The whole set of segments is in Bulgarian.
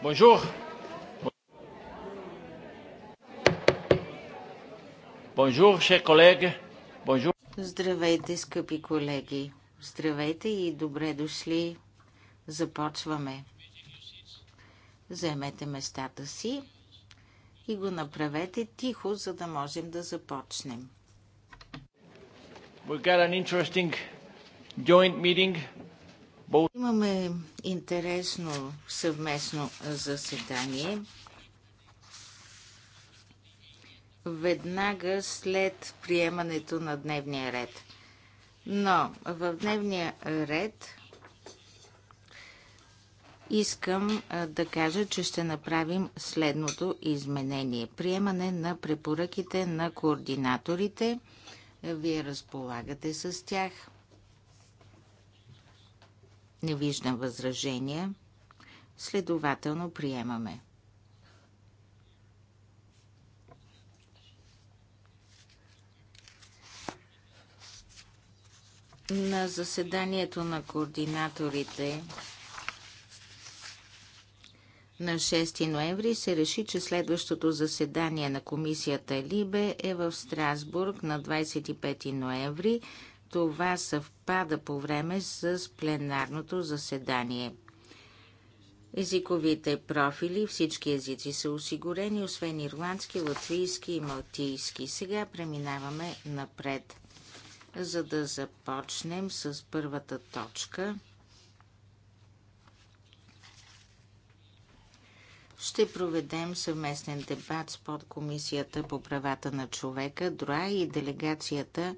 Bonjour. Bonjour, chers collègues. Bonjour. Здравейте, скъпи колеги. Здравейте и добре дошли. Започваме. Вземете местата си и го направете тихо, за да можем да започнем. We got an interesting joint meeting Имаме интересно съвместно заседание. Веднага след приемането на дневния ред. Но в дневния ред искам да кажа, че ще направим следното изменение. Приемане на препоръките на координаторите. Вие разполагате с тях. Не виждам възражения. Следователно приемаме. На заседанието на координаторите на 6 ноември се реши, че следващото заседание на комисията Либе е в Страсбург на 25 ноември това съвпада по време с пленарното заседание. Езиковите профили, всички езици са осигурени, освен ирландски, латвийски и малтийски. Сега преминаваме напред. За да започнем с първата точка, ще проведем съвместен дебат с подкомисията по правата на човека, ДРА и делегацията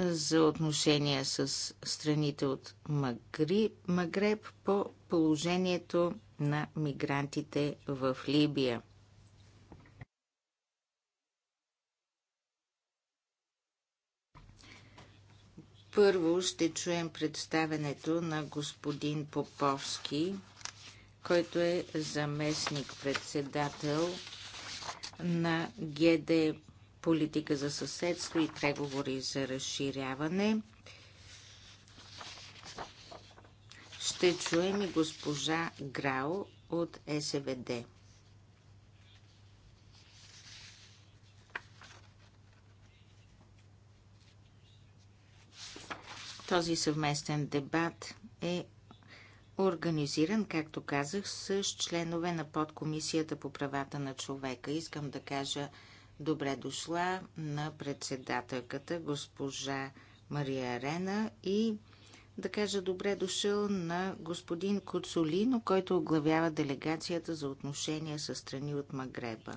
за отношения с страните от Магри, Магреб по положението на мигрантите в Либия. Първо ще чуем представенето на господин Поповски, който е заместник-председател на ГД политика за съседство и преговори за разширяване. Ще чуем и госпожа Грао от СВД. Този съвместен дебат е организиран, както казах, с членове на подкомисията по правата на човека. Искам да кажа добре дошла на председателката госпожа Мария Рена и да кажа добре дошъл на господин Коцолино, който оглавява делегацията за отношения с страни от Магреба.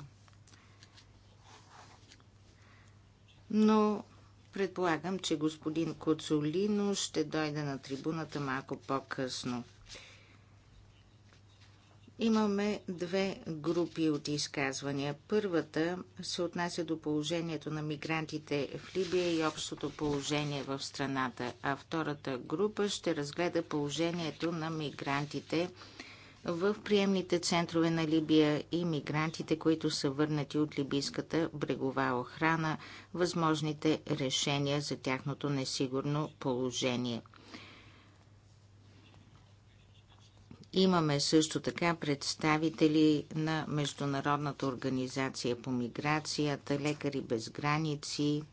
Но предполагам, че господин Коцолино ще дойде на трибуната малко по-късно. Имаме две групи от изказвания. Първата се отнася до положението на мигрантите в Либия и общото положение в страната, а втората група ще разгледа положението на мигрантите в приемните центрове на Либия и мигрантите, които са върнати от либийската брегова охрана, възможните решения за тяхното несигурно положение – Имаме също така представители на Международната организация по миграцията, Лекари без граници,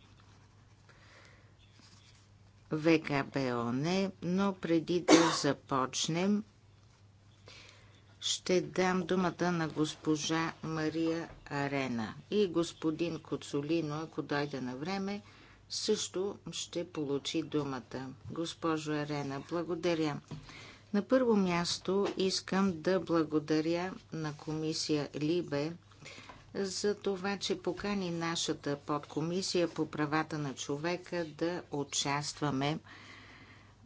ВКБОН, но преди да започнем, ще дам думата на госпожа Мария Арена и господин Коцолино, ако дойде на време, също ще получи думата. Госпожо Арена, благодаря. На първо място искам да благодаря на комисия Либе за това, че покани нашата подкомисия по правата на човека да участваме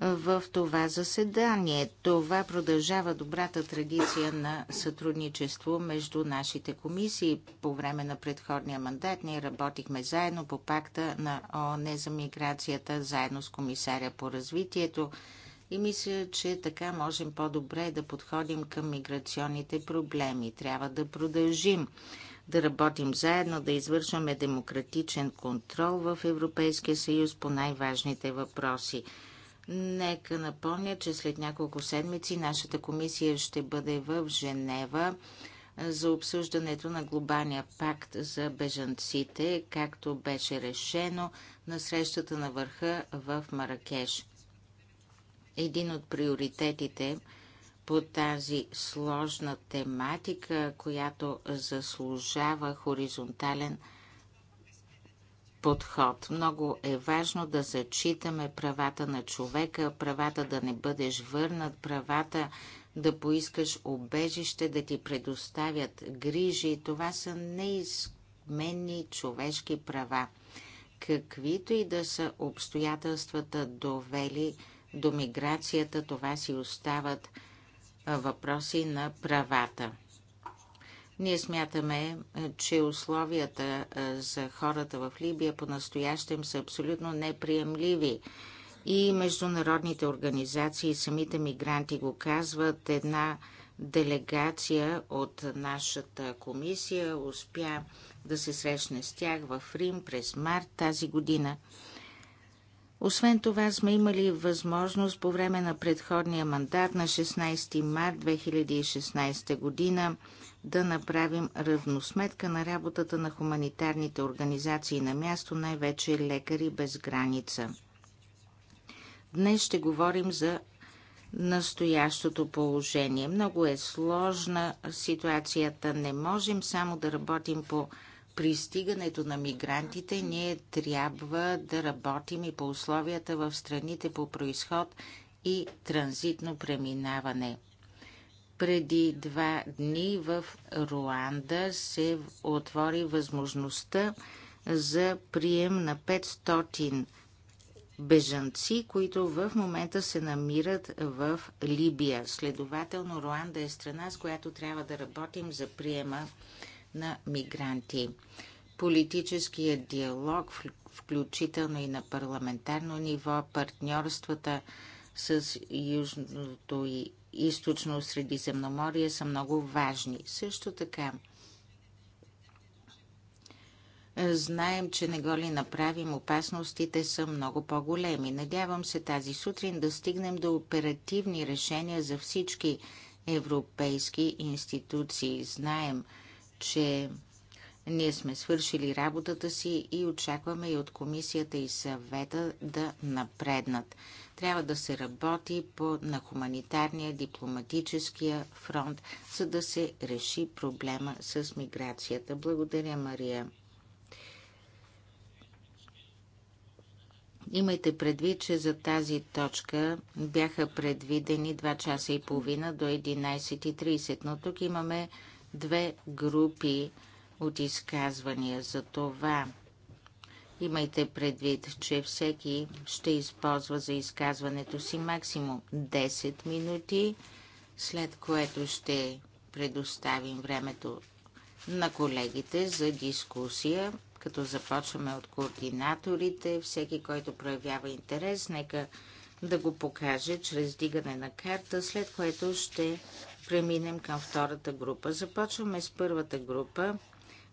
в това заседание. Това продължава добрата традиция на сътрудничество между нашите комисии. По време на предходния мандат ние работихме заедно по пакта на ООН за миграцията, заедно с комисаря по развитието, и мисля, че така можем по-добре да подходим към миграционните проблеми. Трябва да продължим да работим заедно, да извършваме демократичен контрол в Европейския съюз по най-важните въпроси. Нека напомня, че след няколко седмици нашата комисия ще бъде в Женева за обсъждането на глобалния пакт за бежанците, както беше решено на срещата на върха в Маракеш един от приоритетите по тази сложна тематика, която заслужава хоризонтален подход. Много е важно да зачитаме правата на човека, правата да не бъдеш върнат, правата да поискаш обежище, да ти предоставят грижи. Това са неизменни човешки права. Каквито и да са обстоятелствата довели до миграцията, това си остават въпроси на правата. Ние смятаме, че условията за хората в Либия по-настоящем са абсолютно неприемливи. И международните организации, самите мигранти го казват. Една делегация от нашата комисия успя да се срещне с тях в Рим през март тази година. Освен това сме имали възможност по време на предходния мандат на 16 март 2016 година да направим равносметка на работата на хуманитарните организации на място, най-вече лекари без граница. Днес ще говорим за настоящото положение. Много е сложна ситуацията. Не можем само да работим по пристигането на мигрантите, ние трябва да работим и по условията в страните по происход и транзитно преминаване. Преди два дни в Руанда се отвори възможността за прием на 500 бежанци, които в момента се намират в Либия. Следователно, Руанда е страна, с която трябва да работим за приема на мигранти. Политическият диалог, включително и на парламентарно ниво, партньорствата с Южното и Източно Средиземноморие са много важни. Също така, Знаем, че не го ли направим, опасностите са много по-големи. Надявам се тази сутрин да стигнем до оперативни решения за всички европейски институции. Знаем, че ние сме свършили работата си и очакваме и от комисията и съвета да напреднат. Трябва да се работи по, на хуманитарния, дипломатическия фронт, за да се реши проблема с миграцията. Благодаря, Мария. Имайте предвид, че за тази точка бяха предвидени 2 часа и половина до 11.30, но тук имаме две групи от изказвания. За това имайте предвид, че всеки ще използва за изказването си максимум 10 минути, след което ще предоставим времето на колегите за дискусия, като започваме от координаторите. Всеки, който проявява интерес, нека да го покаже чрез дигане на карта, след което ще преминем към втората група. Започваме с първата група.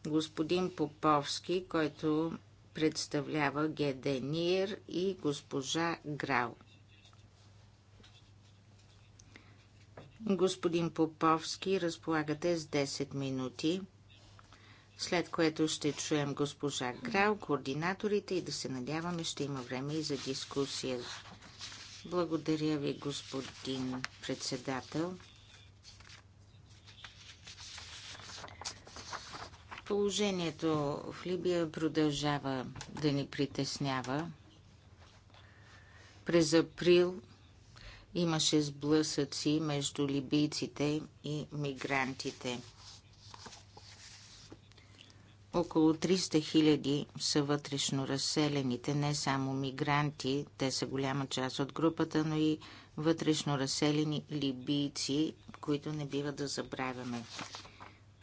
Господин Поповски, който представлява Геденир и госпожа Грау. Господин Поповски, разполагате с 10 минути, след което ще чуем госпожа Грал, координаторите и да се надяваме ще има време и за дискусия. Благодаря ви, господин председател. Положението в Либия продължава да ни притеснява. През април имаше сблъсъци между либийците и мигрантите. Около 300 хиляди са вътрешно разселените, не само мигранти, те са голяма част от групата, но и вътрешно разселени либийци, които не бива да забравяме.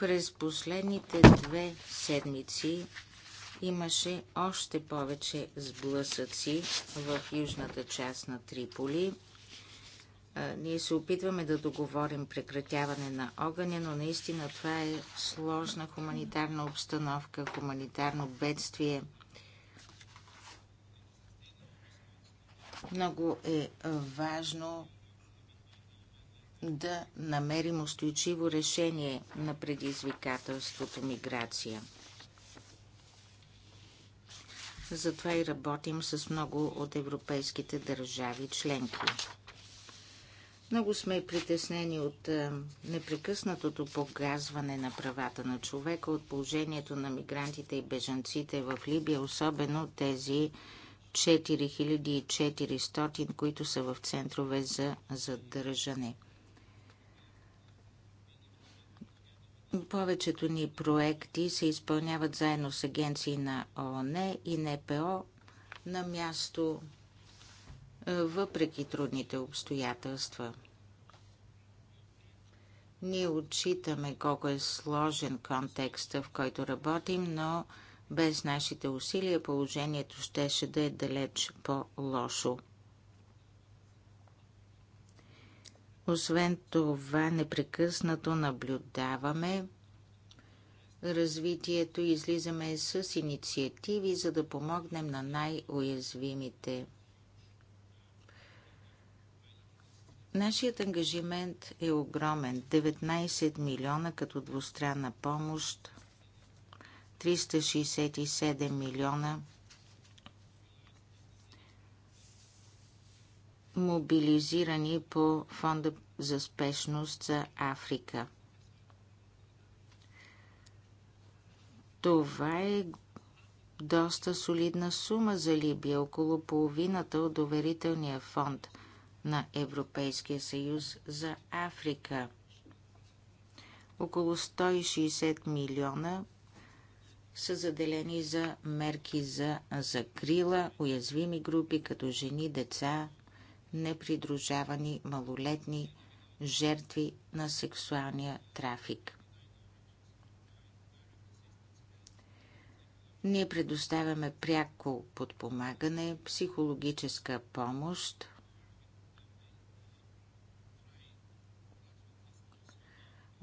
През последните две седмици имаше още повече сблъсъци в южната част на Триполи. Ние се опитваме да договорим прекратяване на огъня, но наистина това е сложна хуманитарна обстановка, хуманитарно бедствие. Много е важно да намерим устойчиво решение на предизвикателството миграция. Затова и работим с много от европейските държави членки. Много сме притеснени от е, непрекъснатото погазване на правата на човека, от положението на мигрантите и бежанците в Либия, особено тези 4400, които са в центрове за задържане. Повечето ни проекти се изпълняват заедно с агенции на ООН и НПО на място, е, въпреки трудните обстоятелства. Ние отчитаме колко е сложен контекста, в който работим, но без нашите усилия положението щеше да е далеч по-лошо. Освен това, непрекъснато наблюдаваме развитието и излизаме с инициативи, за да помогнем на най-уязвимите. Нашият ангажимент е огромен. 19 милиона като двустранна помощ, 367 милиона – мобилизирани по Фонда за спешност за Африка. Това е доста солидна сума за Либия, около половината от доверителния фонд на Европейския съюз за Африка. Около 160 милиона са заделени за мерки за закрила, уязвими групи като жени, деца, непридружавани малолетни жертви на сексуалния трафик. Ние предоставяме пряко подпомагане, психологическа помощ,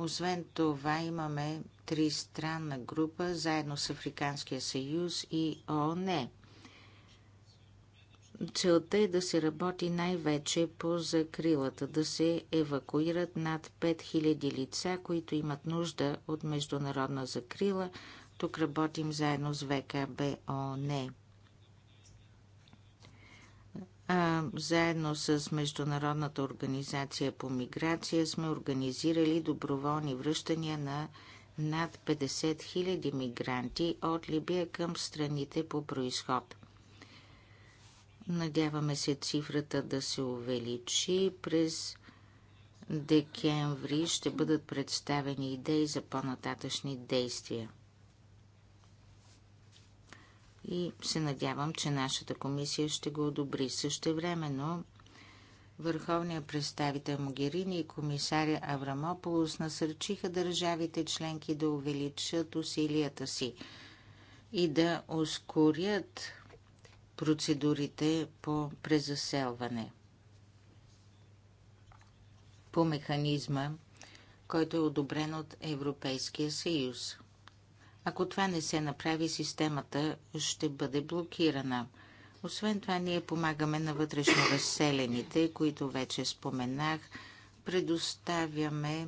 Освен това имаме три странна група заедно с Африканския съюз и ООН. Целта е да се работи най-вече по закрилата, да се евакуират над 5000 лица, които имат нужда от международна закрила. Тук работим заедно с ВКБ ООН. Заедно с Международната организация по миграция сме организирали доброволни връщания на над 50 000 мигранти от Либия към страните по происход. Надяваме се цифрата да се увеличи. През декември ще бъдат представени идеи за по-нататъчни действия. И се надявам, че нашата комисия ще го одобри. Също времено Върховният представител Могерини и комисаря Аврамополос насърчиха държавите членки да увеличат усилията си и да ускорят процедурите по презаселване. По механизма, който е одобрен от Европейския съюз. Ако това не се направи, системата ще бъде блокирана. Освен това, ние помагаме на вътрешно разселените, които вече споменах. Предоставяме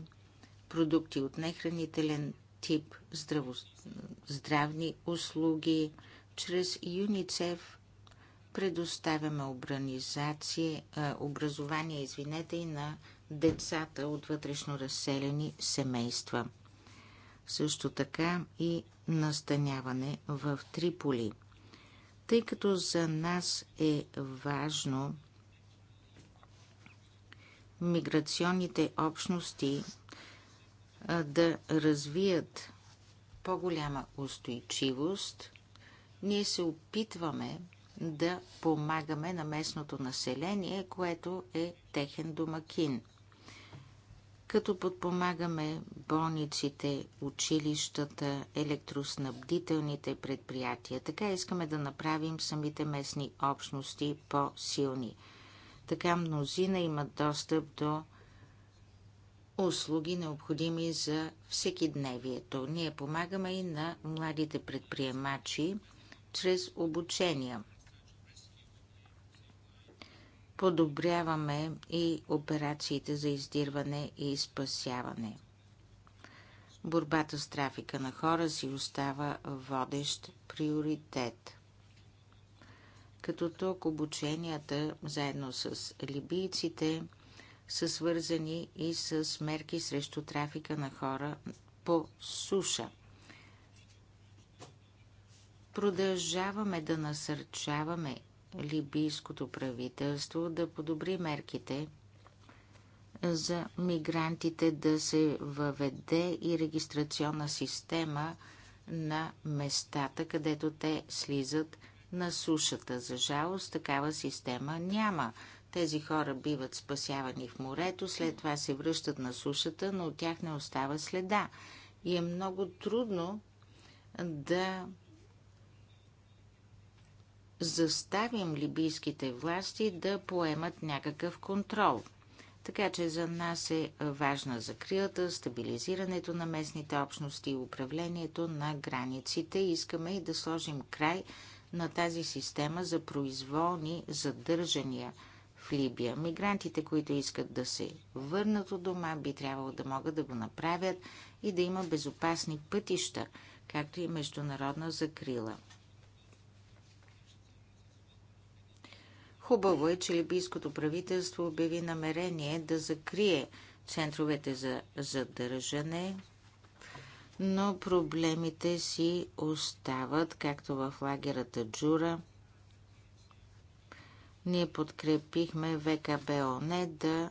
продукти от нехранителен тип, здраво, здравни услуги, чрез ЮНИЦЕФ Предоставяме образование извинете, и на децата от вътрешно разселени семейства. Също така и настаняване в Триполи. Тъй като за нас е важно миграционните общности да развият по-голяма устойчивост, ние се опитваме да помагаме на местното население, което е техен домакин. Като подпомагаме болниците, училищата, електроснабдителните предприятия, така искаме да направим самите местни общности по-силни. Така мнозина имат достъп до услуги, необходими за всеки дневието. Ние помагаме и на младите предприемачи чрез обучения подобряваме и операциите за издирване и спасяване. Борбата с трафика на хора си остава водещ приоритет. Като тук обученията заедно с либийците са свързани и с мерки срещу трафика на хора по суша. Продължаваме да насърчаваме либийското правителство да подобри мерките за мигрантите да се въведе и регистрационна система на местата, където те слизат на сушата. За жалост, такава система няма. Тези хора биват спасявани в морето, след това се връщат на сушата, но от тях не остава следа. И е много трудно да заставим либийските власти да поемат някакъв контрол. Така че за нас е важна закрилата, стабилизирането на местните общности и управлението на границите. Искаме и да сложим край на тази система за произволни задържания в Либия. Мигрантите, които искат да се върнат от дома, би трябвало да могат да го направят и да има безопасни пътища, както и международна закрила. Хубаво е, че либийското правителство обяви намерение да закрие центровете за задържане, но проблемите си остават, както в лагерата Джура. Ние подкрепихме не да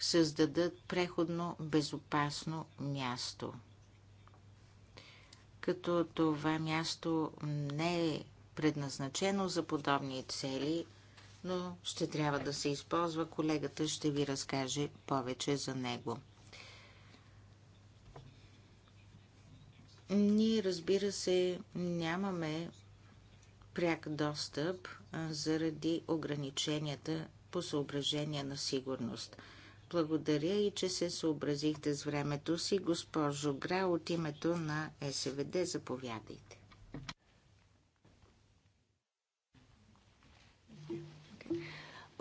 създадат преходно безопасно място. Като това място не е предназначено за подобни цели, но ще трябва да се използва. Колегата ще ви разкаже повече за него. Ние, разбира се, нямаме пряк достъп заради ограниченията по съображения на сигурност. Благодаря и че се съобразихте с времето си, госпожо Гра, от името на СВД. Заповядайте.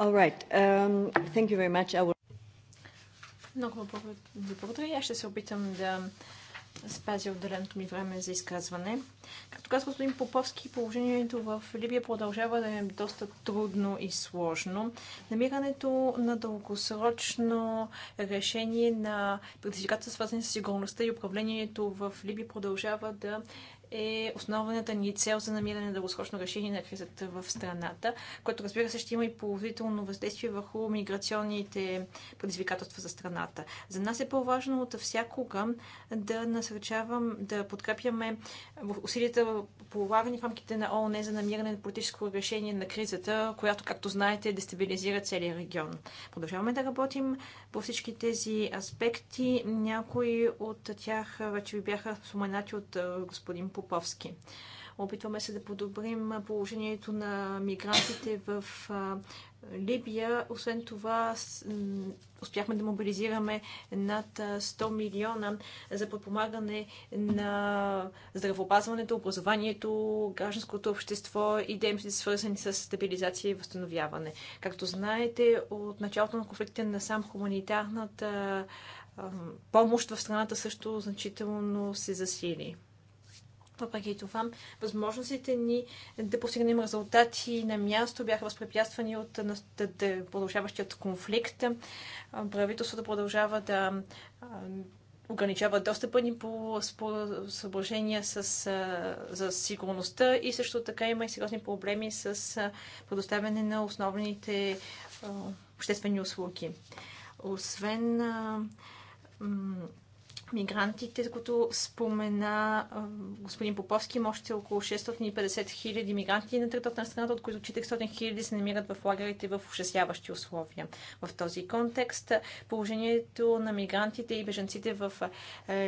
All right. Um, thank you very much. I will... Много ви благодаря. Аз ще се опитам да спазя отделеното ми време за изказване. Както каза господин Поповски, положението в Либия продължава да е доста трудно и сложно. Намирането на дългосрочно решение на предизвикателства, свързани с сигурността и управлението в Либия, продължава да е основната ни цел за намиране на дългосрочно решение на кризата в страната, което разбира се ще има и положително въздействие върху миграционните предизвикателства за страната. За нас е по-важно от всякога да насърчавам, да подкрепяме усилията полагани в рамките на ООН за намиране на политическо решение на кризата, която, както знаете, дестабилизира целият регион. Продължаваме да работим по всички тези аспекти. Някои от тях вече ви бяха споменати от господин Попов Поповски. Опитваме се да подобрим положението на мигрантите в Либия. Освен това, успяхме да мобилизираме над 100 милиона за подпомагане на здравеопазването, образованието, гражданското общество и дейностите, свързани с стабилизация и възстановяване. Както знаете, от началото на конфликта на сам хуманитарната помощ в страната също значително се засили. Въпреки това, възможностите ни да постигнем резултати на място бяха възпрепятствани от продължаващият конфликт. Правителството продължава да ограничава достъпа ни по съображения с, за сигурността и също така има и сериозни проблеми с предоставяне на основните обществени услуги. Освен мигрантите, които спомена господин Поповски, има още около 650 хиляди мигранти на третата на страната, от които 400 хиляди се намират в лагерите в ужасяващи условия. В този контекст положението на мигрантите и беженците в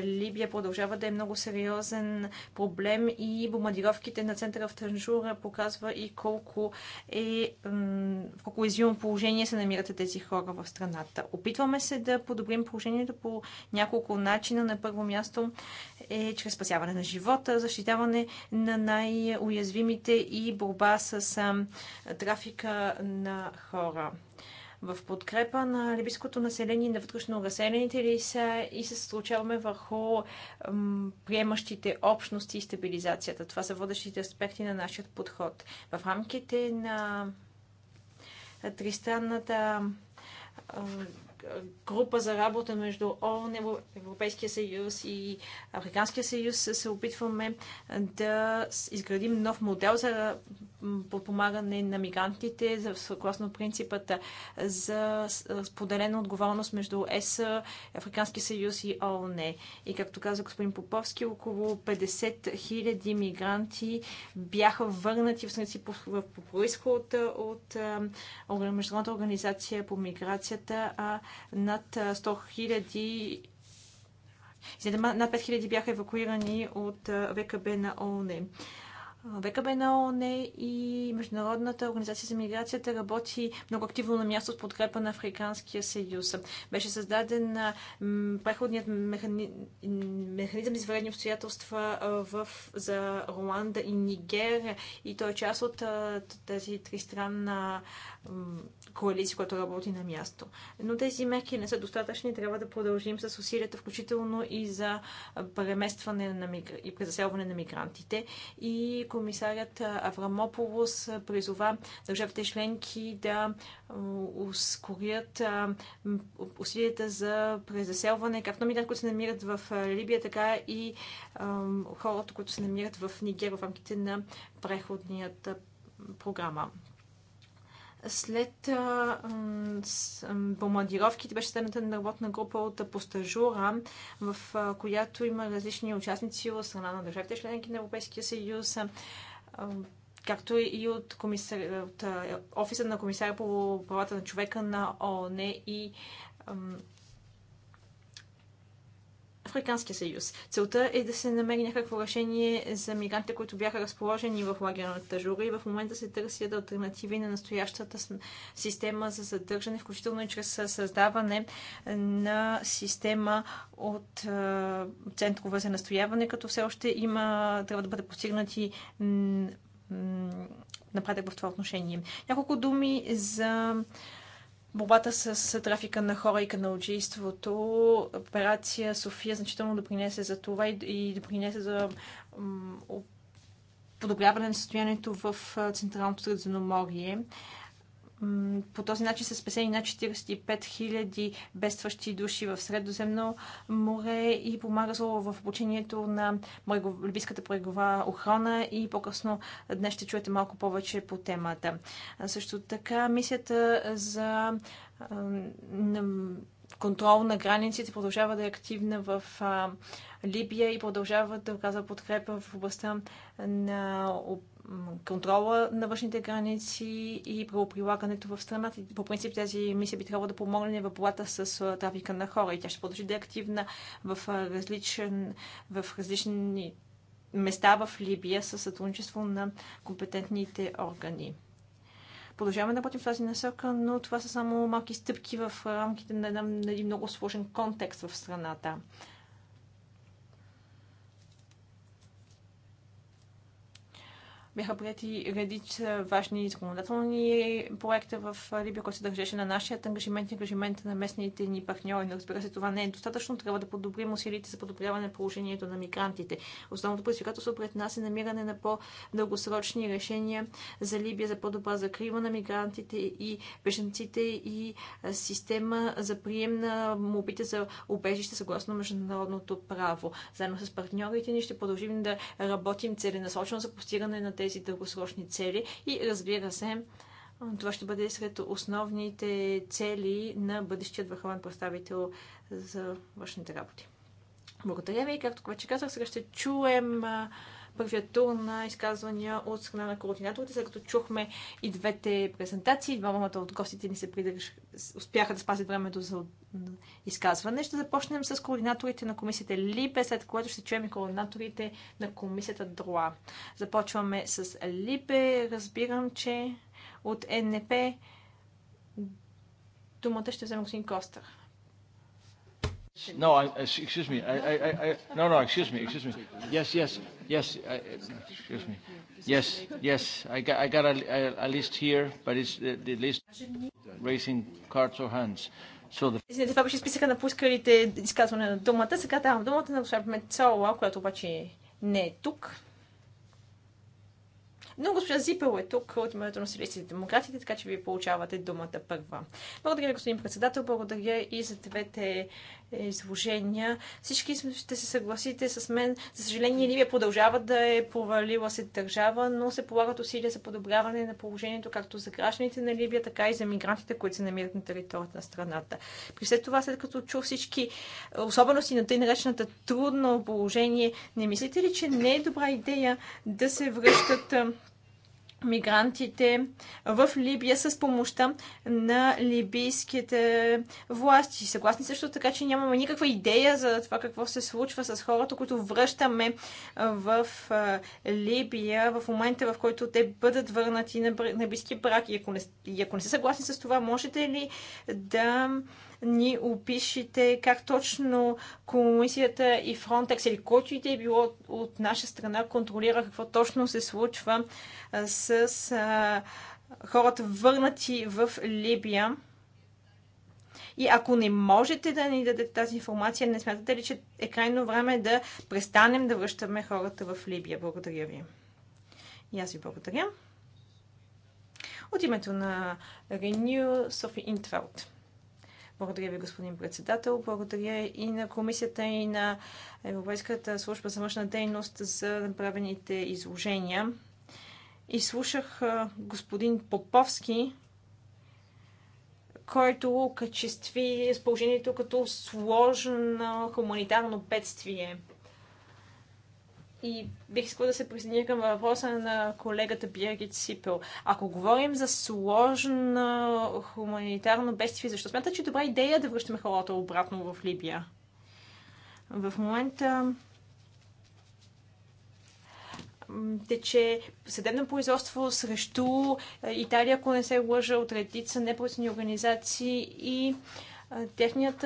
Либия продължава да е много сериозен проблем и бомбардировките на центъра в Танжура показва и колко е в колко изюмно положение се намират тези хора в страната. Опитваме се да подобрим положението по няколко начин причина на първо място е чрез спасяване на живота, защитаване на най-уязвимите и борба с трафика на хора в подкрепа на либийското население и на вътрешно разселените ли са и се случаваме върху м, приемащите общности и стабилизацията. Това са водещите аспекти на нашия подход. В рамките на тристранната група за работа между ООН, Европейския съюз и Африканския съюз се опитваме да изградим нов модел за подпомагане на мигрантите, съгласно принципата за споделена отговорност между ЕС, Африкански съюз и ООН. И както каза господин Поповски, около 50 000 мигранти бяха върнати в страници по, по происход от, Международната организация по миграцията, а над 100 000 над 5000 бяха евакуирани от ВКБ на ООН. ВКБ на ООН и Международната организация за миграцията работи много активно на място с подкрепа на Африканския съюз. Беше създаден преходният механи... механизъм вредни обстоятелства в... за Руанда и Нигер и той е част от тази тристранна коалиция, която работи на място. Но тези мерки не са достатъчни. Трябва да продължим с усилията, включително и за преместване на мигр... и презаселване на мигрантите. И комисарят Аврамополос призова държавите членки да ускорят усилията за презаселване, както номинат, които се намират в Либия, така и хората, които се намират в Нигер в рамките на преходният програма след а, с, а, бомбардировките беше следната на работна група от Постажура, в а, която има различни участници от страна на държавите членки на Европейския съюз, а, както и от, комисар, от а, офиса на комисаря по правата на човека на ООН и а, Африканския съюз. Целта е да се намери някакво решение за мигрантите, които бяха разположени в лагера на жура и в момента се търсят альтернативи на настоящата система за задържане, включително и чрез създаване на система от центрове за настояване, като все още има, трябва да бъде постигнати напредък в това отношение. Няколко думи за борбата с трафика на хора и каналджийството. Операция София значително допринесе за това и допринесе за подобряване на състоянието в Централното Средиземноморие по този начин са спасени над 45 000 бестващи души в Средоземно море и помага слово в обучението на Либийската брегова охрана и по-късно днес ще чуете малко повече по темата. Също така мисията за контрол на границите продължава да е активна в Либия и продължава да оказва подкрепа в областта на контрола на външните граници и правоприлагането в страната. По принцип тази мисия би трябвало да помогне в борбата с трафика на хора и тя ще продължи да е активна в, различен, в различни места в Либия със сътрудничество на компетентните органи. Продължаваме да работим в тази насока, но това са само малки стъпки в рамките на един, на един много сложен контекст в страната. бяха прияти редица важни законодателни проекта в Либия, който се държеше на нашия ангажимент и ангажимент на местните ни партньори. Но разбира се, това не е достатъчно. Трябва да подобрим усилите за подобряване на положението на мигрантите. Основното предизвикателство пред нас е намиране на по-дългосрочни решения за Либия, за по-добра закрива на мигрантите и беженците и система за прием на мобите за убежище съгласно международното право. Заедно с партньорите ни ще продължим да работим целенасочено за постигане на тези тези дългосрочни цели и разбира се, това ще бъде сред основните цели на бъдещият върховен представител за външните работи. Благодаря ви. Както вече казах, сега ще чуем първият тур на изказвания от страна на координаторите, след като чухме и двете презентации. Двамата от гостите ни се придърж... успяха да спазят времето за изказване. Ще започнем с координаторите на комисията Липе, след което ще чуем и координаторите на комисията Дроа. Започваме с Липе. Разбирам, че от НП думата ще вземе господин Костър. No, I, uh, excuse me. I, I, I, no, no, excuse me, excuse me. Yes, yes, yes. I, excuse me. Yes, yes. I got, I got a, a list here, but it's the, the list raising cards or hands. So the... Това беше списъка на поискалите изказване на думата. Сега давам думата на госпожа Мецола, която обаче не е тук. Но госпожа Зипел е тук от името на Силистите демократите, така че вие получавате думата първа. Благодаря, господин председател, благодаря и за двете изложения. Всички ще се съгласите с мен. За съжаление, Ливия продължава да е провалила се държава, но се полагат усилия за подобряване на положението както за гражданите на Ливия, така и за мигрантите, които се намират на територията на страната. При след това, след като чух всички е, особености на тъй наречената трудно положение, не мислите ли, че не е добра идея да се връщат е, мигрантите в Либия с помощта на либийските власти. Съгласни също така, че нямаме никаква идея за това какво се случва с хората, които връщаме в Либия в момента, в който те бъдат върнати на близки брак. И ако не, и ако не сте съгласни с това, можете ли да ни опишете как точно комисията и Frontex или който и да е било от наша страна контролира какво точно се случва с хората върнати в Либия. И ако не можете да ни дадете тази информация, не смятате ли, че е крайно време да престанем да връщаме хората в Либия? Благодаря ви. И аз ви благодаря. От името на Renew Sophie Intveld. Благодаря ви, господин председател. Благодаря и на комисията и на Европейската служба за мъжна дейност за направените изложения. И слушах господин Поповски, който качестви изположението като сложно хуманитарно бедствие – и бих искала да се присъединя към въпроса на колегата Биргит Сипел. Ако говорим за сложно хуманитарно бедствие, защо смята, че е добра идея да връщаме хората обратно в Либия? В момента тече съдебно производство срещу е, Италия, ако не се лъжа, от редица непросни организации и Техният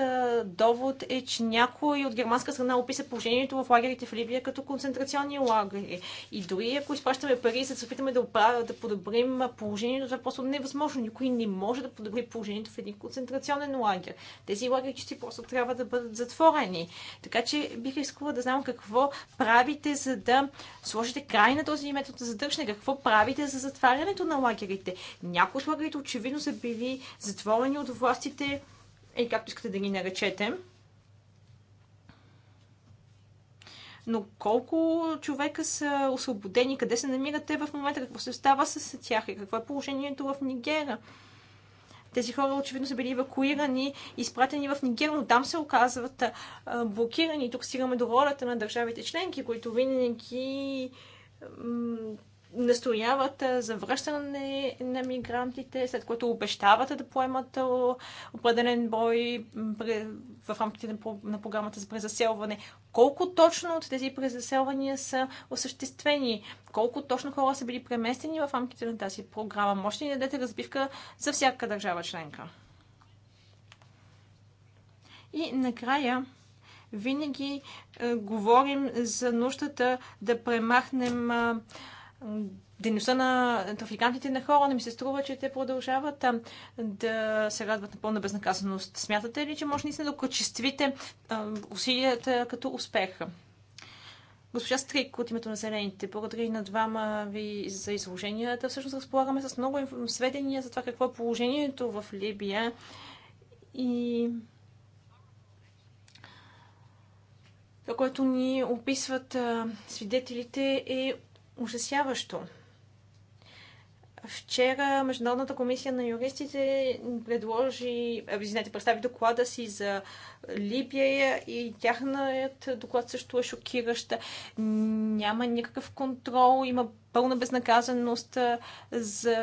довод е, че някой от германска страна описа положението в лагерите в Ливия като концентрационни лагери. И дори ако изпращаме пари, се опитаме да, оправя, да подобрим положението, това е просто невъзможно. Никой не може да подобри положението в един концентрационен лагер. Тези лагери чисти просто трябва да бъдат затворени. Така че бих искала да знам какво правите, за да сложите край на този метод за задържане. Какво правите за затварянето на лагерите? Някои от лагерите очевидно са били затворени от властите и е, както искате да ги наречете. Но колко човека са освободени, къде се намират те в момента, какво се става с тях и какво е положението в Нигера? Тези хора очевидно са били евакуирани, изпратени в Нигер, но там се оказват блокирани. тук стигаме до ролята на държавите членки, които винаги настояват за връщане на мигрантите, след което обещават да поемат определен брой в рамките на програмата за презаселване. Колко точно от тези презаселвания са осъществени? Колко точно хора са били преместени в рамките на тази програма? Може ли да дадете разбивка за всяка държава членка? И накрая, винаги е, говорим за нуждата да премахнем е, дейността на трафикантите на хора, не ми се струва, че те продължават а, да се радват на пълна безнаказаност. Смятате ли, че може наистина да окачествите усилията като успех? Госпожа Стрик от името на Зелените, благодаря и на двама ви за изложенията. Всъщност разполагаме с много сведения за това какво е положението в Либия и това, което ни описват свидетелите е ужасяващо. Вчера Международната комисия на юристите предложи, извинете, представи доклада си за Либия и тяхният доклад също е шокиращ. Няма никакъв контрол, има пълна безнаказаност за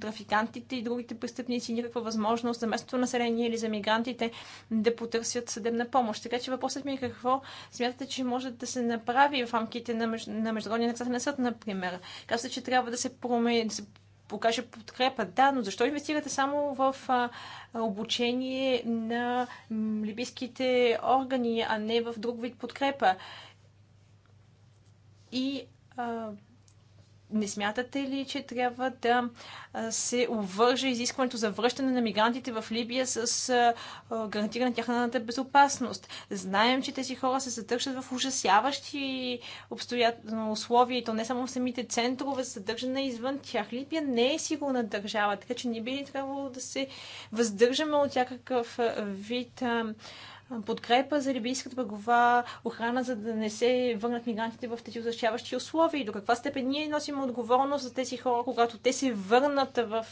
трафикантите и другите престъпници никаква възможност за местното население или за мигрантите да потърсят съдебна помощ. Така че въпросът ми е какво смятате, че може да се направи в рамките на, меж... на Международния наказателен съд, например. Казва, че трябва да се промени, да се покаже подкрепа. Да, но защо инвестирате само в а, обучение на либийските органи, а не в друг вид подкрепа? И а, не смятате ли, че трябва да се увърже изискването за връщане на мигрантите в Либия с гарантиране на тяхната безопасност? Знаем, че тези хора се задържат в ужасяващи обстоятелно условия и то не само в самите центрове за извън тях. Либия не е сигурна държава, така че не би трябвало да се въздържаме от всякакъв вид подкрепа за либийската бъгова охрана, за да не се върнат мигрантите в тези означаващи условия и до каква степен ние носим отговорност за тези хора, когато те се върнат в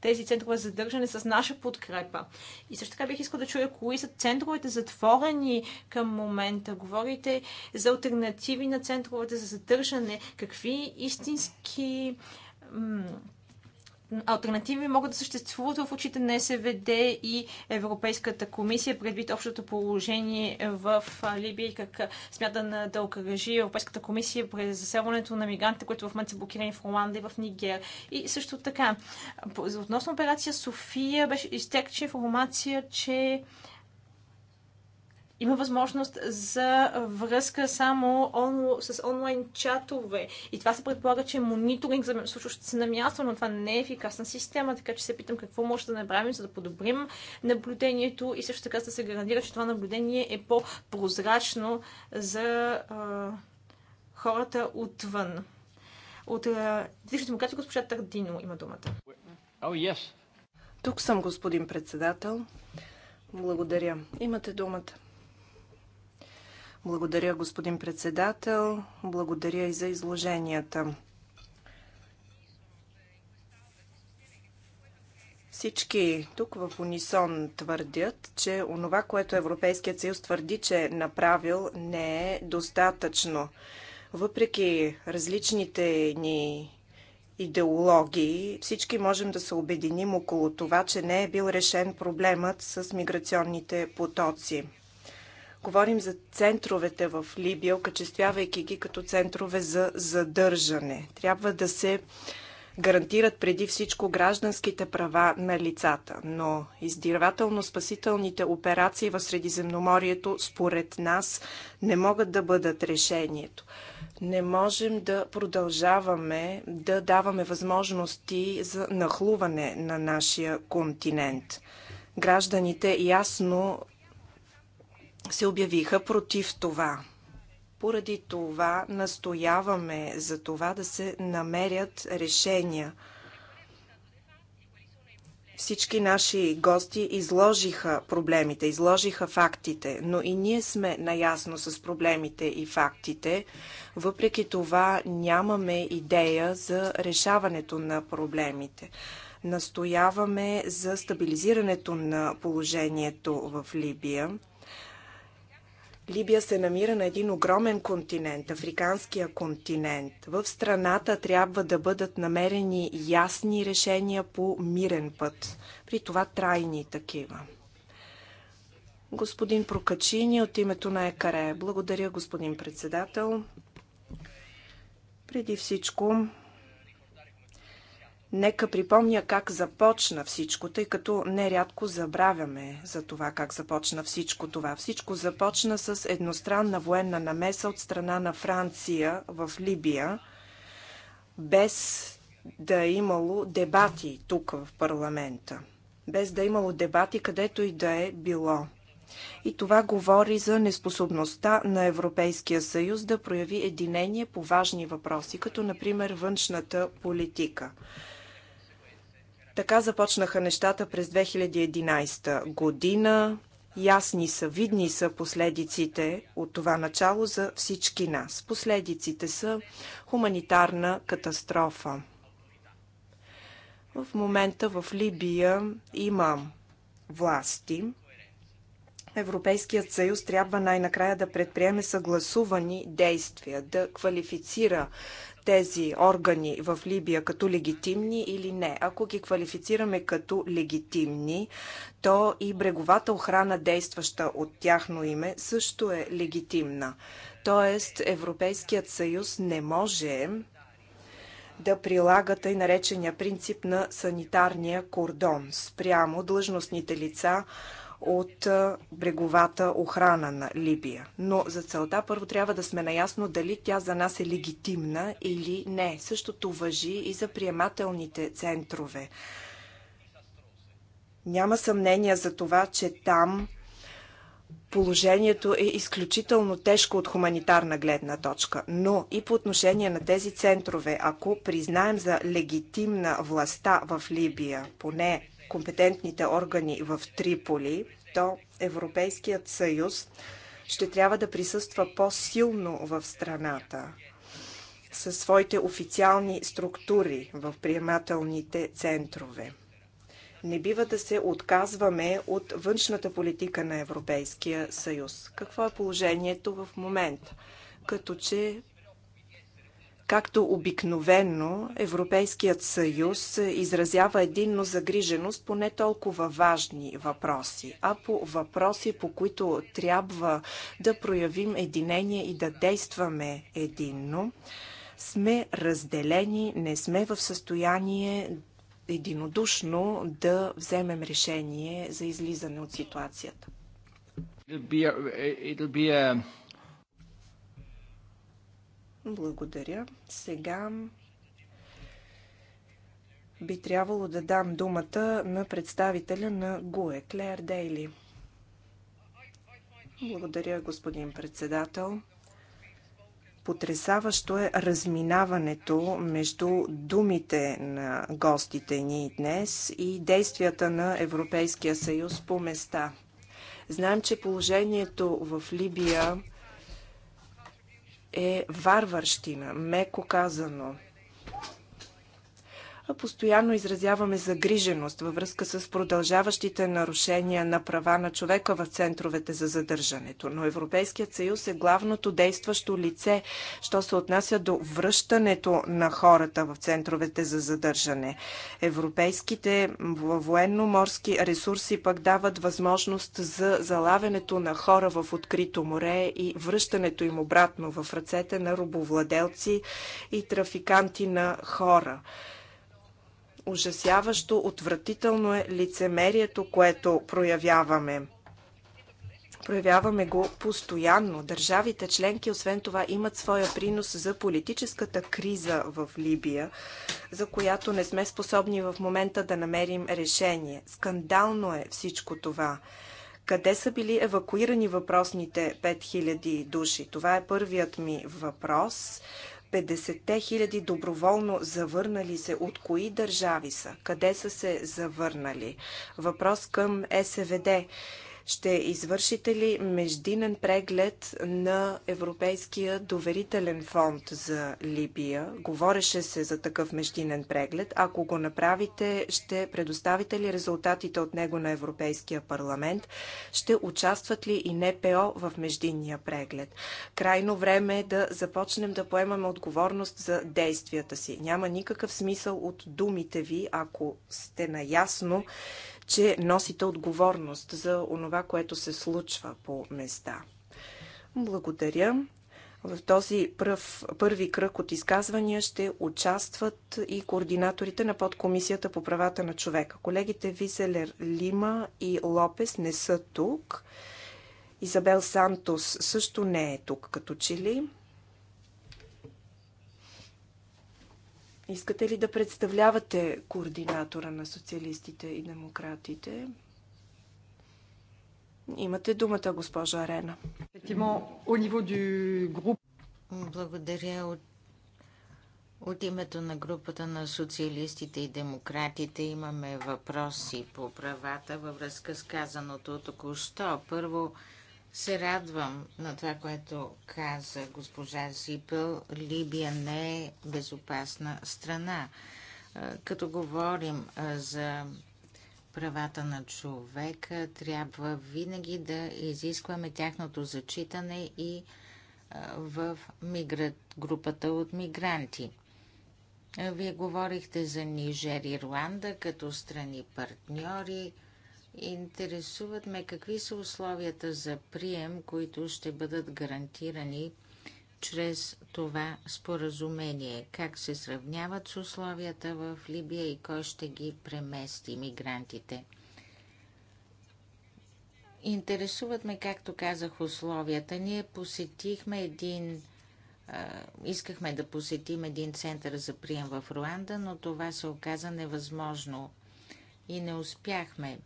тези центрове за задържане с наша подкрепа. И също така бих искал да чуя кои са центровете затворени към момента. Говорите за альтернативи на центровете за задържане. Какви истински альтернативи могат да съществуват в очите на СВД и Европейската комисия, предвид общото положение в Либия и как смята да окръжи Европейската комисия през заселването на мигрантите, които в момента са блокирани в Руанда и в Нигер. И също така, относно операция София беше изтекче информация, че има възможност за връзка само он, с онлайн чатове. И това се предполага, че е мониторинг за случващото се на място, но това не е ефикасна система, така че се питам какво може да направим, за да подобрим наблюдението и също така да се гарантира, че това наблюдение е по-прозрачно за а, хората отвън. От Движна демокрация госпожа Тардино има думата. Oh, yes. Тук съм, господин председател. Благодаря. Имате думата. Благодаря, господин председател. Благодаря и за изложенията. Всички тук в унисон твърдят, че онова, което Европейският съюз твърди, че е направил, не е достатъчно. Въпреки различните ни идеологии, всички можем да се обединим около това, че не е бил решен проблемът с миграционните потоци. Говорим за центровете в Либия, окачествявайки ги като центрове за задържане. Трябва да се гарантират преди всичко гражданските права на лицата, но издирвателно-спасителните операции в Средиземноморието, според нас, не могат да бъдат решението. Не можем да продължаваме да даваме възможности за нахлуване на нашия континент. Гражданите ясно се обявиха против това. Поради това настояваме за това да се намерят решения. Всички наши гости изложиха проблемите, изложиха фактите, но и ние сме наясно с проблемите и фактите. Въпреки това нямаме идея за решаването на проблемите. Настояваме за стабилизирането на положението в Либия Либия се намира на един огромен континент, африканския континент. В страната трябва да бъдат намерени ясни решения по мирен път, при това трайни такива. Господин Прокачини от името на ЕКАРЕ. Благодаря, господин председател. Преди всичко, Нека припомня как започна всичко, тъй като нерядко забравяме за това как започна всичко това. Всичко започна с едностранна военна намеса от страна на Франция в Либия, без да е имало дебати тук в парламента, без да е имало дебати където и да е било. И това говори за неспособността на Европейския съюз да прояви единение по важни въпроси, като например външната политика. Така започнаха нещата през 2011 година. Ясни са, видни са последиците от това начало за всички нас. Последиците са хуманитарна катастрофа. В момента в Либия има власти. Европейският съюз трябва най-накрая да предприеме съгласувани действия, да квалифицира тези органи в Либия като легитимни или не. Ако ги квалифицираме като легитимни, то и бреговата охрана, действаща от тяхно име, също е легитимна. Тоест, Европейският съюз не може да прилага тъй наречения принцип на санитарния кордон спрямо длъжностните лица, от бреговата охрана на Либия. Но за целта първо трябва да сме наясно дали тя за нас е легитимна или не. Същото въжи и за приемателните центрове. Няма съмнение за това, че там положението е изключително тежко от хуманитарна гледна точка. Но и по отношение на тези центрове, ако признаем за легитимна властта в Либия, поне компетентните органи в Триполи, то Европейският съюз ще трябва да присъства по-силно в страната със своите официални структури в приемателните центрове. Не бива да се отказваме от външната политика на Европейския съюз. Какво е положението в момента? Като че Както обикновено, Европейският съюз изразява единно загриженост по не толкова важни въпроси, а по въпроси, по които трябва да проявим единение и да действаме единно, сме разделени, не сме в състояние единодушно да вземем решение за излизане от ситуацията. It'll be a, it'll be a... Благодаря. Сега би трябвало да дам думата на представителя на ГУЕ, Клеер Дейли. Благодаря, господин председател. Потресаващо е разминаването между думите на гостите ни днес и действията на Европейския съюз по места. Знаем, че положението в Либия е варварщина, меко казано – постоянно изразяваме загриженост във връзка с продължаващите нарушения на права на човека в центровете за задържането. Но Европейският съюз е главното действащо лице, що се отнася до връщането на хората в центровете за задържане. Европейските военно-морски ресурси пък дават възможност за залавянето на хора в открито море и връщането им обратно в ръцете на рабовладелци и трафиканти на хора. Ужасяващо, отвратително е лицемерието, което проявяваме. Проявяваме го постоянно. Държавите членки, освен това, имат своя принос за политическата криза в Либия, за която не сме способни в момента да намерим решение. Скандално е всичко това. Къде са били евакуирани въпросните 5000 души? Това е първият ми въпрос. 50-те хиляди доброволно завърнали се, от кои държави са? Къде са се завърнали? Въпрос към СВД. Ще извършите ли междинен преглед на Европейския доверителен фонд за Либия? Говореше се за такъв междинен преглед. Ако го направите, ще предоставите ли резултатите от него на Европейския парламент? Ще участват ли и НПО в междинния преглед? Крайно време е да започнем да поемаме отговорност за действията си. Няма никакъв смисъл от думите ви, ако сте наясно, че носите отговорност за онова, което се случва по места. Благодаря. В този пръв, първи кръг от изказвания ще участват и координаторите на подкомисията по правата на човека. Колегите Визелер Лима и Лопес не са тук. Изабел Сантос също не е тук, като че ли. Искате ли да представлявате координатора на социалистите и демократите? Имате думата, госпожа Арена. Благодаря от от името на групата на социалистите и демократите имаме въпроси по правата във връзка с казаното току-що. Първо, се радвам на това, което каза госпожа Зипел. Либия не е безопасна страна. Като говорим за правата на човека, трябва винаги да изискваме тяхното зачитане и в мигрът, групата от мигранти. Вие говорихте за Нижер и Руанда като страни партньори. Интересуват ме какви са условията за прием, които ще бъдат гарантирани чрез това споразумение, как се сравняват с условията в Либия и кой ще ги премести мигрантите. Интересуват ме, както казах, условията. Ние посетихме един искахме да посетим един център за прием в Руанда, но това се оказа невъзможно и не успяхме.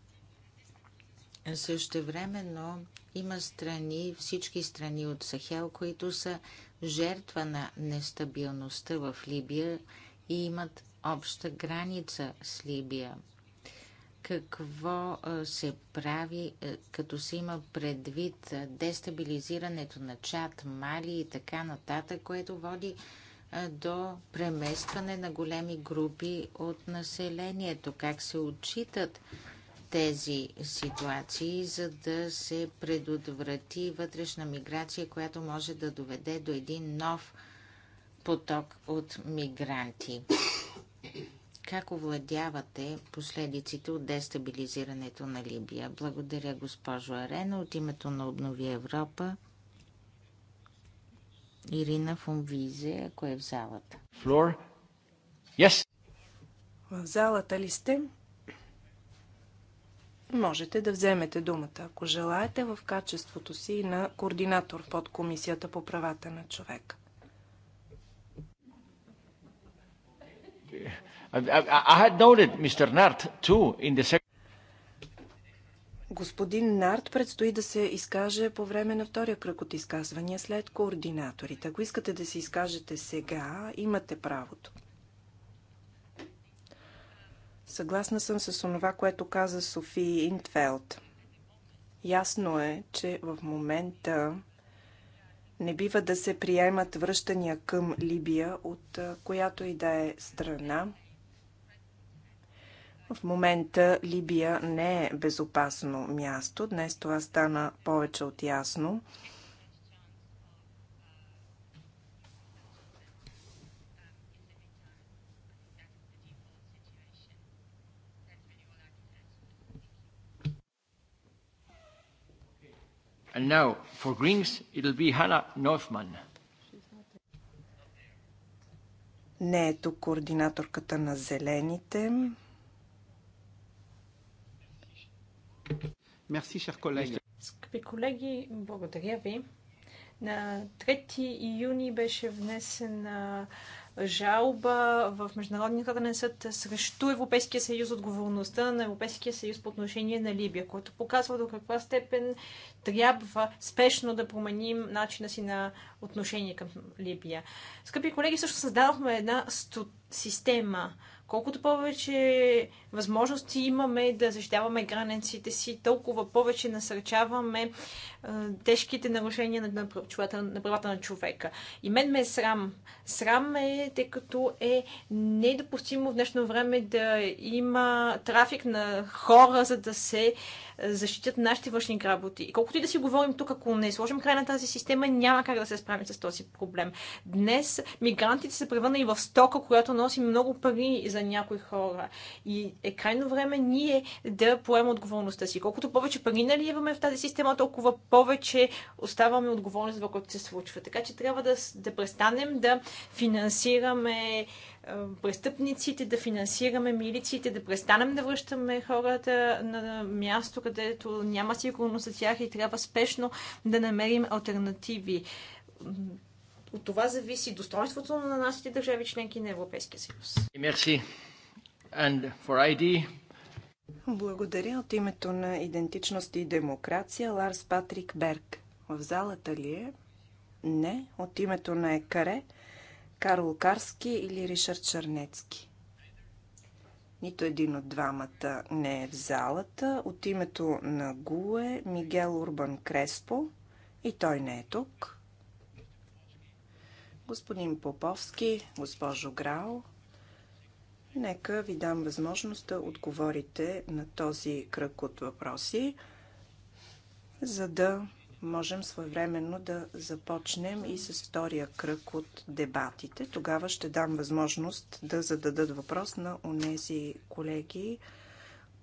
Също времено има страни, всички страни от Сахел, които са жертва на нестабилността в Либия и имат обща граница с Либия. Какво се прави, като се има предвид дестабилизирането на Чад, Мали и така нататък, което води до преместване на големи групи от населението? Как се отчитат тези ситуации, за да се предотврати вътрешна миграция, която може да доведе до един нов поток от мигранти. Как овладявате последиците от дестабилизирането на Либия? Благодаря, госпожо Арена, от името на Обнови Европа. Ирина Фумвизе, ако е в залата. Флор? Yes. В залата ли сте? можете да вземете думата, ако желаете, в качеството си на координатор под Комисията по правата на човек. Господин Нарт предстои да се изкаже по време на втория кръг от изказвания след координаторите. Ако искате да се изкажете сега, имате правото. Съгласна съм с онова, което каза Софи Интфелд. Ясно е, че в момента не бива да се приемат връщания към Либия, от която и да е страна. В момента Либия не е безопасно място. Днес това стана повече от ясно. And now, for Greens, it'll be Hannah Northman. Не е тук координаторката на Зелените. Мерси, шер колеги. Скъпи колеги, благодаря ви. На 3 юни беше внесена жалба в Международния хранен съд срещу Европейския съюз, отговорността на Европейския съюз по отношение на Либия, което показва до каква степен трябва спешно да променим начина си на отношение към Либия. Скъпи колеги, също създадохме една система. Колкото повече възможности имаме да защитаваме границите си, толкова повече насърчаваме е, тежките нарушения на, правата, на правата на човека. И мен ме е срам. Срам е, тъй като е недопустимо в днешно време да има трафик на хора, за да се защитят нашите външни работи. И колкото и да си говорим тук, ако не сложим край на тази система, няма как да се справим с този проблем. Днес мигрантите се превърна и в стока, която носи много пари за някои хора. И е крайно време ние да поемем отговорността си. Колкото повече пари наливаме в тази система, толкова повече оставаме отговорни за това, което се случва. Така че трябва да, да престанем да финансираме е, престъпниците, да финансираме милициите, да престанем да връщаме хората на място, където няма сигурност за тях и трябва спешно да намерим альтернативи. От това зависи достоинството на нашите държави членки на Европейския съюз. Мерси and for ID. Благодаря от името на Идентичност и демокрация Ларс Патрик Берг. В залата ли е? Не. От името на Екаре Карл Карски или Ришард Чернецки? Нито един от двамата не е в залата. От името на Гуе Мигел Урбан Креспо и той не е тук. Господин Поповски, госпожо Грао, Нека ви дам възможност да отговорите на този кръг от въпроси, за да можем своевременно да започнем и с втория кръг от дебатите. Тогава ще дам възможност да зададат въпрос на онези колеги,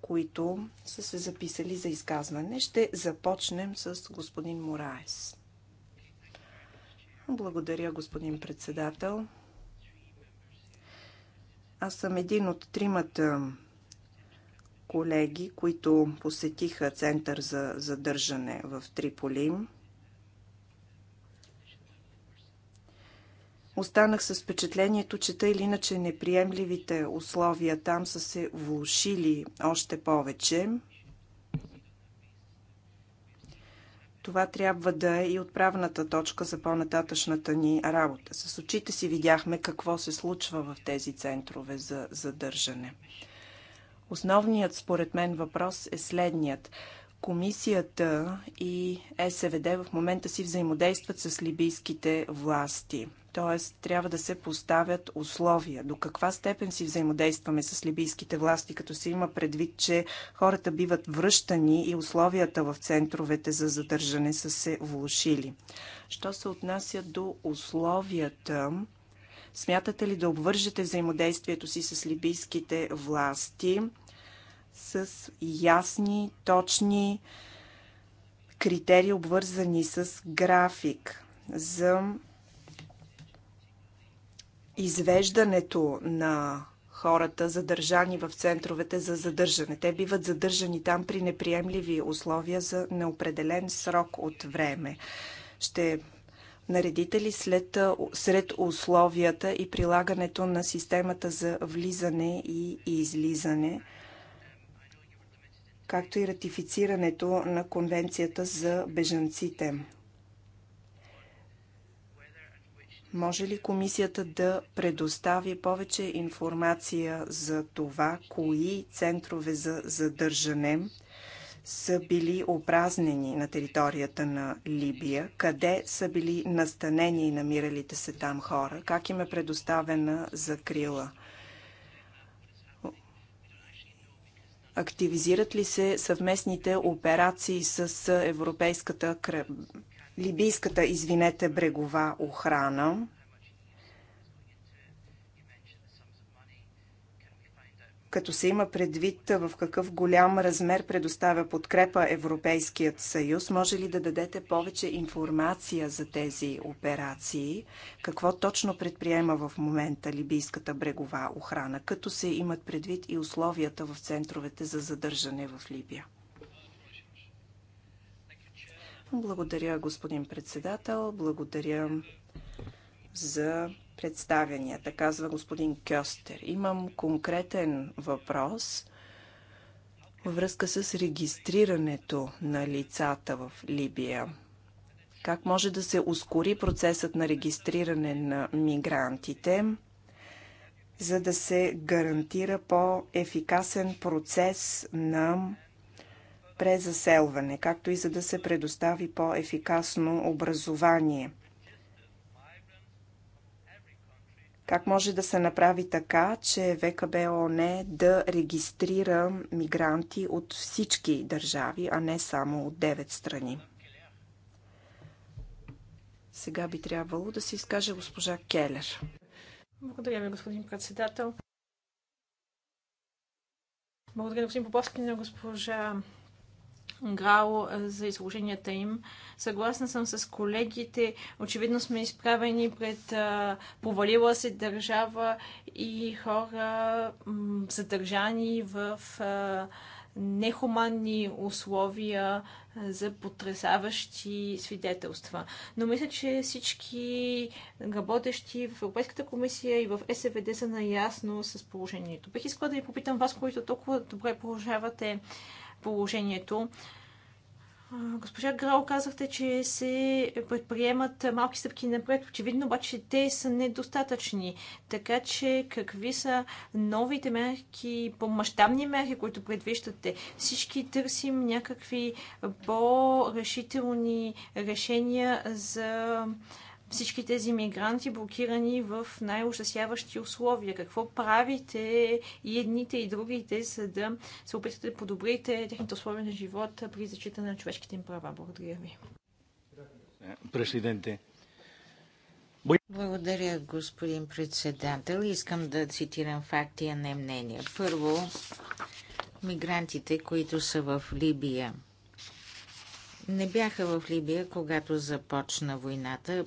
които са се записали за изказване. Ще започнем с господин Мораес. Благодаря, господин председател. Аз съм един от тримата колеги, които посетиха център за задържане в Триполи. Останах с впечатлението, че тъй или иначе неприемливите условия там са се влушили още повече. Това трябва да е и отправната точка за по-нататъчната ни работа. С очите си видяхме какво се случва в тези центрове за задържане. Основният, според мен, въпрос е следният. Комисията и СВД в момента си взаимодействат с либийските власти т.е. трябва да се поставят условия. До каква степен си взаимодействаме с либийските власти, като се има предвид, че хората биват връщани и условията в центровете за задържане са се влушили. Що се отнася до условията, смятате ли да обвържете взаимодействието си с либийските власти с ясни, точни критерии, обвързани с график за извеждането на хората, задържани в центровете за задържане. Те биват задържани там при неприемливи условия за неопределен срок от време. Ще наредите ли след, сред условията и прилагането на системата за влизане и излизане, както и ратифицирането на Конвенцията за бежанците? Може ли комисията да предостави повече информация за това, кои центрове за задържане са били опразнени на територията на Либия, къде са били настанени и намиралите се там хора, как им е предоставена закрила? Активизират ли се съвместните операции с Европейската либийската, извинете, брегова охрана. Като се има предвид в какъв голям размер предоставя подкрепа Европейският съюз, може ли да дадете повече информация за тези операции? Какво точно предприема в момента либийската брегова охрана, като се имат предвид и условията в центровете за задържане в Либия? Благодаря, господин председател. Благодаря за представянията, казва господин Кьостер. Имам конкретен въпрос във връзка с регистрирането на лицата в Либия. Как може да се ускори процесът на регистриране на мигрантите, за да се гарантира по-ефикасен процес на презаселване, както и за да се предостави по-ефикасно образование. Как може да се направи така, че ВКБ ООН да регистрира мигранти от всички държави, а не само от девет страни? Сега би трябвало да се изкаже госпожа Келер. Благодаря ви, господин председател. Благодаря господин Поповски на госпожа ГРАО за изложенията им. Съгласна съм с колегите. Очевидно сме изправени пред а, провалила се държава и хора м, задържани в а, нехуманни условия за потрясаващи свидетелства. Но мисля, че всички работещи в Европейската комисия и в СВД са наясно с положението. Бих искала да ви попитам вас, които толкова добре положавате положението. Госпожа Грал, казахте, че се предприемат малки стъпки напред. Очевидно обаче те са недостатъчни. Така че какви са новите мерки, по-масштабни мерки, които предвиждате? Всички търсим някакви по-решителни решения за всички тези мигранти блокирани в най-ужасяващи условия? Какво правите и едните и другите, за да се опитате да подобрите техните условия на живот при защита на човешките им права? Благодаря ви. Президенте, благодаря, господин председател. Искам да цитирам факти, а не мнения. Първо, мигрантите, които са в Либия не бяха в Либия, когато започна войната.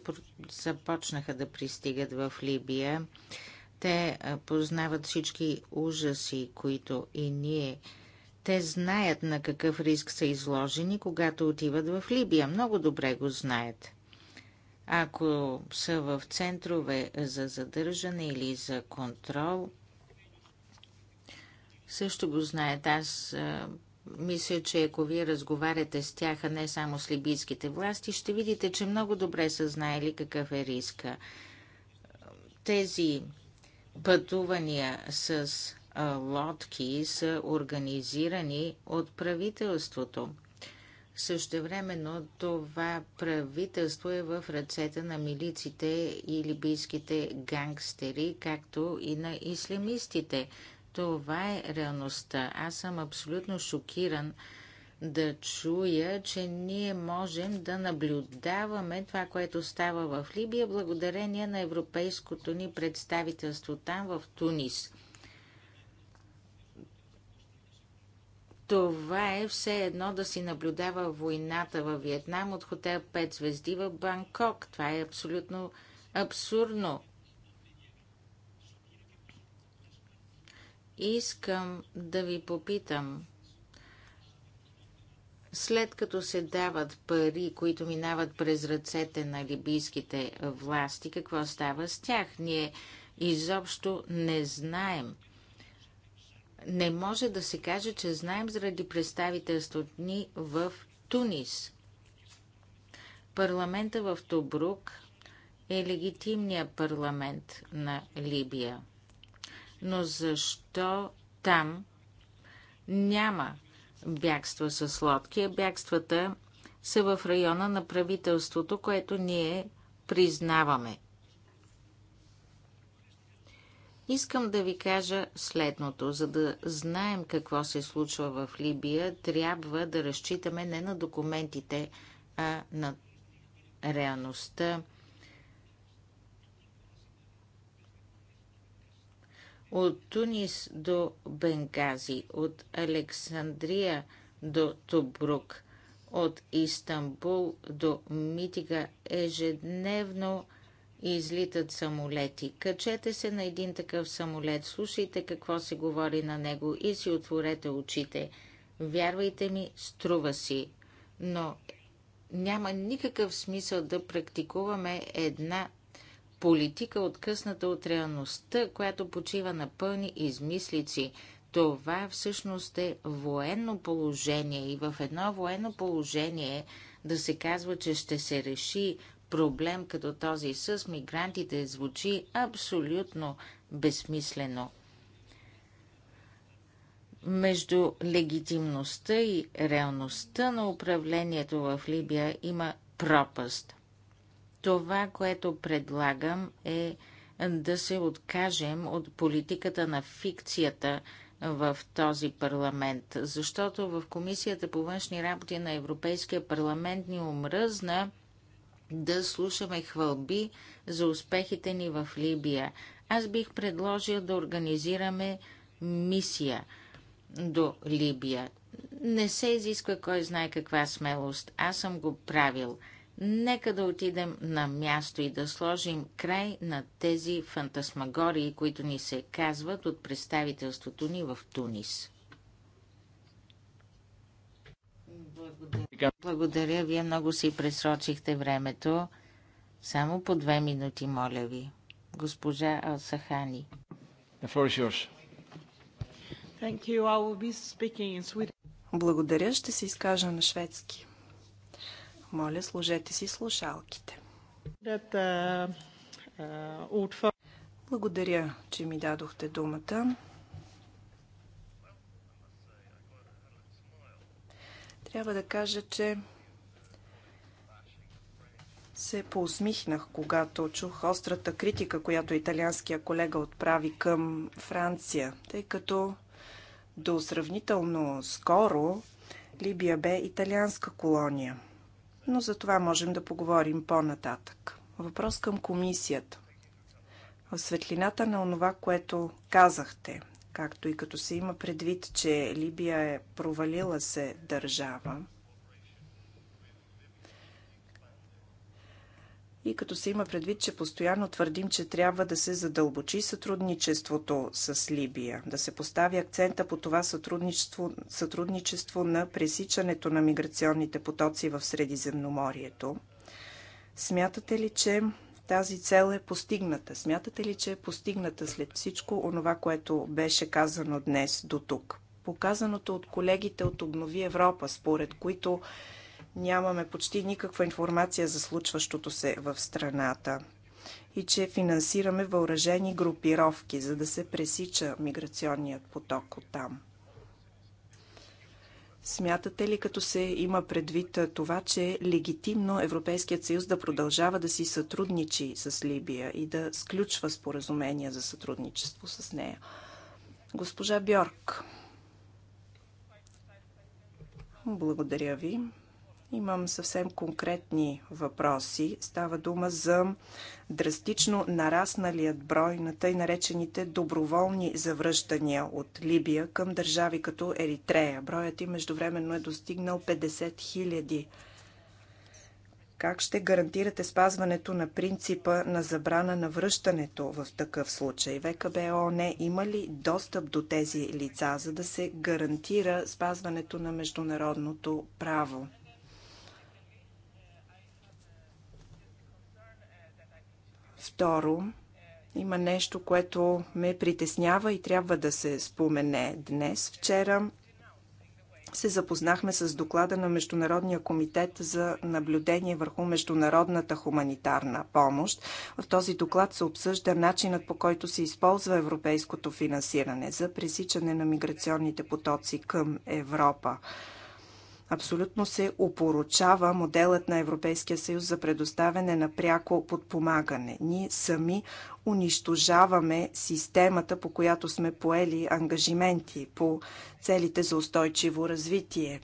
Започнаха да пристигат в Либия. Те познават всички ужаси, които и ние. Те знаят на какъв риск са изложени, когато отиват в Либия. Много добре го знаят. Ако са в центрове за задържане или за контрол, също го знаят. Аз мисля, че ако вие разговаряте с тях, а не само с либийските власти, ще видите, че много добре са знаели какъв е риска. Тези пътувания с лодки са организирани от правителството. Същевременно това правителство е в ръцете на милиците и либийските гангстери, както и на ислямистите. Това е реалността. Аз съм абсолютно шокиран да чуя, че ние можем да наблюдаваме това, което става в Либия, благодарение на европейското ни представителство там в Тунис. Това е все едно да си наблюдава войната във Виетнам от хотел 5 звезди в Банкок. Това е абсолютно абсурдно. Искам да ви попитам, след като се дават пари, които минават през ръцете на либийските власти, какво става с тях? Ние изобщо не знаем. Не може да се каже, че знаем заради представителството ни в Тунис. Парламента в Тобрук е легитимният парламент на Либия но защо там няма бягства с лодки, а бягствата са в района на правителството, което ние признаваме. Искам да ви кажа следното. За да знаем какво се случва в Либия, трябва да разчитаме не на документите, а на реалността. от Тунис до Бенгази, от Александрия до Тобрук, от Истанбул до Митига ежедневно излитат самолети. Качете се на един такъв самолет, слушайте какво се говори на него и си отворете очите. Вярвайте ми, струва си. Но няма никакъв смисъл да практикуваме една политика, откъсната от реалността, която почива на пълни измислици. Това всъщност е военно положение и в едно военно положение да се казва, че ще се реши проблем като този с мигрантите звучи абсолютно безсмислено. Между легитимността и реалността на управлението в Либия има пропаст. Това, което предлагам е да се откажем от политиката на фикцията в този парламент, защото в Комисията по външни работи на Европейския парламент ни омръзна да слушаме хвалби за успехите ни в Либия. Аз бих предложил да организираме мисия до Либия. Не се изисква кой знае каква смелост. Аз съм го правил – Нека да отидем на място и да сложим край на тези фантасмагории, които ни се казват от представителството ни в Тунис. Благодаря. Благодаря. Вие много си пресрочихте времето. Само по две минути, моля ви. Госпожа Алсахани. Благодаря. Ще се изкажа на шведски. Моля, сложете си слушалките. Благодаря, че ми дадохте думата. Трябва да кажа, че се поусмихнах, когато чух острата критика, която италианския колега отправи към Франция, тъй като до сравнително скоро Либия бе италианска колония но за това можем да поговорим по-нататък. Въпрос към комисията. В светлината на онова, което казахте, както и като се има предвид, че Либия е провалила се държава, И като се има предвид, че постоянно твърдим, че трябва да се задълбочи сътрудничеството с Либия, да се постави акцента по това сътрудничество, сътрудничество на пресичането на миграционните потоци в Средиземноморието, смятате ли, че тази цел е постигната? Смятате ли, че е постигната след всичко онова, което беше казано днес до тук? Показаното от колегите от Обнови Европа, според които нямаме почти никаква информация за случващото се в страната и че финансираме въоръжени групировки, за да се пресича миграционният поток от там. Смятате ли, като се има предвид това, че е легитимно Европейският съюз да продължава да си сътрудничи с Либия и да сключва споразумения за сътрудничество с нея? Госпожа Бьорк. Благодаря ви. Имам съвсем конкретни въпроси. Става дума за драстично нарасналият брой на тъй наречените доброволни завръщания от Либия към държави като Еритрея. Броят им междувременно е достигнал 50 хиляди. Как ще гарантирате спазването на принципа на забрана на връщането в такъв случай? ВКБ ООН има ли достъп до тези лица, за да се гарантира спазването на международното право? Второ, има нещо, което ме притеснява и трябва да се спомене днес. Вчера се запознахме с доклада на Международния комитет за наблюдение върху международната хуманитарна помощ. В този доклад се обсъжда начинът по който се използва европейското финансиране за пресичане на миграционните потоци към Европа абсолютно се опоручава моделът на Европейския съюз за предоставяне на пряко подпомагане. Ние сами унищожаваме системата, по която сме поели ангажименти по целите за устойчиво развитие.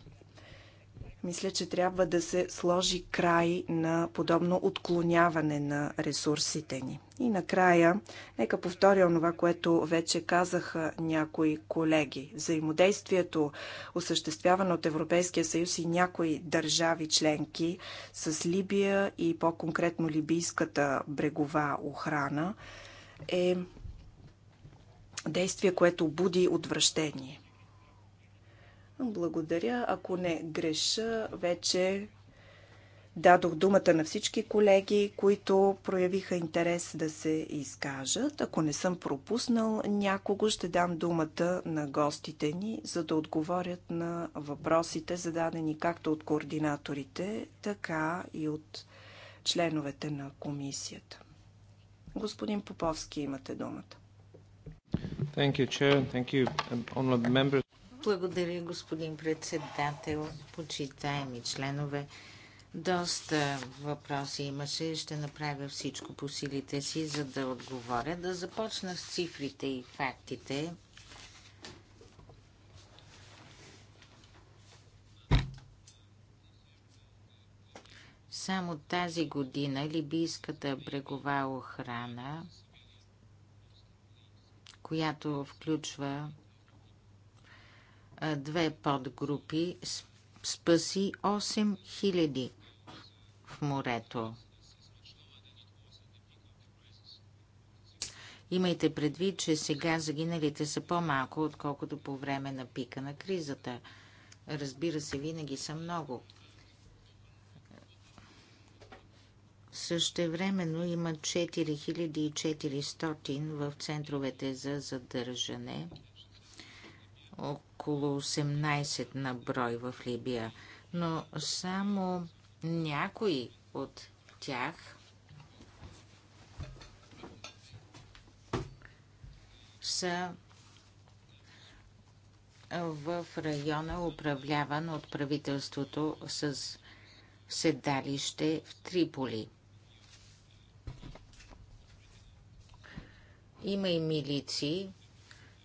Мисля, че трябва да се сложи край на подобно отклоняване на ресурсите ни. И накрая, нека повторя онова, което вече казаха някои колеги. Взаимодействието, осъществявано от Европейския съюз и някои държави членки с Либия и по-конкретно либийската брегова охрана, е действие, което буди отвращение. Благодаря. Ако не греша, вече дадох думата на всички колеги, които проявиха интерес да се изкажат. Ако не съм пропуснал някого, ще дам думата на гостите ни, за да отговорят на въпросите, зададени както от координаторите, така и от членовете на комисията. Господин Поповски, имате думата. Thank you, Chair. Thank you, members. Благодаря, господин председател, почитаеми членове. Доста въпроси имаше. Ще направя всичко по силите си, за да отговоря. Да започна с цифрите и фактите. Само тази година либийската брегова охрана, която включва две подгрупи спаси 8000 в морето. Имайте предвид, че сега загиналите са по-малко, отколкото по време на пика на кризата. Разбира се, винаги са много. Същевременно има 4400 в центровете за задържане около 18 на брой в Либия, но само някои от тях са в района, управляван от правителството с седалище в Триполи. Има и милиции,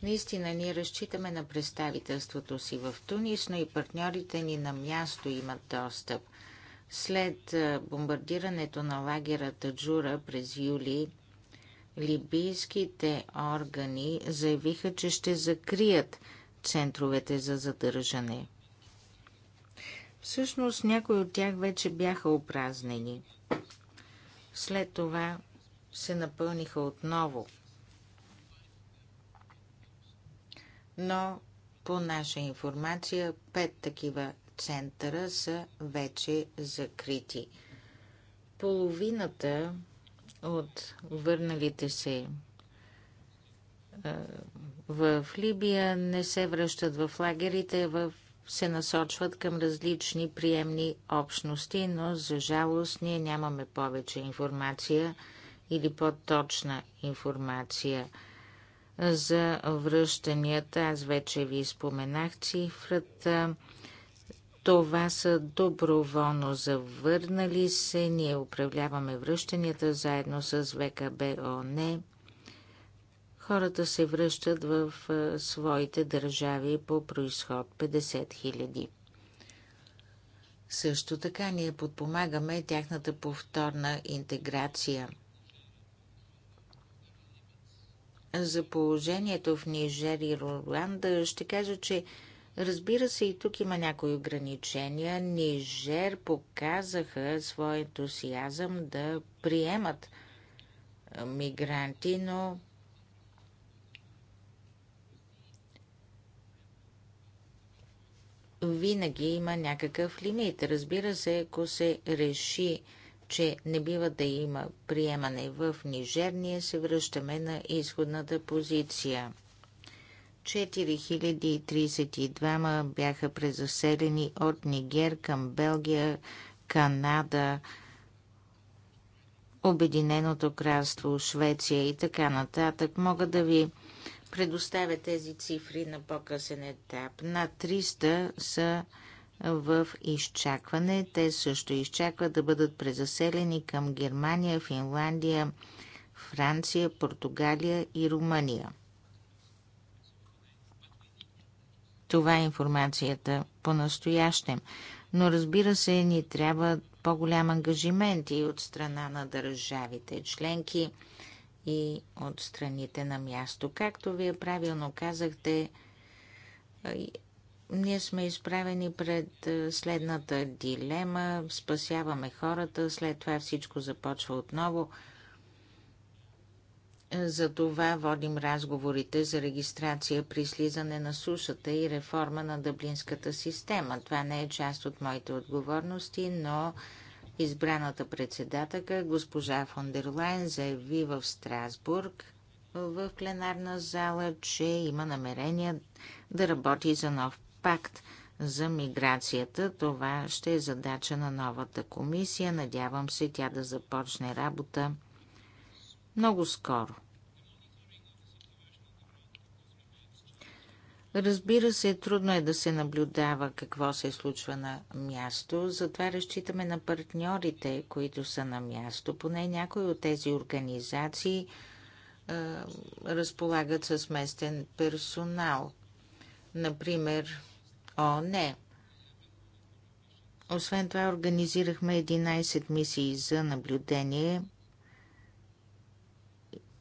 Наистина, ние разчитаме на представителството си в Тунис, но и партньорите ни на място имат достъп. След бомбардирането на лагера Таджура през юли, либийските органи заявиха, че ще закрият центровете за задържане. Всъщност някои от тях вече бяха опразнени. След това се напълниха отново – но по наша информация пет такива центъра са вече закрити. Половината от върналите се в Либия не се връщат в лагерите, в... се насочват към различни приемни общности, но за жалост ние нямаме повече информация или по-точна информация – за връщанията, аз вече ви споменах цифрата. Това са доброволно завърнали се. Ние управляваме връщанията заедно с ВКБ ОНЕ. Хората се връщат в своите държави по происход 50 000. Също така ние подпомагаме тяхната повторна интеграция – за положението в Нижер и Руанда, ще кажа, че разбира се и тук има някои ограничения. Нижер показаха своя ентусиазъм да приемат мигранти, но винаги има някакъв лимит. Разбира се, ако се реши че не бива да има приемане в Нижер, ние се връщаме на изходната позиция. 4032 бяха презаселени от Нигер към Белгия, Канада, Обединеното кралство, Швеция и така нататък. Мога да ви предоставя тези цифри на по-късен етап. На 300 са в изчакване. Те също изчакват да бъдат презаселени към Германия, Финландия, Франция, Португалия и Румъния. Това е информацията по-настоящем. Но разбира се, ни трябва по-голям ангажимент и от страна на държавите членки и от страните на място. Както вие правилно казахте, ние сме изправени пред е, следната дилема. Спасяваме хората, след това всичко започва отново. За това водим разговорите за регистрация при слизане на сушата и реформа на дъблинската система. Това не е част от моите отговорности, но избраната председателка госпожа Фондерлайн заяви в Страсбург в пленарна зала, че има намерение да работи за нов пакт за миграцията. Това ще е задача на новата комисия. Надявам се тя да започне работа много скоро. Разбира се, трудно е да се наблюдава какво се случва на място, затова разчитаме на партньорите, които са на място. Поне някои от тези организации е, разполагат с местен персонал. Например, О, не. Освен това, организирахме 11 мисии за наблюдение.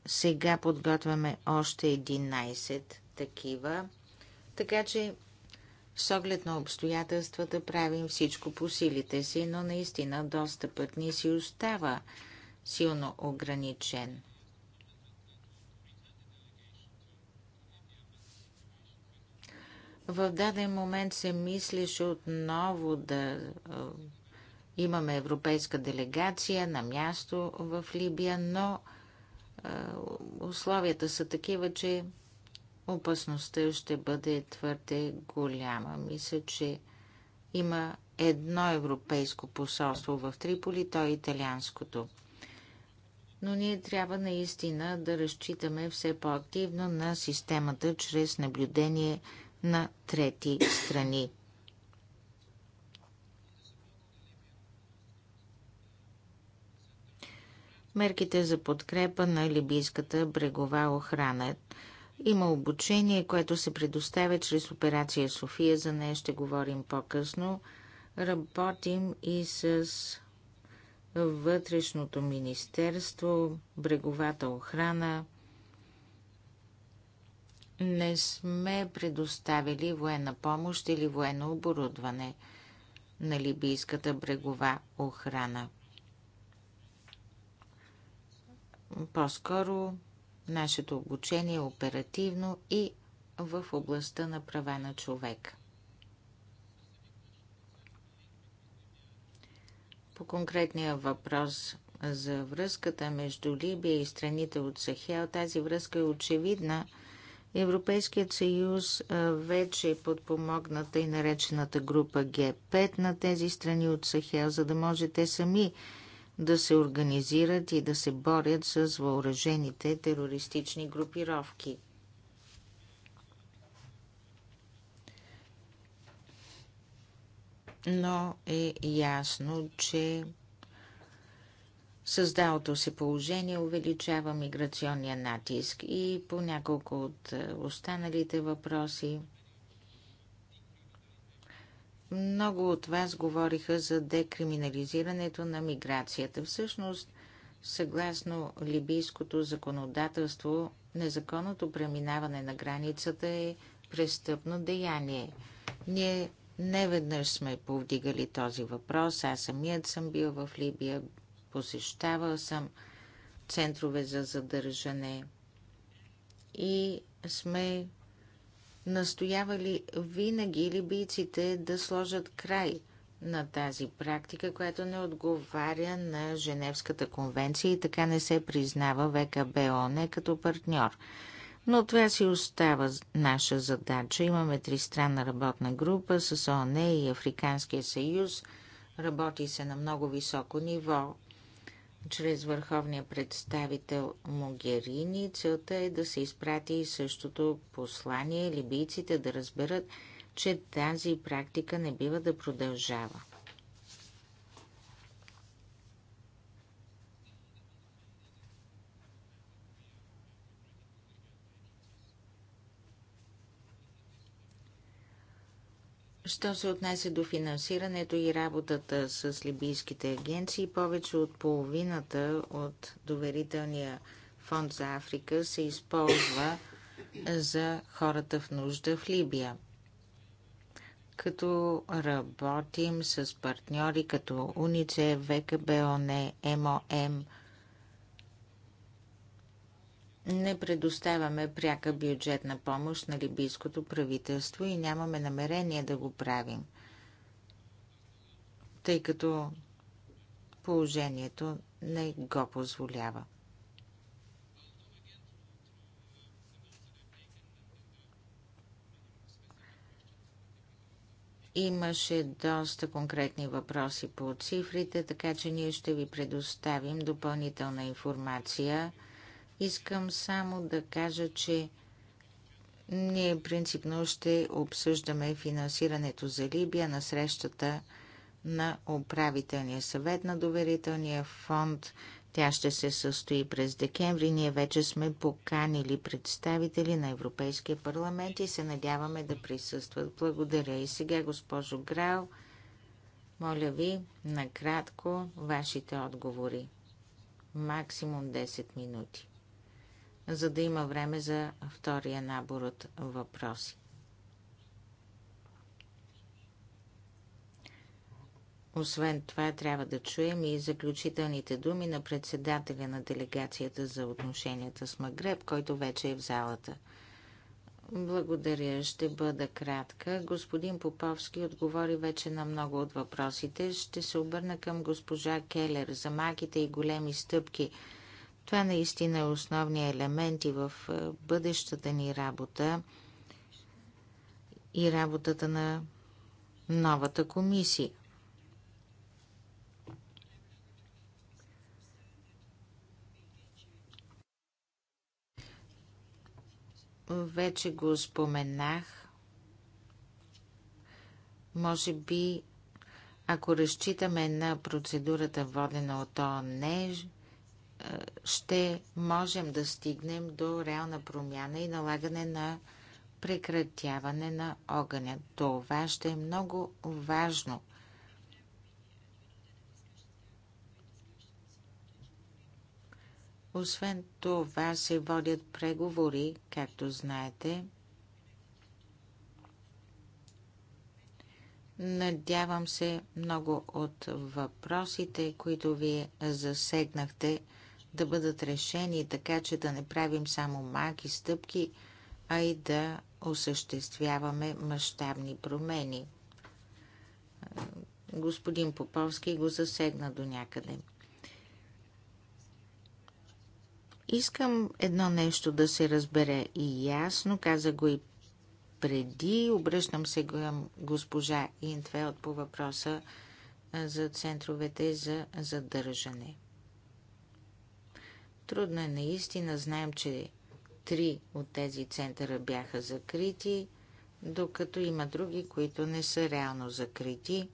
Сега подготвяме още 11 такива. Така че, с оглед на обстоятелствата, правим всичко по силите си, но наистина достъпът ни си остава силно ограничен. В даден момент се мислеше отново да имаме европейска делегация на място в Либия, но условията са такива, че опасността ще бъде твърде голяма. Мисля, че има едно европейско посолство в Триполи, то е италианското. Но ние трябва наистина да разчитаме все по-активно на системата чрез наблюдение на трети страни. Мерките за подкрепа на либийската брегова охрана. Има обучение, което се предоставя чрез операция София. За нея ще говорим по-късно. Работим и с Вътрешното министерство, бреговата охрана, не сме предоставили военна помощ или военно оборудване на либийската брегова охрана. По-скоро нашето обучение е оперативно и в областта на права на човек. По конкретния въпрос за връзката между Либия и страните от Сахел, тази връзка е очевидна – Европейският съюз вече подпомогна и наречената група Г5 на тези страни от Сахел, за да може те сами да се организират и да се борят с въоръжените терористични групировки. Но е ясно, че създалото се положение увеличава миграционния натиск и по няколко от е, останалите въпроси. Много от вас говориха за декриминализирането на миграцията. Всъщност, съгласно либийското законодателство, незаконното преминаване на границата е престъпно деяние. Ние неведнъж сме повдигали този въпрос. Аз самият съм бил в Либия, посещавал съм центрове за задържане и сме настоявали винаги либийците да сложат край на тази практика, която не отговаря на Женевската конвенция и така не се признава ВКБОН като партньор. Но това си остава наша задача. Имаме тристранна работна група с ОНЕ и Африканския съюз. Работи се на много високо ниво чрез върховния представител Могерини. Целта е да се изпрати и същото послание либийците да разберат, че тази практика не бива да продължава. Що се отнесе до финансирането и работата с либийските агенции, повече от половината от доверителния фонд за Африка се използва за хората в нужда в Либия. Като работим с партньори като УНИЦЕ, ВКБОНЕ МОМ – не предоставяме пряка бюджетна помощ на либийското правителство и нямаме намерение да го правим, тъй като положението не го позволява. Имаше доста конкретни въпроси по цифрите, така че ние ще ви предоставим допълнителна информация – Искам само да кажа, че ние принципно ще обсъждаме финансирането за Либия на срещата на управителния съвет на доверителния фонд. Тя ще се състои през декември. Ние вече сме поканили представители на Европейския парламент и се надяваме да присъстват. Благодаря. И сега, госпожо Грал, моля ви, накратко, вашите отговори. Максимум 10 минути за да има време за втория набор от въпроси. Освен това, трябва да чуем и заключителните думи на председателя на делегацията за отношенията с Магреб, който вече е в залата. Благодаря, ще бъда кратка. Господин Поповски отговори вече на много от въпросите. Ще се обърна към госпожа Келер за маките и големи стъпки – това наистина е основният елемент и в е, бъдещата ни работа и работата на новата комисия. Вече го споменах. Може би, ако разчитаме на процедурата водена от ОНЕЖ ще можем да стигнем до реална промяна и налагане на прекратяване на огъня. Това ще е много важно. Освен това се водят преговори, както знаете. Надявам се много от въпросите, които вие засегнахте, да бъдат решени така, че да не правим само малки стъпки, а и да осъществяваме мащабни промени. Господин Поповски го засегна до някъде. Искам едно нещо да се разбере и ясно, каза го и преди. Обръщам се към госпожа Интвелт по въпроса за центровете за задържане. Трудно е наистина. Знаем, че три от тези центъра бяха закрити, докато има други, които не са реално закрити.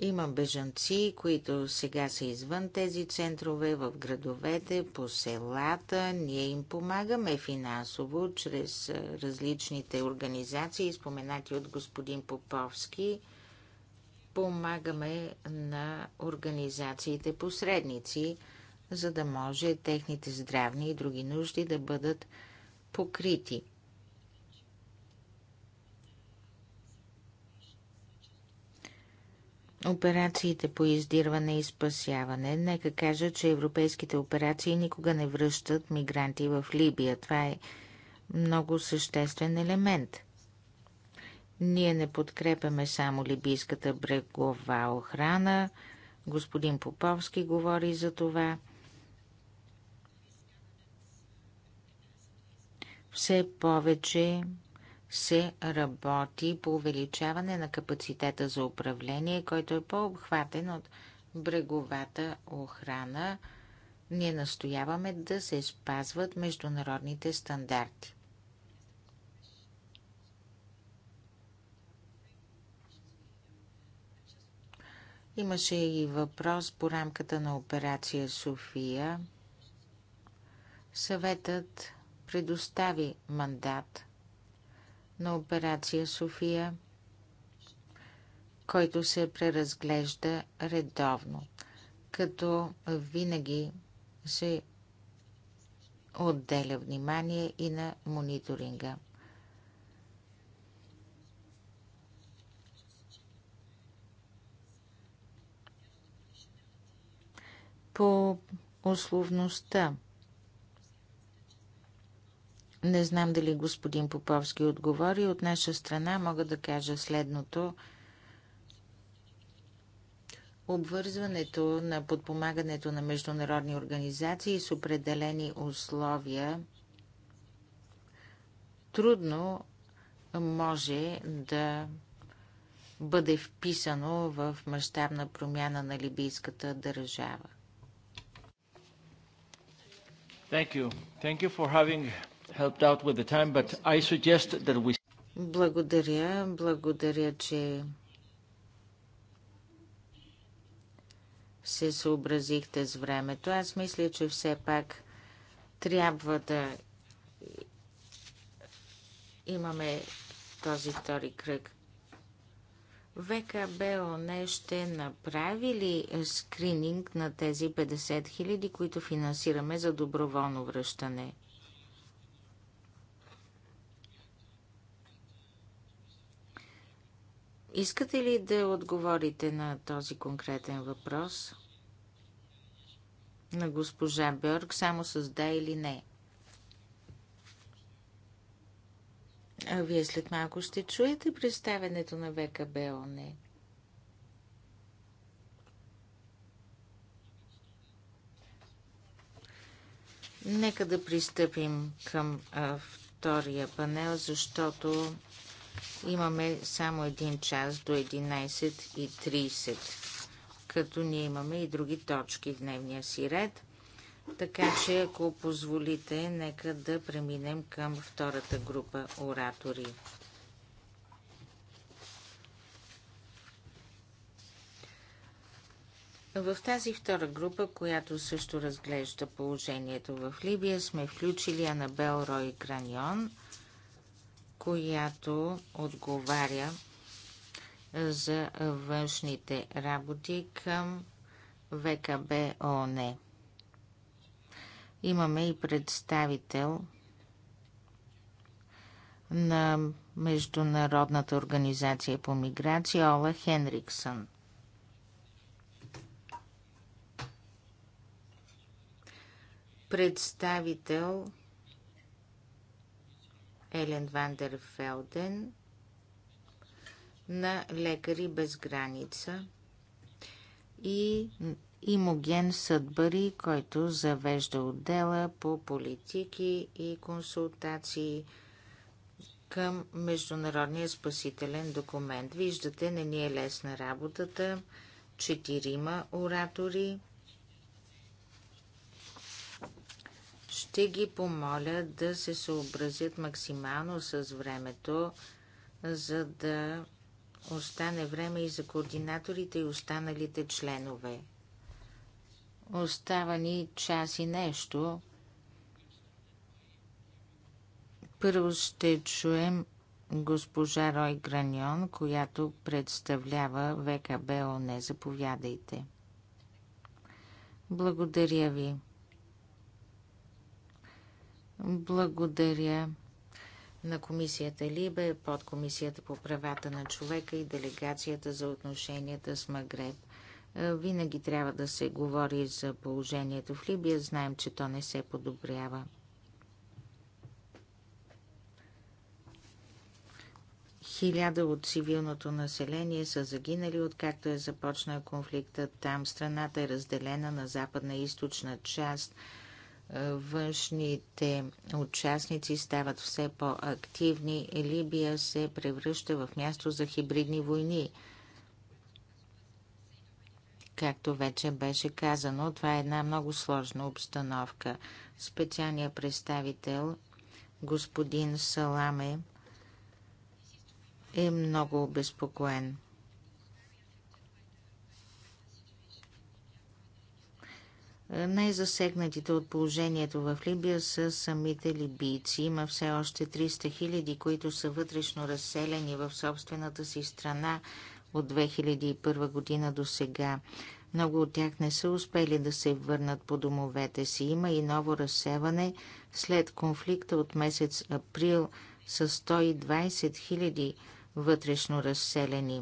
Има бежанци, които сега са извън тези центрове, в градовете, по селата. Ние им помагаме финансово чрез различните организации, споменати от господин Поповски – помагаме на организациите посредници, за да може техните здравни и други нужди да бъдат покрити. Операциите по издирване и спасяване. Нека кажа, че европейските операции никога не връщат мигранти в Либия. Това е много съществен елемент – ние не подкрепяме само либийската брегова охрана. Господин Поповски говори за това. Все повече се работи по увеличаване на капацитета за управление, който е по-обхватен от бреговата охрана. Ние настояваме да се спазват международните стандарти. Имаше и въпрос по рамката на операция София. Съветът предостави мандат на операция София, който се преразглежда редовно, като винаги се отделя внимание и на мониторинга. по условността. Не знам дали господин Поповски отговори. От наша страна мога да кажа следното. Обвързването на подпомагането на международни организации с определени условия трудно може да бъде вписано в мащабна промяна на либийската държава. Благодаря, благодаря, че се съобразихте с времето. Аз мисля, че все пак трябва да имаме този втори кръг ВКБОН е ще направи ли скрининг на тези 50 хиляди, които финансираме за доброволно връщане? Искате ли да отговорите на този конкретен въпрос? На госпожа Бьорг само с да или не. Вие след малко ще чуете представенето на ВКБ ОНЕ. Нека да пристъпим към а, втория панел, защото имаме само един час до 11.30, като ние имаме и други точки в дневния си ред. Така че, ако позволите, нека да преминем към втората група оратори. В тази втора група, която също разглежда положението в Либия, сме включили Анабел Рой Граньон, която отговаря за външните работи към ВКБ ООН. Имаме и представител на Международната организация по миграция Ола Хенриксън. Представител Елен Вандерфелден на Лекари без граница и Имоген Съдбари, който завежда отдела по политики и консултации към Международния спасителен документ. Виждате, не ни е лесна работата. Четирима оратори. Ще ги помоля да се съобразят максимално с времето, за да остане време и за координаторите и останалите членове. Остава ни час и нещо. Първо ще чуем госпожа Рой Граньон, която представлява ВКБ ОНЕ. Заповядайте. Благодаря ви. Благодаря на комисията Либе, подкомисията по правата на човека и делегацията за отношенията с Магреб. Е, винаги трябва да се говори за положението в Либия. Знаем, че то не се подобрява. Хиляда от цивилното население са загинали, откакто е започнал конфликта. Там страната е разделена на западна и източна част. Е, външните участници стават все по-активни. Либия се превръща в място за хибридни войни – Както вече беше казано, това е една много сложна обстановка. Специалният представител, господин Саламе, е много обезпокоен. Най-засегнатите от положението в Либия са самите либийци. Има все още 300 хиляди, които са вътрешно разселени в собствената си страна от 2001 година до сега. Много от тях не са успели да се върнат по домовете си. Има и ново разсеване след конфликта от месец април с 120 000 вътрешно разселени.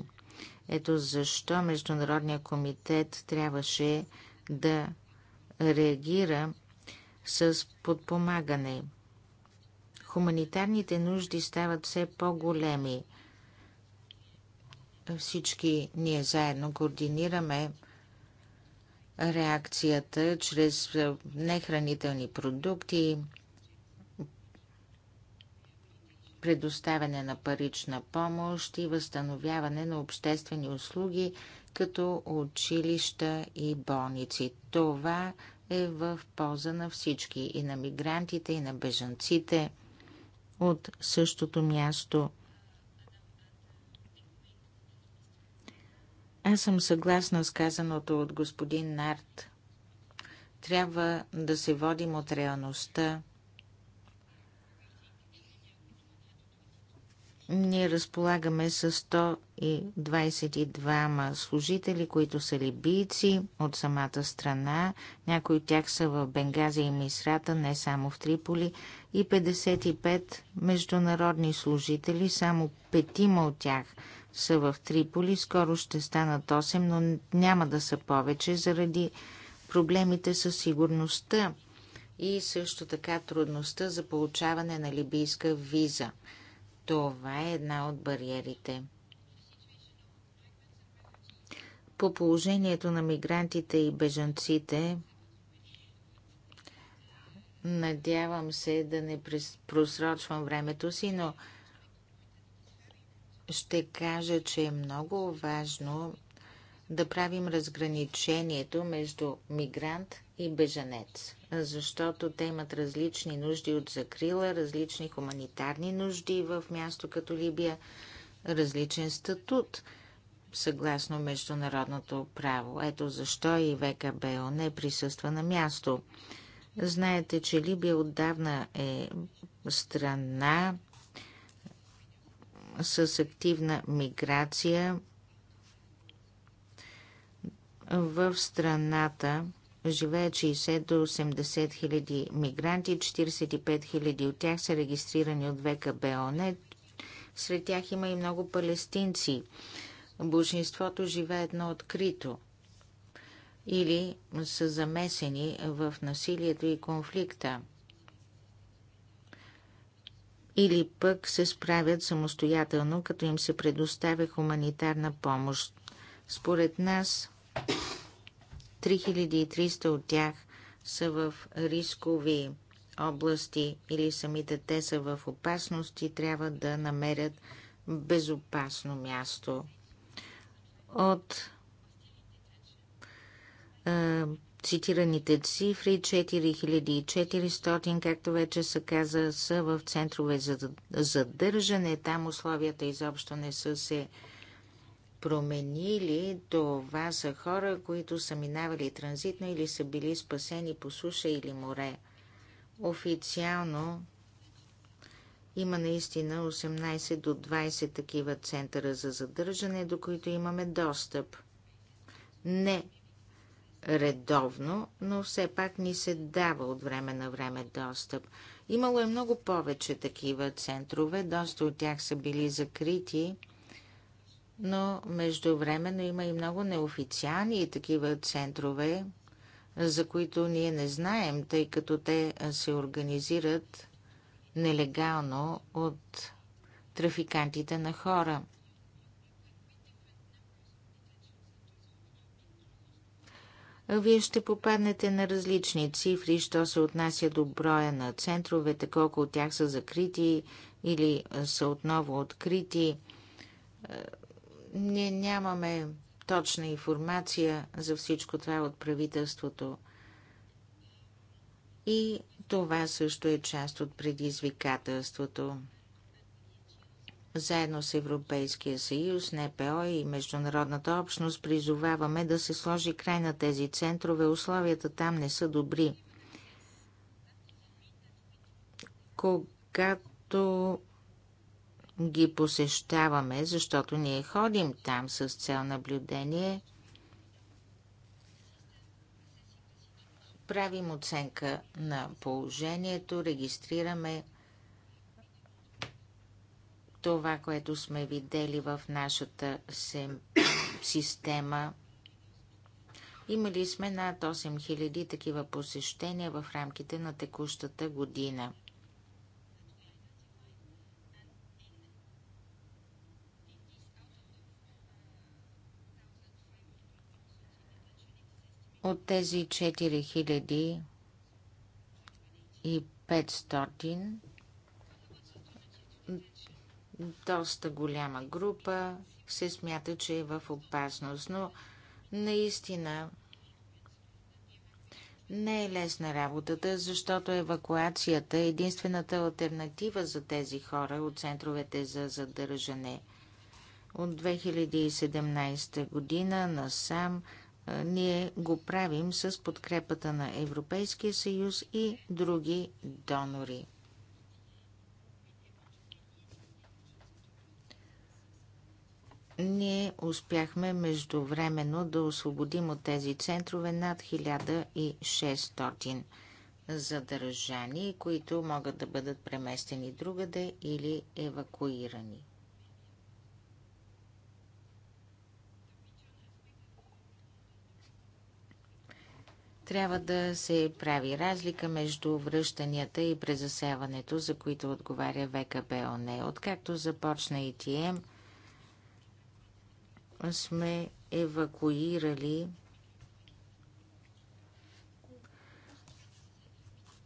Ето защо Международният комитет трябваше да реагира с подпомагане. Хуманитарните нужди стават все по-големи. Всички ние заедно координираме реакцията чрез е, нехранителни продукти, предоставяне на парична помощ и възстановяване на обществени услуги, като училища и болници. Това е в полза на всички и на мигрантите, и на бежанците от същото място. Аз съм съгласна с казаното от господин Нарт. Трябва да се водим от реалността. Ние разполагаме с 122 служители, които са либийци от самата страна. Някои от тях са в Бенгази и Мисрата, не само в Триполи. И 55 международни служители, само петима от тях – са в Триполи, скоро ще станат 8, но няма да са повече заради проблемите със сигурността и също така трудността за получаване на либийска виза. Това е една от бариерите. По положението на мигрантите и бежанците, надявам се да не просрочвам времето си, но ще кажа, че е много важно да правим разграничението между мигрант и бежанец, защото те имат различни нужди от закрила, различни хуманитарни нужди в място като Либия, различен статут съгласно международното право. Ето защо и ВКБО не присъства на място. Знаете, че Либия отдавна е страна, с активна миграция в страната живеят 60 до 80 хиляди мигранти, 45 хиляди от тях са регистрирани от ВКБ ОНЕ. Сред тях има и много палестинци. Божеството живее едно открито или са замесени в насилието и конфликта или пък се справят самостоятелно, като им се предоставя хуманитарна помощ. Според нас 3300 от тях са в рискови области или самите те са в опасност и трябва да намерят безопасно място. От цитираните цифри 4400, както вече се каза, са в центрове за задържане. Там условията изобщо не са се променили. Това са хора, които са минавали транзитно или са били спасени по суша или море. Официално има наистина 18 до 20 такива центъра за задържане, до които имаме достъп. Не редовно, но все пак ни се дава от време на време достъп. Имало е много повече такива центрове, доста от тях са били закрити, но междувременно има и много неофициални такива центрове, за които ние не знаем, тъй като те се организират нелегално от трафикантите на хора – вие ще попаднете на различни цифри, що се отнася до броя на центровете, колко от тях са закрити или са отново открити. Е, ние нямаме точна информация за всичко това от правителството. И това също е част от предизвикателството. Заедно с Европейския съюз, НПО и международната общност призоваваме да се сложи край на тези центрове. Условията там не са добри. Когато ги посещаваме, защото ние ходим там с цел наблюдение, правим оценка на положението, регистрираме това, което сме видели в нашата система. Имали сме над 8000 такива посещения в рамките на текущата година. От тези 4500 доста голяма група се смята, че е в опасност, но наистина не е лесна работата, защото евакуацията е единствената альтернатива за тези хора от центровете за задържане. От 2017 година насам ние го правим с подкрепата на Европейския съюз и други донори. Ние успяхме междувременно да освободим от тези центрове над 1600 задържани, които могат да бъдат преместени другаде или евакуирани. трябва да се прави разлика между връщанията и презасяването, за които отговаря ВКБ ОНЕ. Откакто започна ИТМ, сме евакуирали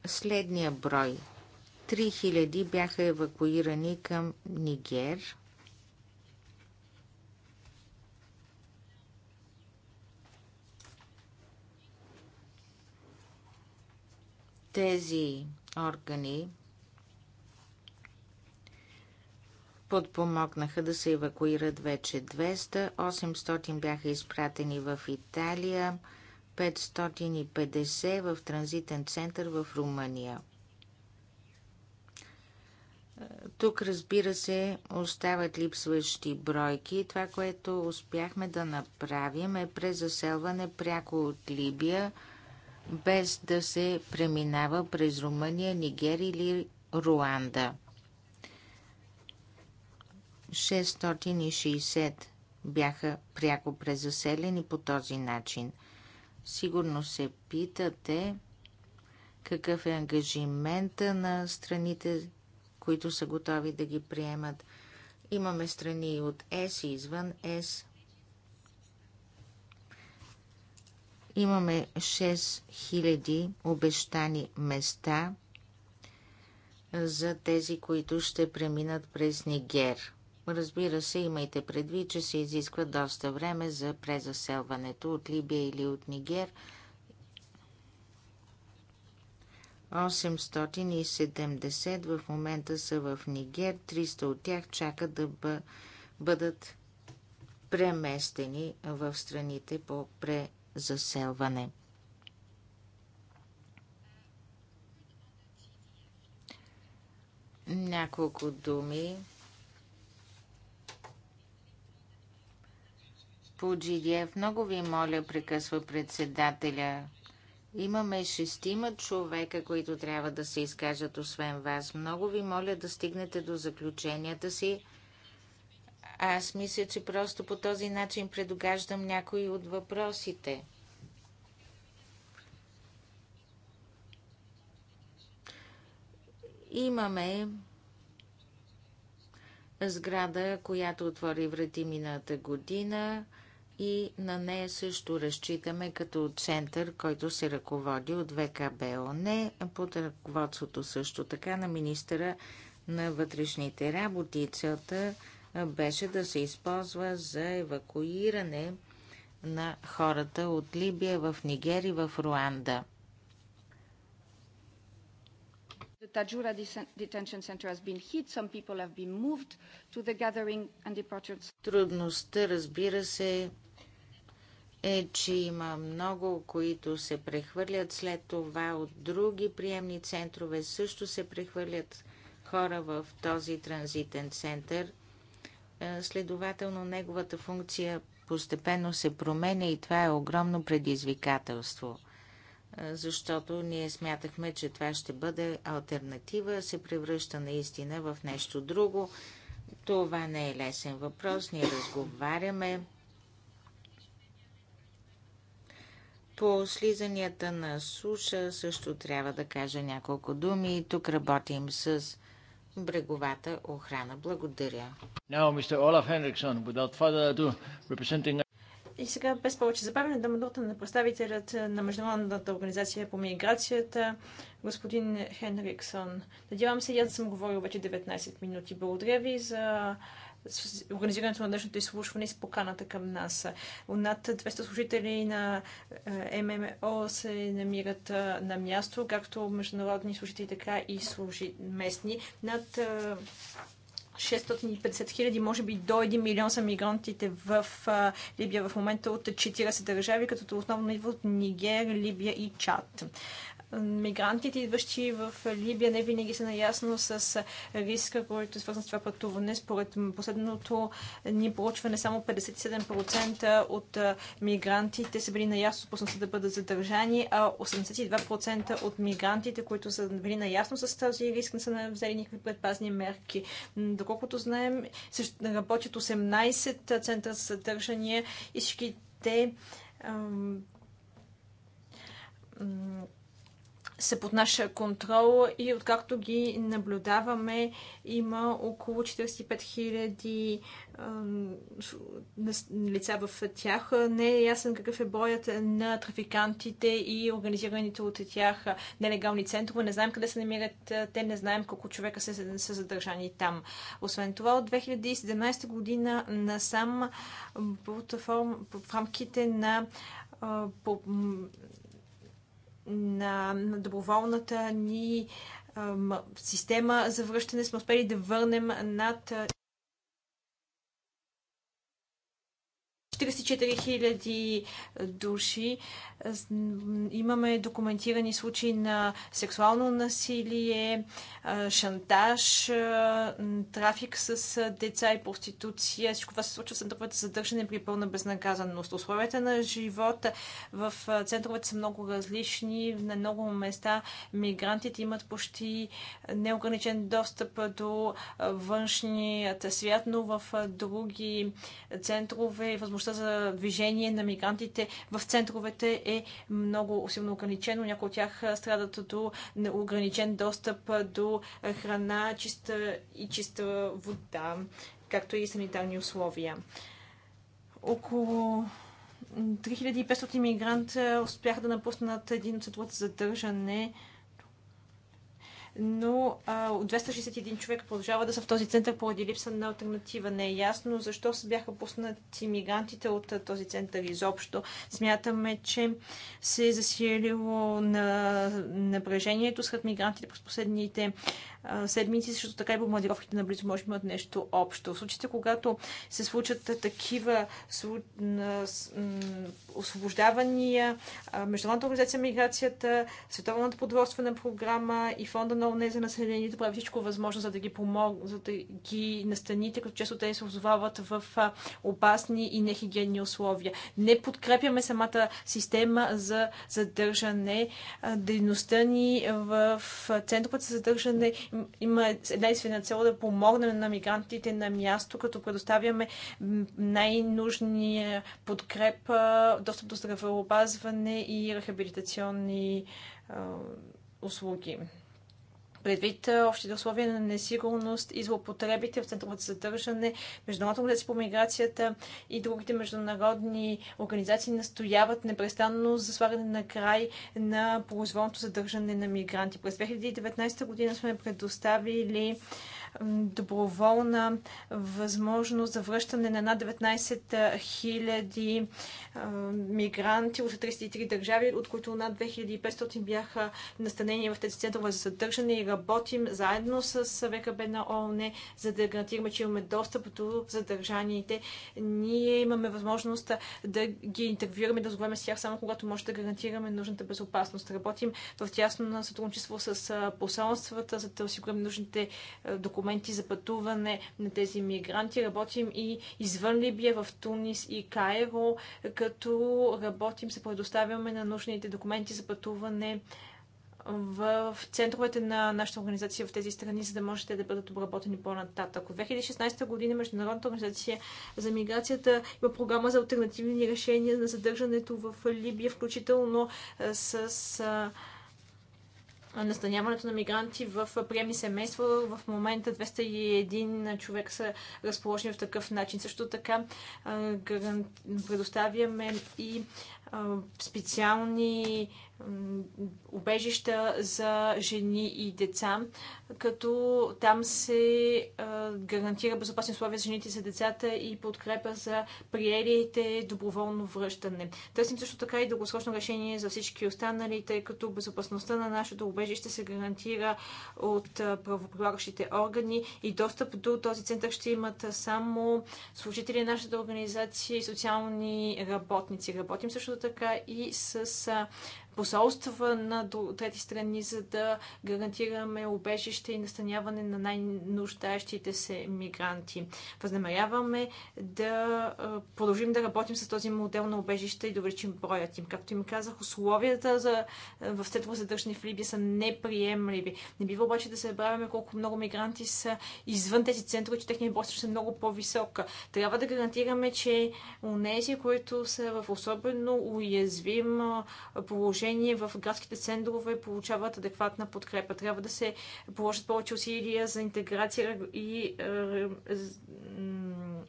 следния брой. 3000 бяха евакуирани към Нигер. Тези органи подпомогнаха да се евакуират вече 200, 800 бяха изпратени в Италия, 550 в транзитен център в Румъния. Тук, разбира се, остават липсващи бройки. Това, което успяхме да направим е презаселване пряко от Либия, без да се преминава през Румъния, Нигерия или Руанда. 660 бяха пряко презаселени по този начин. Сигурно се питате какъв е ангажимента на страните, които са готови да ги приемат. Имаме страни от С и извън С. Имаме 6000 обещани места за тези, които ще преминат през Нигер. Разбира се, имайте предвид, че се изисква доста време за презаселването от Либия или от Нигер. 870 в момента са в Нигер, 300 от тях чакат да бъдат преместени в страните по презаселване. Няколко думи Пуджидиев, много ви моля, прекъсва председателя. Имаме шестима човека, които трябва да се изкажат освен вас. Много ви моля да стигнете до заключенията си. Аз мисля, че просто по този начин предугаждам някои от въпросите. Имаме сграда, която отвори врати мината година – и на нея също разчитаме като център, който се ръководи от ВКБО не. под ръководството също така на министъра на вътрешните работи. Целта беше да се използва за евакуиране на хората от Либия в Нигери в Руанда. Tajura Detention Center has been hit. Some people have been moved to the gathering and departure. Трудността, разбира се, е, че има много, които се прехвърлят след това от други приемни центрове. Също се прехвърлят хора в този транзитен център. Е, следователно, неговата функция постепенно се променя и това е огромно предизвикателство – защото ние смятахме, че това ще бъде альтернатива, се превръща наистина в нещо друго. Това не е лесен въпрос. Ние разговаряме По слизанията на суша също трябва да кажа няколко думи. Тук работим с бреговата охрана. Благодаря. Now, Mr. Olaf Henriksson, without further ado, representing и сега без повече забавяне да думата на представителят на Международната организация по миграцията, господин Хенриксон. Надявам се, аз да съм говорил вече 19 минути. Благодаря ви за организирането на днешното изслушване и с поканата към нас. Над 200 служители на е, ММО се намират е, на място, както международни служители, така и служи местни. Над е, 650 хиляди, може би до 1 милион са мигрантите в Либия в момента от 40 държави, като основно идват от Нигер, Либия и Чад мигрантите, идващи в Либия, не винаги са наясно с риска, който е свързан с това пътуване. Според последното ни проучване, само 57% от мигрантите са били наясно с опасността да бъдат задържани, а 82% от мигрантите, които са били наясно с този риск, не са взели никакви предпазни мерки. Доколкото знаем, работят 18 центъра за съдържание и всички те са под наша контрол и откакто ги наблюдаваме има около 45 000 лица в тях. Не е ясен какъв е броят на трафикантите и организираните от тях нелегални центрове. Не знаем къде се намират те, не знаем колко човека са, задържани там. Освен това, от 2017 година насам в рамките на по на доброволната ни система за връщане сме успели да върнем над 44 000 души. Имаме документирани случаи на сексуално насилие, шантаж, трафик с деца и проституция. Всичко това се случва в центровете за държане при пълна безнаказаност. Условията на живота в центровете са много различни. На много места мигрантите имат почти неограничен достъп до външния свят, но в други центрове възможността възможността за движение на мигрантите в центровете е много силно ограничено. Някои от тях страдат до ограничен достъп до храна, чиста и чиста вода, както и санитарни условия. Около 3500 мигранта успяха да напуснат един от съдовете за задържане но а, от 261 човек продължава да са в този център поради липса на альтернатива. Не е ясно защо се бяха пуснати мигрантите от а, този център изобщо. Смятаме, че се е засилило на напрежението сред мигрантите през последните седмици, защото така и бомбардировките наблизо може да имат нещо общо. В случаите, когато се случат такива освобождавания, Международната организация на миграцията, Световната подводствена програма и Фонда на ОНЕ за населението прави всичко възможно, за да ги помогнат, за да ги настаните, като често те се озовават в опасни и нехигиенни условия. Не подкрепяме самата система за задържане. Дейността ни в Центърът за задържане има единствена цел да помогнем на мигрантите на място, като предоставяме най-нужния подкрепа, достъп до здравеопазване и рехабилитационни услуги предвид общите условия на несигурност и злоупотребите в центровете за задържане, Международната организация по миграцията и другите международни организации настояват непрестанно за слагане на край на произволното задържане на мигранти. През 2019 година сме предоставили доброволна възможност за връщане на над 19 000 мигранти от 33 държави, от които над 2500 бяха настанени в тези центрове за съдържане и работим заедно с ВКБ на ООН, за да гарантираме, че имаме достъп до задържаните. Ние имаме възможност да ги интервюираме, да разговаряме с тях само когато може да гарантираме нужната безопасност. Работим в тясно на сътрудничество с посолствата, за да осигурим нужните документи документи за пътуване на тези мигранти. Работим и извън Либия, в Тунис и Каево, като работим, се предоставяме на нужните документи за пътуване в центровете на нашата организация в тези страни, за да можете да бъдат обработени по-нататък. От 2016 година Международната организация за миграцията има програма за альтернативни решения на задържането в Либия, включително с настаняването на мигранти в приемни семейства. В момента 201 човек са разположени в такъв начин. Също така предоставяме и специални убежища за жени и деца, като там се гарантира безопасни условия за жените и за децата и подкрепа за приелите доброволно връщане. Търсим също така и дългосрочно решение за всички останали, тъй като безопасността на нашето убежище се гарантира от правоприлагащите органи и достъп до този център ще имат само служители на нашата организация и социални работници. Работим също така и с посолства на трети страни, за да гарантираме обежище и настаняване на най-нуждаещите се мигранти. Възнамеряваме да продължим да работим с този модел на обежище и да увеличим броят им. Както им казах, условията за, в следва задържане в Либия са неприемливи. Не бива обаче да се забравяме колко много мигранти са извън тези центрове, че техния брой е много по-висока. Трябва да гарантираме, че у нези, които са в особено уязвим положение, положение в градските центрове получават адекватна подкрепа. Трябва да се положат повече усилия за интеграция и е, е,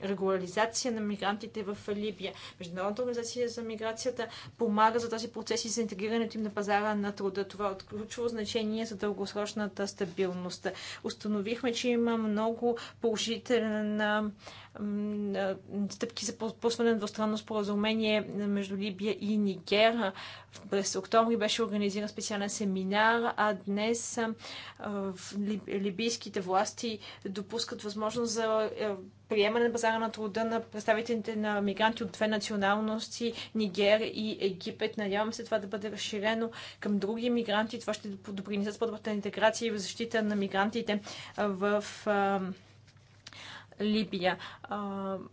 регуляризация на мигрантите в Либия. Международната организация за миграцията помага за този процес и за интегрирането им на пазара на труда. Това е от ключово значение за дългосрочната стабилност. Установихме, че има много положителна стъпки за подпусване на двустранно споразумение между Либия и Нигер. През октомври беше организиран специален семинар, а днес либийските власти допускат възможност за приемане на пазара на труда на представителите на мигранти от две националности Нигер и Египет. Надявам се това да бъде разширено към други мигранти. Това ще допринесе с по-добрата интеграция и защита на мигрантите в Либия.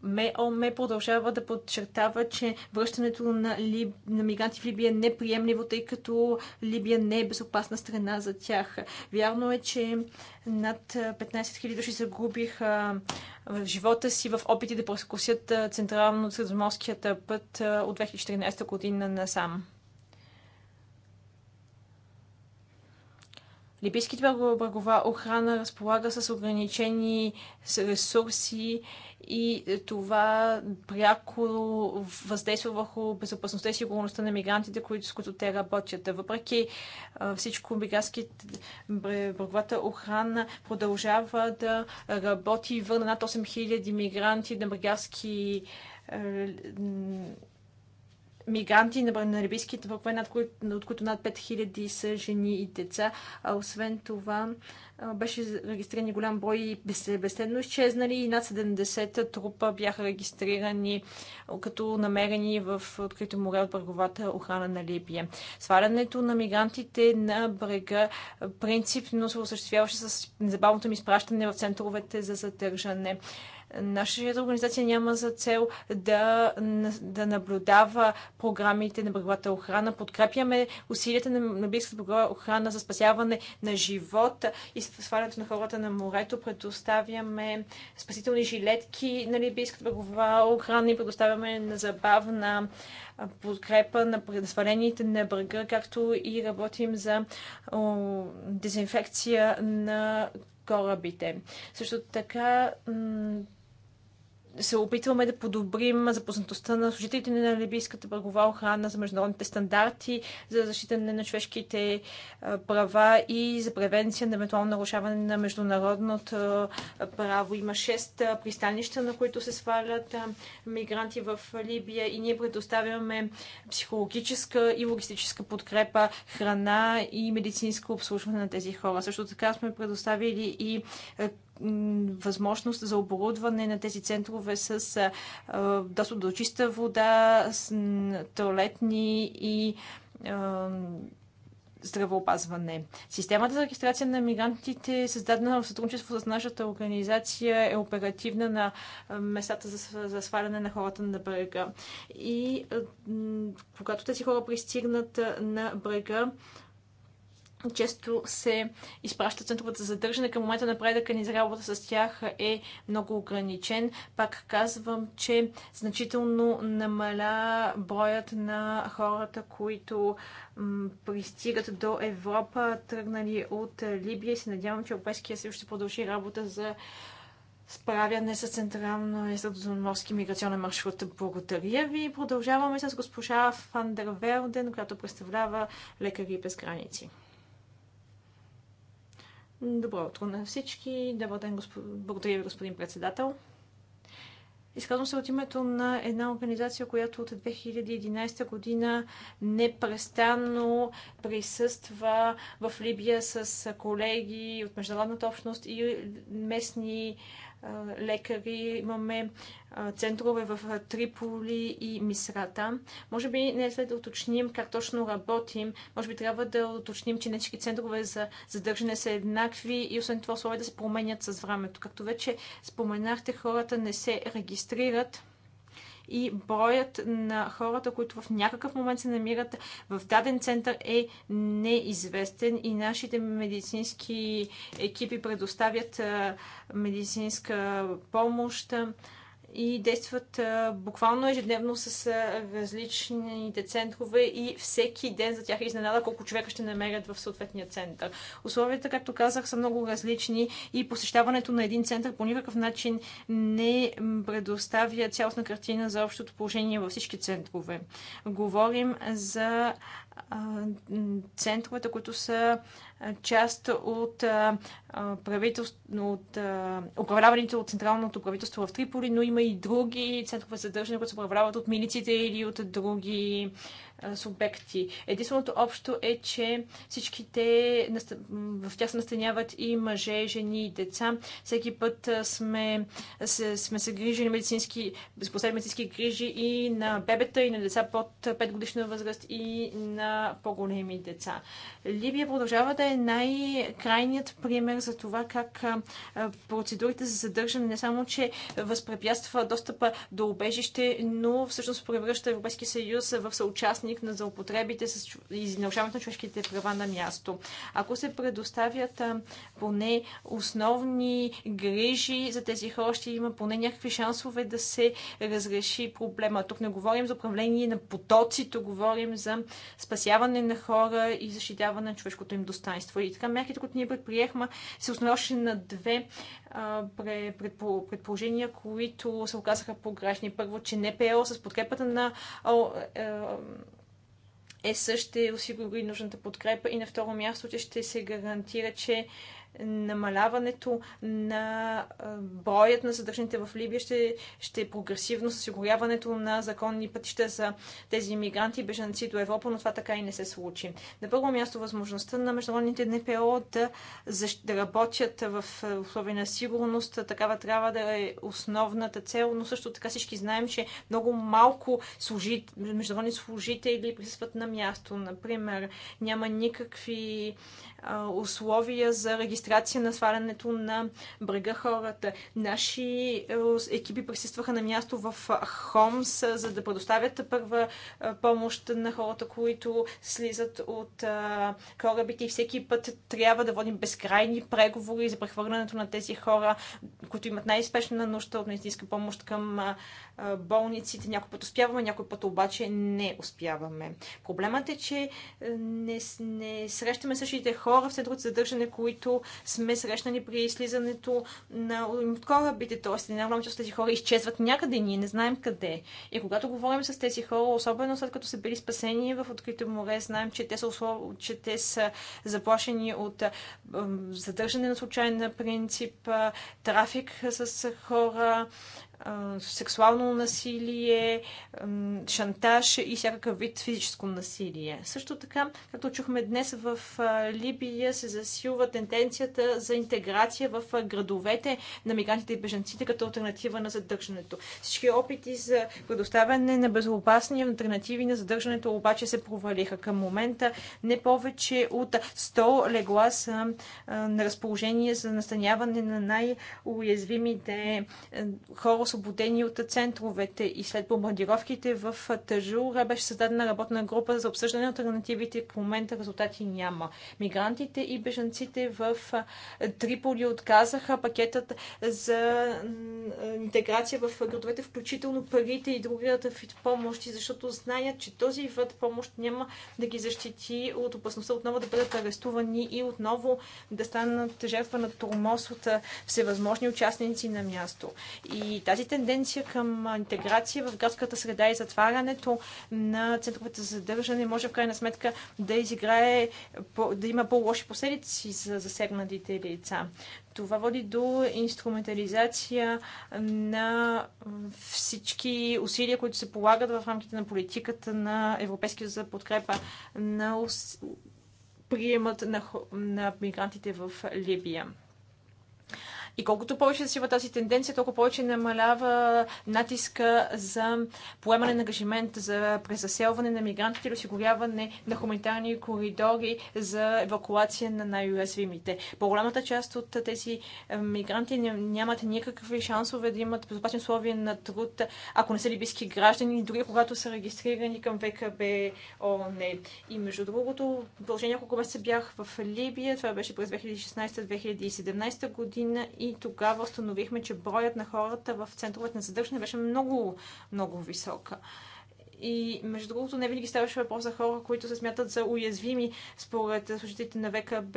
МОМ продължава да подчертава, че връщането на, Либ... на мигранти в Либия е неприемливо, тъй като Либия не е безопасна страна за тях. Вярно е, че над 15 000 души загубиха в живота си в опити да прескусят централно-средоморският път от 2014 година насам. Либийските брегова охрана разполага с ограничени ресурси и това пряко въздейства върху безопасността и сигурността на мигрантите, с които те работят. Въпреки всичко, бреговата охрана продължава да работи и върна над 8000 мигранти на бригарски мигранти на либийските вълкове, от които над 5000 са жени и деца. А освен това беше регистриран голям брой безследно изчезнали и над 70 трупа бяха регистрирани като намерени в открито море от бърговата охрана на Либия. Свалянето на мигрантите на брега принципно се осъществяваше с незабавното им изпращане в центровете за задържане. Нашата организация няма за цел да, да наблюдава програмите на бреговата охрана. Подкрепяме усилията на, на Бийската брегова охрана за спасяване на живота и свалянето на хората на морето. Предоставяме спасителни жилетки на Либийската брегова охрана и предоставяме на забавна подкрепа на свалените на брега, както и работим за о, дезинфекция на корабите. Също така се опитваме да подобрим запознатостта на служителите на Либийската бъргова охрана за международните стандарти за защита на човешките права и за превенция на евентуално нарушаване на международното право. Има шест пристанища, на които се свалят мигранти в Либия и ние предоставяме психологическа и логистическа подкрепа, храна и медицинско обслужване на тези хора. Също така сме предоставили и възможност за оборудване на тези центрове с достъп до чиста вода, с туалетни и здравеопазване. Системата за регистрация на мигрантите, създадена в сътрудничество с нашата организация, е оперативна на местата за, за сваляне на хората на брега. И когато тези хора пристигнат на брега, често се изпращат центровете за задържане. Към момента предъка ни за работа с тях е много ограничен. Пак казвам, че значително намаля броят на хората, които пристигат до Европа, тръгнали от Либия и се надявам, че Европейския съюз ще продължи работа за справяне с Централно и Средоземноморски миграционен маршрут. Благодаря ви. Продължаваме с госпожа Фандерверден, която представлява Лекари без граници. Добро утро на всички. Добър ден, господ... благодаря ви, господин председател. Изказвам се от името на една организация, която от 2011 година непрестанно присъства в Либия с колеги от международната общност и местни лекари, имаме центрове в Триполи и Мисрата. Може би не след да уточним как точно работим, може би трябва да уточним, че не всички центрове за задържане са еднакви и освен това условия да се променят с времето. Както вече споменахте, хората не се регистрират и броят на хората, които в някакъв момент се намират в даден център е неизвестен и нашите медицински екипи предоставят медицинска помощ и действат буквално ежедневно с различните центрове и всеки ден за тях е изненада колко човека ще намерят в съответния център. Условията, както казах, са много различни и посещаването на един център по никакъв начин не предоставя цялостна картина за общото положение във всички центрове. Говорим за центровете, които са част от от управляваните от Централното правителство в Триполи, но има и други центрове за държане, които се управляват от милиците или от други субекти. Единственото общо е, че всичките в тях се настаняват и мъже, жени и деца. Всеки път сме, се, сме се грижили медицински, безпоследни медицински грижи и на бебета, и на деца под 5 годишна възраст, и на по-големи деца. Либия продължава да е най-крайният пример за това как процедурите за задържане не само, че възпрепятства достъпа до обежище, но всъщност превръща Европейския съюз в съучастник на заупотребите с... и нарушаването на човешките права на място. Ако се предоставят поне основни грижи за тези хора, ще има поне някакви шансове да се разреши проблема. Тук не говорим за управление на потоци, тук говорим за спасяване на хора и защитяване на човешкото им достоинство. И така мерките, които ние предприехме, се основаваше на две предположения, които се оказаха погрешни. Първо, че НПО с подкрепата на ЕС е, е ще осигури нужната подкрепа и на второ място, че ще се гарантира, че намаляването на броят на съдържаните в Либия ще, ще е прогресивно с осигуряването на законни пътища за тези иммигранти и бежанци до Европа, но това така и не се случи. На първо място възможността на международните НПО да, да работят в условия на сигурност, такава трябва да е основната цел, но също така всички знаем, че много малко служит, международни служители присъстват на място. Например, няма никакви условия за регистрация на свалянето на брега хората. Наши е, екипи присъстваха на място в Хомс, за да предоставят първа помощ на хората, които слизат от корабите и всеки път трябва да водим безкрайни преговори за прехвърлянето на тези хора, които имат най-спешна нужда от медицинска помощ към болниците. Някой път успяваме, някой път обаче не успяваме. Проблемът е, че е, не, не срещаме същите хора, хора в центровете задържане, които сме срещнали при излизането на от корабите. Тоест, една голяма част от тези хора изчезват някъде, ние не знаем къде. И когато говорим с тези хора, особено след като са били спасени в открито море, знаем, че те са, услов... че те са заплашени от задържане на случайен принцип, трафик с хора, сексуално насилие, шантаж и всякакъв вид физическо насилие. Също така, както чухме днес в Либия, се засилва тенденцията за интеграция в градовете на мигрантите и беженците като альтернатива на задържането. Всички опити за предоставяне на безопасни альтернативи на задържането обаче се провалиха. Към момента не повече от 100 легла са на разположение за настаняване на най-уязвимите хора, освободени от центровете и след бомбардировките в Тъжура беше създадена работна група за обсъждане на альтернативите. В момента резултати няма. Мигрантите и бежанците в Триполи отказаха пакетът за интеграция в градовете, включително парите и другата вид помощи, защото знаят, че този вид помощ няма да ги защити от опасността отново да бъдат арестувани и отново да станат жертва на тормоз от всевъзможни участници на място. И тази тази тенденция към интеграция в градската среда и затварянето на центровете за задържане може в крайна сметка да изиграе, да има по-лоши последици за засегнатите лица. Това води до инструментализация на всички усилия, които се полагат в рамките на политиката на Европейския за подкрепа на приемат на, на мигрантите в Либия. И колкото повече засива тази тенденция, толкова повече намалява натиска за поемане на ангажимент за презаселване на мигрантите или осигуряване на хуманитарни коридори за евакуация на най-уязвимите. По-голямата част от тези е, мигранти нямат никакви шансове да имат безопасни условия на труд, ако не са либийски граждани, дори когато са регистрирани към ВКБ ООН. Е. И между другото, в продължение няколко месеца бях в Либия, това беше през 2016-2017 година и тогава установихме, че броят на хората в центровете на задържане беше много, много висок. И между другото, не винаги ставаше въпрос за хора, които се смятат за уязвими според служителите на ВКБ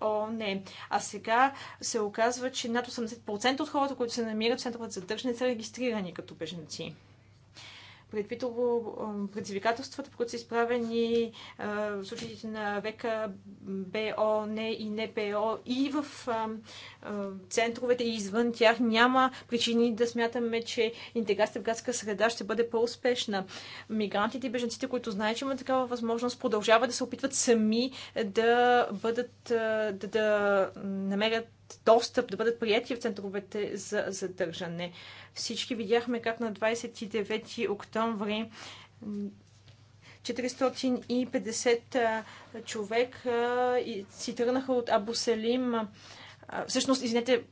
О, не. А сега се оказва, че над 80% от хората, които се намират в центровете за задържане, са регистрирани като беженци предвид предизвикателствата, по които са изправени в случаите на века БО, не и не ПО, и в центровете и извън тях няма причини да смятаме, че интеграцията в градска среда ще бъде по-успешна. Мигрантите и беженците, които знаят, че има такава възможност, продължават да се опитват сами да бъдат, да, да намерят достъп, да бъдат прияти в центровете за задържане. Всички видяхме как на 29 октомври 450 човек си тръгнаха от Абу Всъщност, извинете,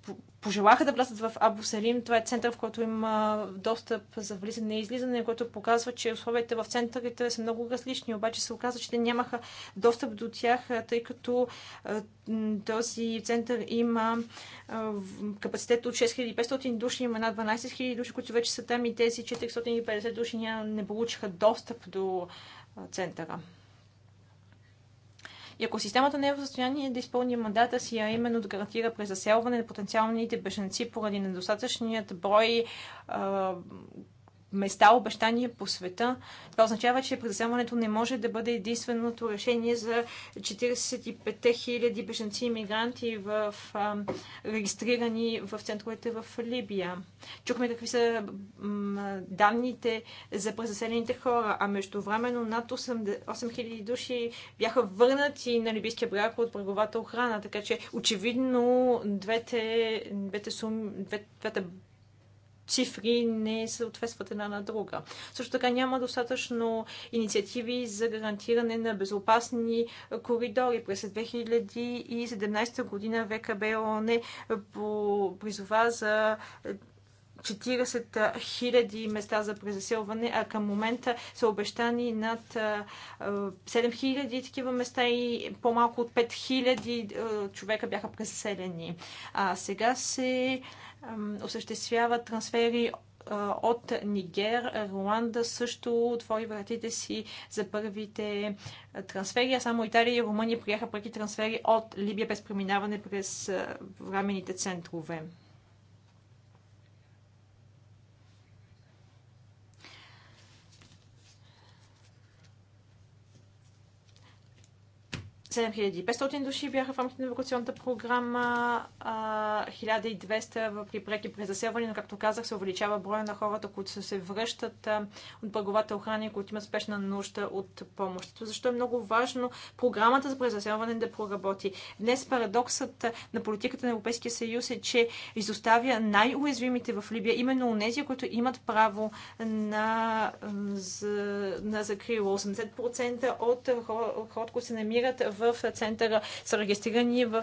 пожелаха да влязат в Абу Салим. Това е център, в който има достъп за влизане и излизане, което показва, че условията в центърите са много различни. Обаче се оказа, че те нямаха достъп до тях, тъй като този център има капацитет от 6500 души, има над 12 000 души, които вече са там и тези 450 души не получиха достъп до центъра. И ако системата не е в състояние да изпълни мандата си, а именно да гарантира през заселване на потенциалните беженци поради недостатъчният брой а, места, обещания по света. Това означава, че преземането не може да бъде единственото решение за 45 000 беженци и мигранти в, а, регистрирани в центровете в Либия. Чухме какви са м, данните за презаселените хора, а междувременно над 8 000 души бяха върнати на либийския бряг от бреговата охрана, така че очевидно двете, двете, сум, двете, двете цифри не съответстват една на друга. Също така няма достатъчно инициативи за гарантиране на безопасни коридори. През 2017 година ВКБ ООН призова за 40 000 места за презаселване, а към момента са обещани над 7 000 такива места и по-малко от 5 000 човека бяха преселени. А сега се осъществява трансфери от Нигер. Руанда също отвори вратите си за първите трансфери, а само Италия и Румъния приеха преки трансфери от Либия без преминаване през времените центрове. 7500 души бяха в рамките на евакуационната програма, 1200 въпреки преки през заселване, но както казах, се увеличава броя на хората, които се връщат от бърговата охрана и които имат спешна нужда от помощ. Защо е много важно програмата за презаселване да проработи. Днес парадоксът на политиката на Европейския съюз е, че изоставя най-уязвимите в Либия, именно у нези, които имат право на, на закрила. 80% от хората, които се намират в в центъра са регистрирани в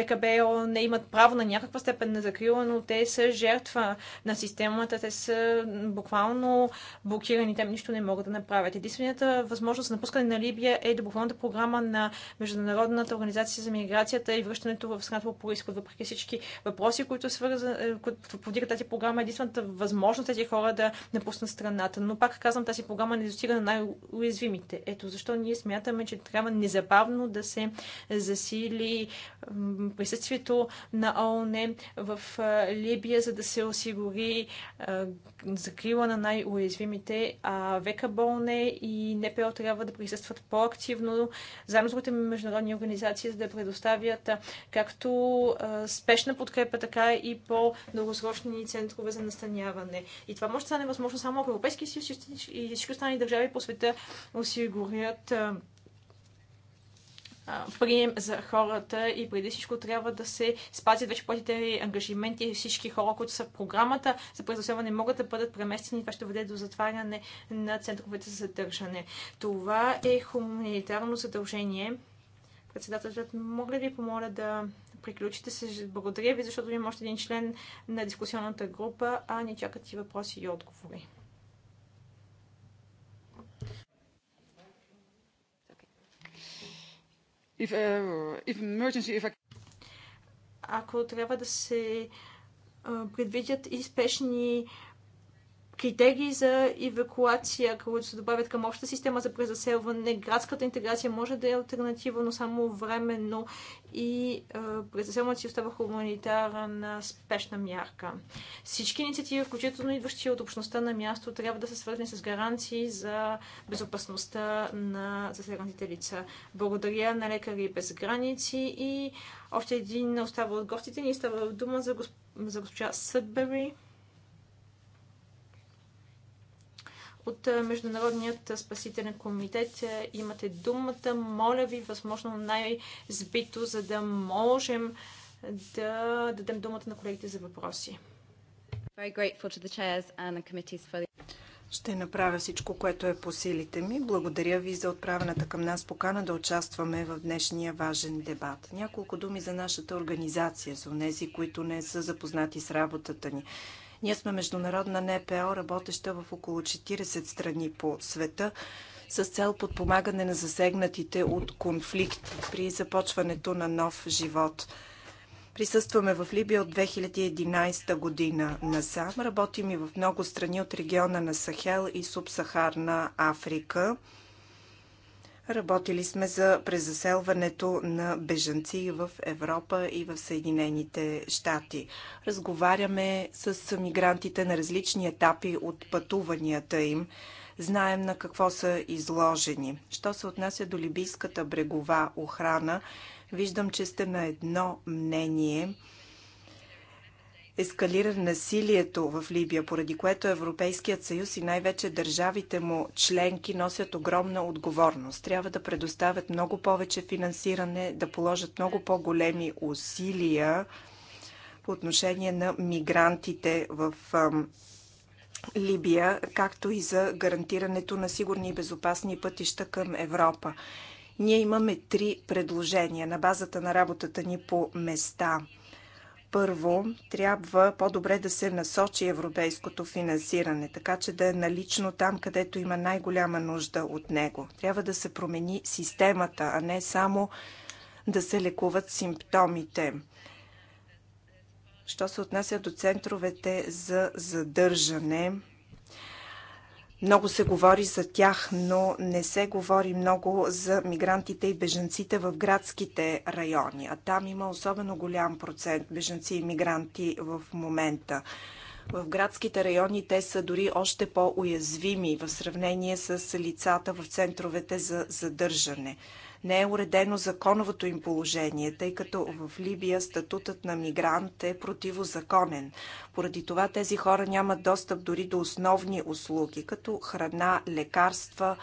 ВКБ, не имат право на някаква степен на закрила, но те са жертва на системата, те са буквално блокирани, те нищо не могат да направят. Единствената възможност за напускане на Либия е доброволната програма на Международната организация за миграцията и връщането в страната по происход. Въпреки всички въпроси, които, свърза, които тази програма, единствената възможност тези хора да напуснат страната. Но пак казвам, тази програма не достига на най-уязвимите. Ето защо ние смятаме, че трябва незабавно значително да се засили присъствието на ООН в Либия, за да се осигури закрила на най-уязвимите. А Века Болне и НПО трябва да присъстват по-активно заедно с другите международни организации, за да предоставят както спешна подкрепа, така и по-дългосрочни центрове за настаняване. И това може да стане възможно само ако Европейския съюз и всички останали държави по света осигурят прием за хората и преди всичко трябва да се спазят вече платите ангажименти и всички хора, които са в програмата за презаселване могат да бъдат преместени. Това ще веде до затваряне на центровете за задържане. Това е хуманитарно задължение. Председателят, мога ли ви помоля да приключите се? Благодаря ви, защото има още един член на дискусионната група, а ни чакат и въпроси и отговори. if, uh, if emergency I... Ако трябва да се uh, предвидят и спешни uh, критерии за евакуация, които се добавят към обща система за презаселване. Градската интеграция може да е альтернатива, но само временно и е, презаселването си остава хуманитарен спешна мярка. Всички инициативи, включително идващи от общността на място, трябва да са свързани с гаранции за безопасността на засегнатите лица. Благодаря на лекари без граници и още един остава от гостите ни става дума за, госп... за госпожа Съдбери от е, Международният спасителен комитет. Е, имате думата. Моля ви, възможно най-збито, за да можем да дадем думата на колегите за въпроси. Ще направя всичко, което е по силите ми. Благодаря ви за отправената към нас покана да участваме в днешния важен дебат. Няколко думи за нашата организация, за тези, които не са запознати с работата ни. Ние сме международна НПО, работеща в около 40 страни по света с цел подпомагане на засегнатите от конфликт при започването на нов живот. Присъстваме в Либия от 2011 година насам. Работим и в много страни от региона на Сахел и Субсахарна Африка. Работили сме за презаселването на бежанци в Европа и в Съединените щати. Разговаряме с мигрантите на различни етапи от пътуванията им. Знаем на какво са изложени. Що се отнася до либийската брегова охрана, виждам, че сте на едно мнение – ескалира насилието в Либия, поради което Европейският съюз и най-вече държавите му членки носят огромна отговорност. Трябва да предоставят много повече финансиране, да положат много по-големи усилия по отношение на мигрантите в Либия, както и за гарантирането на сигурни и безопасни пътища към Европа. Ние имаме три предложения на базата на работата ни по места – първо, трябва по-добре да се насочи европейското финансиране, така че да е налично там, където има най-голяма нужда от него. Трябва да се промени системата, а не само да се лекуват симптомите. Що се отнася до центровете за задържане, много се говори за тях, но не се говори много за мигрантите и бежанците в градските райони. А там има особено голям процент бежанци и мигранти в момента. В градските райони те са дори още по-уязвими в сравнение с лицата в центровете за задържане не е уредено законовото им положение, тъй като в Либия статутът на мигрант е противозаконен. Поради това тези хора нямат достъп дори до основни услуги, като храна, лекарства,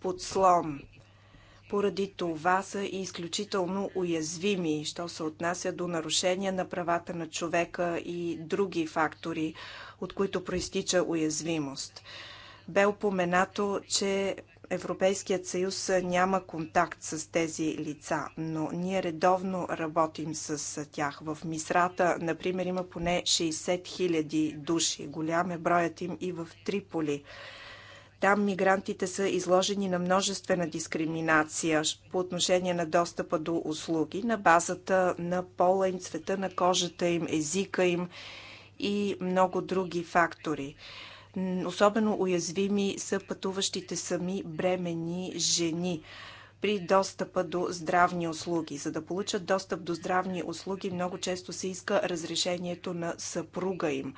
подслон. Поради това са и изключително уязвими, що се отнася до нарушения на правата на човека и други фактори, от които проистича уязвимост. Бе упоменато, че Европейският съюз няма контакт с тези лица, но ние редовно работим с тях. В Мисрата, например, има поне 60 000 души. Голям е броят им и в Триполи. Там мигрантите са изложени на множествена дискриминация по отношение на достъпа до услуги на базата на пола им, цвета на кожата им, езика им и много други фактори. Особено уязвими са пътуващите сами бремени жени при достъпа до здравни услуги. За да получат достъп до здравни услуги, много често се иска разрешението на съпруга им.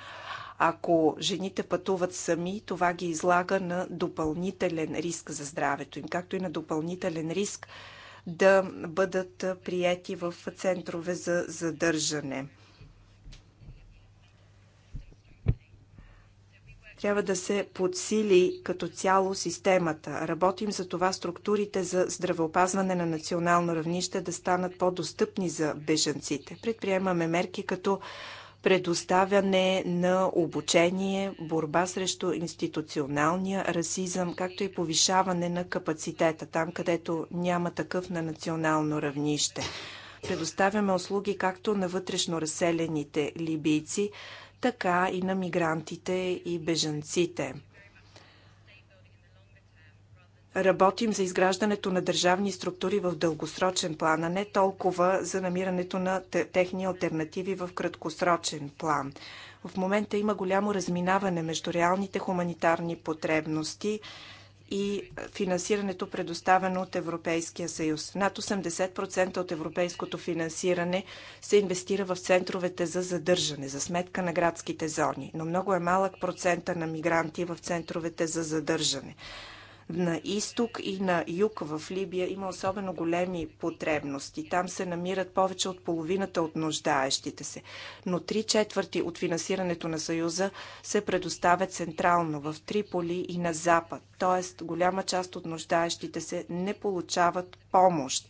Ако жените пътуват сами, това ги излага на допълнителен риск за здравето им, както и на допълнителен риск да бъдат приети в центрове за задържане. Трябва да се подсили като цяло системата. Работим за това структурите за здравеопазване на национално равнище да станат по-достъпни за бежанците. Предприемаме мерки като предоставяне на обучение, борба срещу институционалния расизъм, както и повишаване на капацитета там, където няма такъв на национално равнище. Предоставяме услуги както на вътрешно разселените либийци, така и на мигрантите и бежанците. Работим за изграждането на държавни структури в дългосрочен план, а не толкова за намирането на техни альтернативи в краткосрочен план. В момента има голямо разминаване между реалните хуманитарни потребности и финансирането предоставено от Европейския съюз. Над 80% от европейското финансиране се инвестира в центровете за задържане, за сметка на градските зони, но много е малък процента на мигранти в центровете за задържане. На изток и на юг в Либия има особено големи потребности. Там се намират повече от половината от нуждаещите се. Но три четвърти от финансирането на Съюза се предоставя централно в Триполи и на запад. Тоест голяма част от нуждаещите се не получават помощ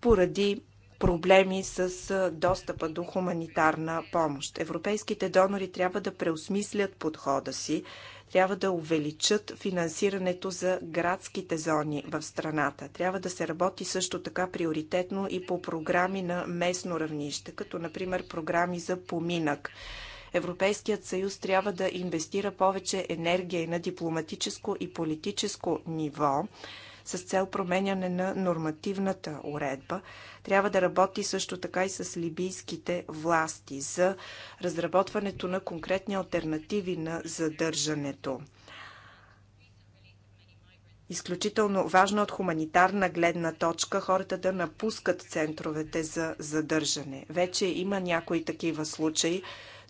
поради проблеми с достъпа до хуманитарна помощ. Европейските донори трябва да преосмислят подхода си трябва да увеличат финансирането за градските зони в страната. Трябва да се работи също така приоритетно и по програми на местно равнище, като например програми за поминък. Европейският съюз трябва да инвестира повече енергия и на дипломатическо и политическо ниво с цел променяне на нормативната уредба. Трябва да работи също така и с либийските власти за разработването на конкретни альтернативи на задържането. Изключително важно от хуманитарна гледна точка хората да напускат центровете за задържане. Вече има някои такива случаи,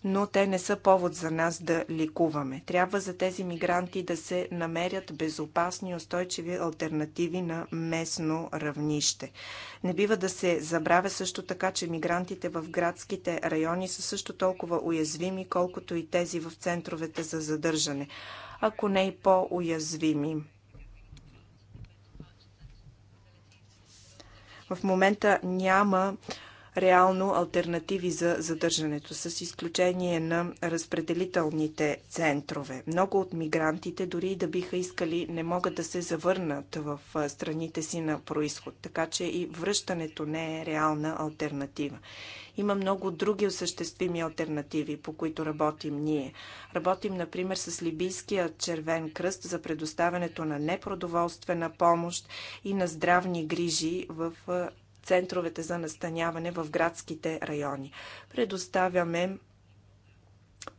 но те не са повод за нас да ликуваме. Трябва за тези мигранти да се намерят безопасни и устойчиви альтернативи на местно равнище. Не бива да се забравя също така, че мигрантите в градските райони са също толкова уязвими, колкото и тези в центровете за задържане, ако не и по-уязвими. В момента няма реално альтернативи за задържането, с изключение на разпределителните центрове. Много от мигрантите, дори и да биха искали, не могат да се завърнат в страните си на происход, така че и връщането не е реална альтернатива. Има много други осъществими альтернативи, по които работим ние. Работим, например, с Либийския червен кръст за предоставянето на непродоволствена помощ и на здравни грижи в центровете за настаняване в градските райони. Предоставяме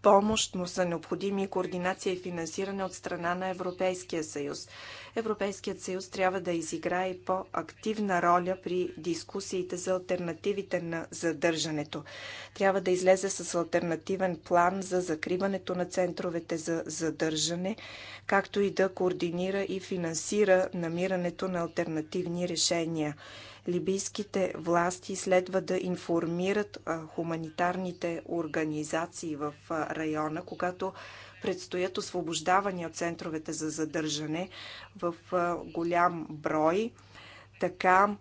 помощ, но са необходими координация и финансиране от страна на Европейския съюз. Европейският съюз трябва да изиграе по-активна роля при дискусиите за альтернативите на задържането. Трябва да излезе с альтернативен план за закриването на центровете за задържане, както и да координира и финансира намирането на альтернативни решения либийските власти следва да информират хуманитарните организации в района, когато предстоят освобождавания от центровете за задържане в голям брой. Така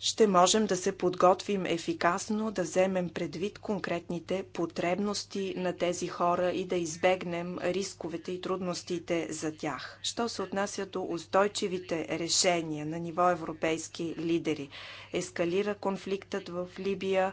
ще можем да се подготвим ефикасно, да вземем предвид конкретните потребности на тези хора и да избегнем рисковете и трудностите за тях. Що се отнася до устойчивите решения на ниво европейски лидери? Ескалира конфликтът в Либия,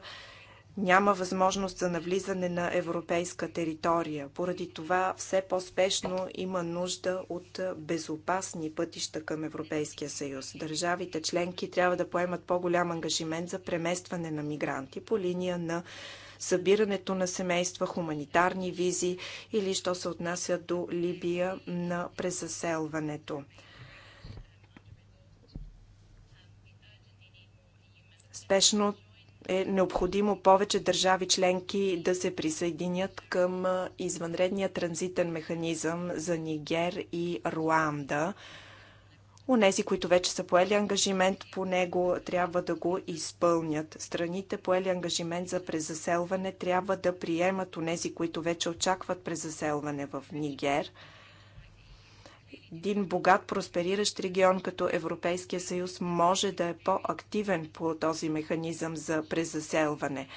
няма възможност за навлизане на европейска територия. Поради това все по-спешно има нужда от безопасни пътища към Европейския съюз. Държавите членки трябва да поемат по-голям ангажимент за преместване на мигранти по линия на събирането на семейства, хуманитарни визи или, що се отнася до Либия, на презаселването. Спешно е необходимо повече държави членки да се присъединят към извънредния транзитен механизъм за Нигер и Руанда. Унези, които вече са поели ангажимент по него, трябва да го изпълнят. Страните, поели ангажимент за презаселване, трябва да приемат унези, които вече очакват презаселване в Нигер – един богат, проспериращ регион като Европейския съюз може да е по-активен по този механизъм за презаселване.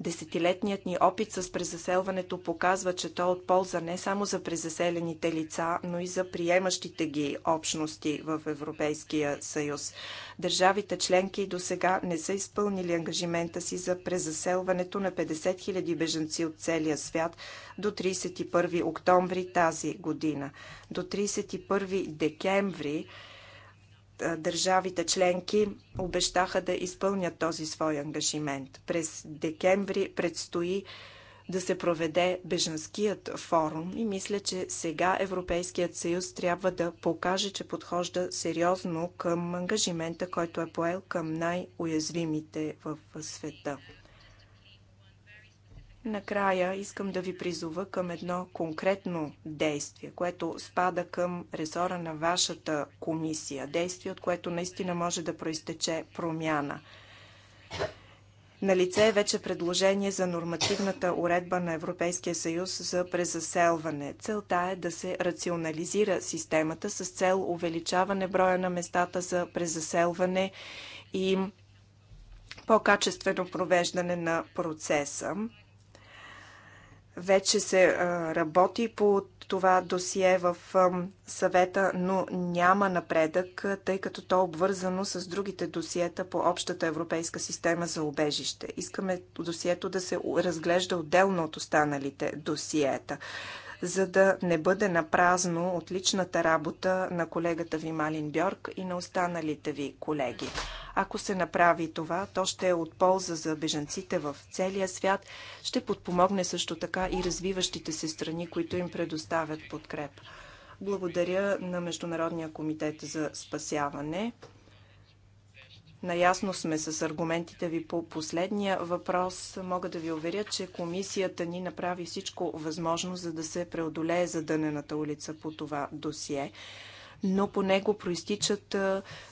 Десетилетният ни опит с презаселването показва, че то е от полза не само за презаселените лица, но и за приемащите ги общности в Европейския съюз. Държавите членки до сега не са изпълнили ангажимента си за презаселването на 50 000 бежанци от целия свят до 31 октомври тази година. До 31 декември държавите членки обещаха да изпълнят този свой ангажимент. През декември предстои да се проведе бежанският форум и мисля, че сега Европейският съюз трябва да покаже, че подхожда сериозно към ангажимента, който е поел към най-уязвимите в света. Накрая искам да ви призова към едно конкретно действие, което спада към ресора на вашата комисия. Действие, от което наистина може да проистече промяна. Налице е вече предложение за нормативната уредба на Европейския съюз за презаселване. Целта е да се рационализира системата с цел увеличаване броя на местата за презаселване и по-качествено провеждане на процеса. Вече се работи по това досие в съвета, но няма напредък, тъй като то е обвързано с другите досиета по общата европейска система за убежище. Искаме досието да се разглежда отделно от останалите досиета за да не бъде напразно отличната работа на колегата ви Малин Бьорк и на останалите ви колеги. Ако се направи това, то ще е от полза за бежанците в целия свят, ще подпомогне също така и развиващите се страни, които им предоставят подкреп. Благодаря на Международния комитет за спасяване. Наясно сме с аргументите ви по последния въпрос. Мога да ви уверя, че комисията ни направи всичко възможно, за да се преодолее задънената улица по това досие. Но по него проистичат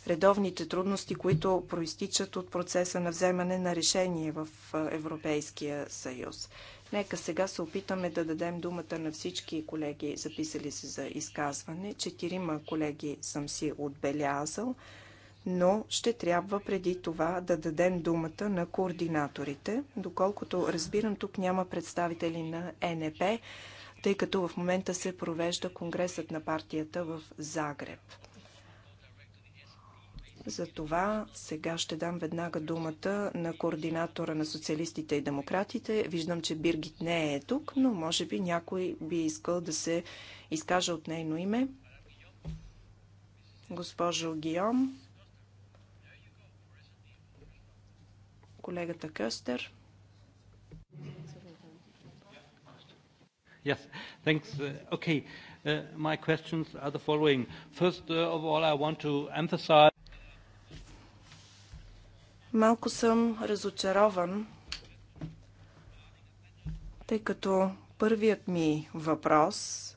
редовните трудности, които проистичат от процеса на вземане на решение в Европейския съюз. Нека сега се опитаме да дадем думата на всички колеги, записали се за изказване. Четирима колеги съм си отбелязал но ще трябва преди това да дадем думата на координаторите. Доколкото разбирам, тук няма представители на НП, тъй като в момента се провежда конгресът на партията в Загреб. Затова сега ще дам веднага думата на координатора на социалистите и демократите. Виждам, че Биргит не е тук, но може би някой би искал да се изкаже от нейно име. Госпожо Гиом, колегата Къстер. Yes, thanks. Uh, Okay, uh, my questions are the following. First uh, of all, I want to emphasize Малко съм разочарован, тъй като първият ми въпрос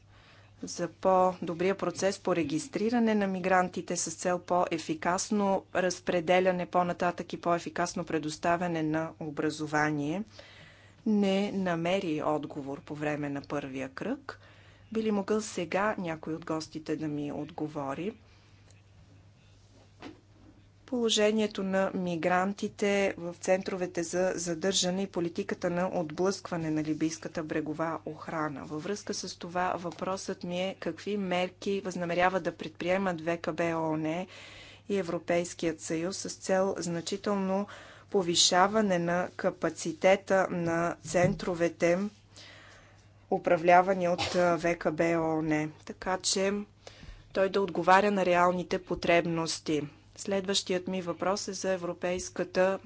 за по-добрия процес по регистриране на мигрантите с цел по-ефикасно разпределяне по-нататък и по-ефикасно предоставяне на образование не намери отговор по време на първия кръг. Би ли могъл сега някой от гостите да ми отговори? положението на мигрантите в центровете за задържане и политиката на отблъскване на либийската брегова охрана. Във връзка с това въпросът ми е какви мерки възнамерява да предприемат ВКБ ООН и Европейският съюз с цел значително повишаване на капацитета на центровете, управлявани от ВКБ ООН, така че той да отговаря на реалните потребности. Следващият ми въпрос е за европейската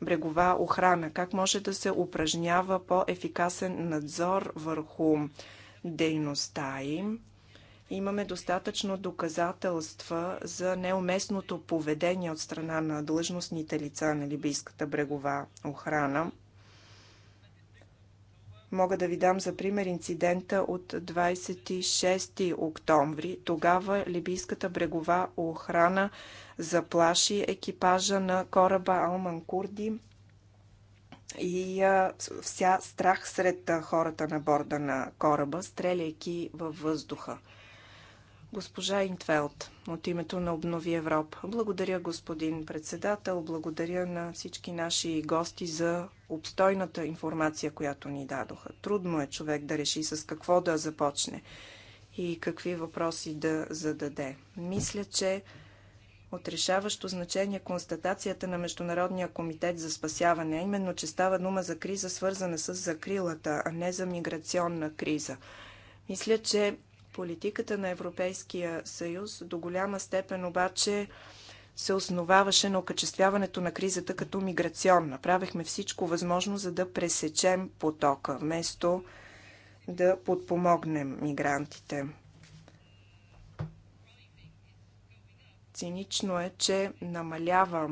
брегова охрана. Как може да се упражнява по-ефикасен надзор върху дейността им? Имаме достатъчно доказателства за неуместното поведение от страна на длъжностните лица на либийската брегова охрана. Мога да ви дам за пример инцидента от 26 октомври. Тогава либийската брегова охрана заплаши екипажа на кораба Алман Курди и а, вся страх сред хората на борда на кораба, стреляйки във въздуха. Госпожа Интвелт от името на Обнови Европа. Благодаря, господин председател. Благодаря на всички наши гости за обстойната информация, която ни дадоха. Трудно е човек да реши с какво да започне и какви въпроси да зададе. Мисля, че от решаващо значение констатацията на Международния комитет за спасяване, именно, че става дума за криза, свързана с закрилата, а не за миграционна криза. Мисля, че Политиката на Европейския съюз до голяма степен обаче се основаваше на окачествяването на кризата като миграционна. Правехме всичко възможно, за да пресечем потока, вместо да подпомогнем мигрантите. Цинично е, че намалява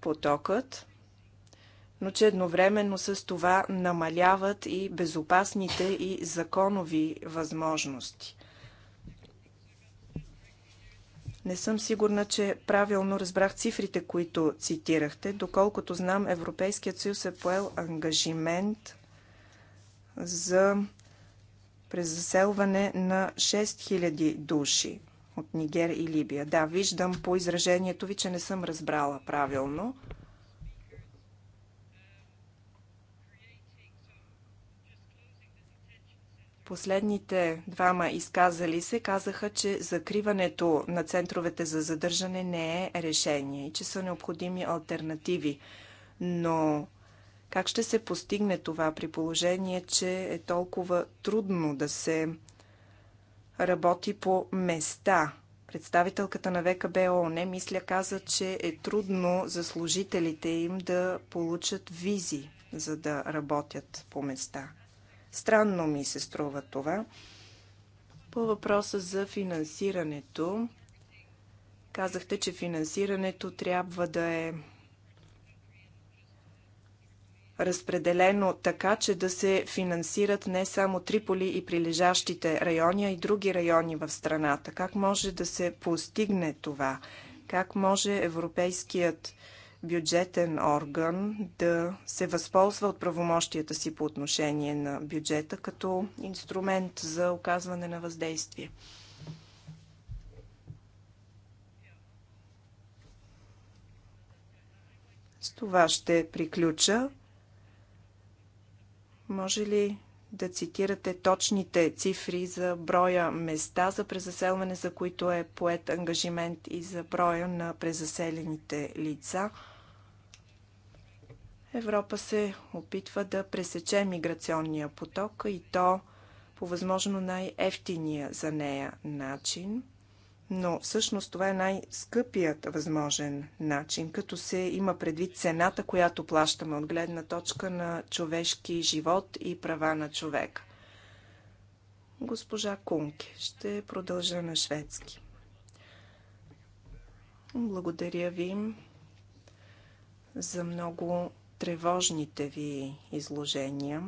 потокът, но че едновременно с това намаляват и безопасните и законови възможности. Не съм сигурна, че правилно разбрах цифрите, които цитирахте. Доколкото знам, Европейският съюз е поел ангажимент за презаселване на 6000 души от Нигер и Либия. Да, виждам по изражението ви, че не съм разбрала правилно. Последните двама изказали се казаха, че закриването на центровете за задържане не е решение и че са необходими альтернативи. Но как ще се постигне това при положение, че е толкова трудно да се работи по места? Представителката на ВКБ ООН, мисля, каза, че е трудно за служителите им да получат визи, за да работят по места. Странно ми се струва това. По въпроса за финансирането, казахте, че финансирането трябва да е разпределено така, че да се финансират не само Триполи и прилежащите райони, а и други райони в страната. Как може да се постигне това? Как може Европейският бюджетен орган да се възползва от правомощията си по отношение на бюджета като инструмент за оказване на въздействие. С това ще приключа. Може ли да цитирате точните цифри за броя места за презаселване, за които е поет ангажимент и за броя на презаселените лица. Европа се опитва да пресече миграционния поток и то по възможно най-ефтиния за нея начин – но всъщност това е най-скъпият възможен начин, като се има предвид цената, която плащаме от гледна точка на човешки живот и права на човека. Госпожа Кунке, ще продължа на шведски. Благодаря ви за много тревожните ви изложения.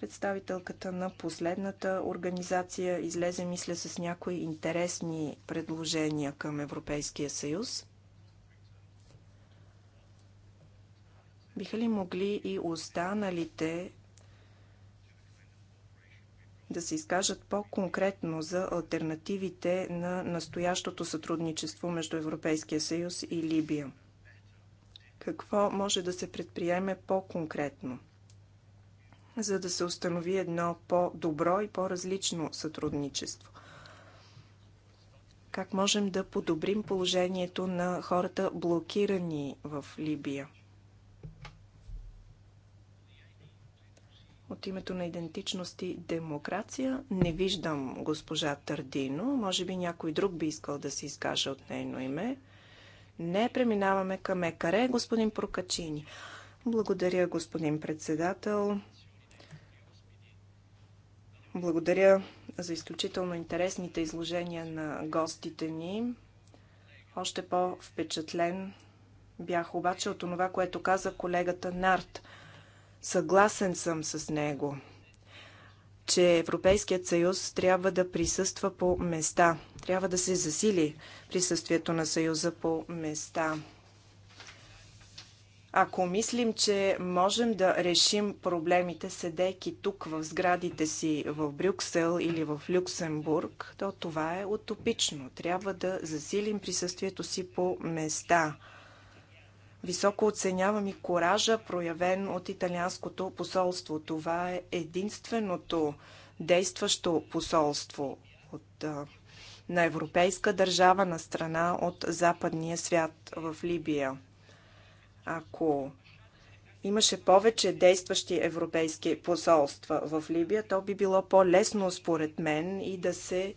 Представителката на последната организация излезе, мисля, с някои интересни предложения към Европейския съюз. Биха ли могли и останалите да се изкажат по-конкретно за альтернативите на настоящото сътрудничество между Европейския съюз и Либия? Какво може да се предприеме по-конкретно? за да се установи едно по-добро и по-различно сътрудничество. Как можем да подобрим положението на хората блокирани в Либия? От името на идентичност и демокрация не виждам госпожа Тардино. Може би някой друг би искал да се изкаже от нейно име. Не, преминаваме към ЕКАРЕ, господин Прокачини. Благодаря, господин председател. Благодаря за изключително интересните изложения на гостите ни. Още по-впечатлен бях обаче от това, което каза колегата Нарт. Съгласен съм с него, че Европейският съюз трябва да присъства по места. Трябва да се засили присъствието на съюза по места. Ако мислим, че можем да решим проблемите, седейки тук в сградите си в Брюксел или в Люксембург, то това е утопично. Трябва да засилим присъствието си по места. Високо оценявам и коража, проявен от италианското посолство. Това е единственото действащо посолство от, на европейска държава на страна от западния свят в Либия. Ако имаше повече действащи европейски посолства в Либия, то би било по-лесно, според мен, и да се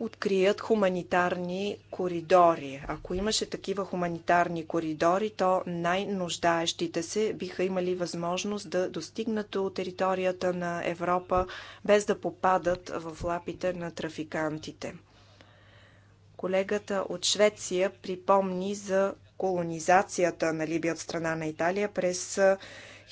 открият хуманитарни коридори. Ако имаше такива хуманитарни коридори, то най-нуждаещите се биха имали възможност да достигнат до територията на Европа, без да попадат в лапите на трафикантите. Колегата от Швеция припомни за колонизацията на Либия от страна на Италия през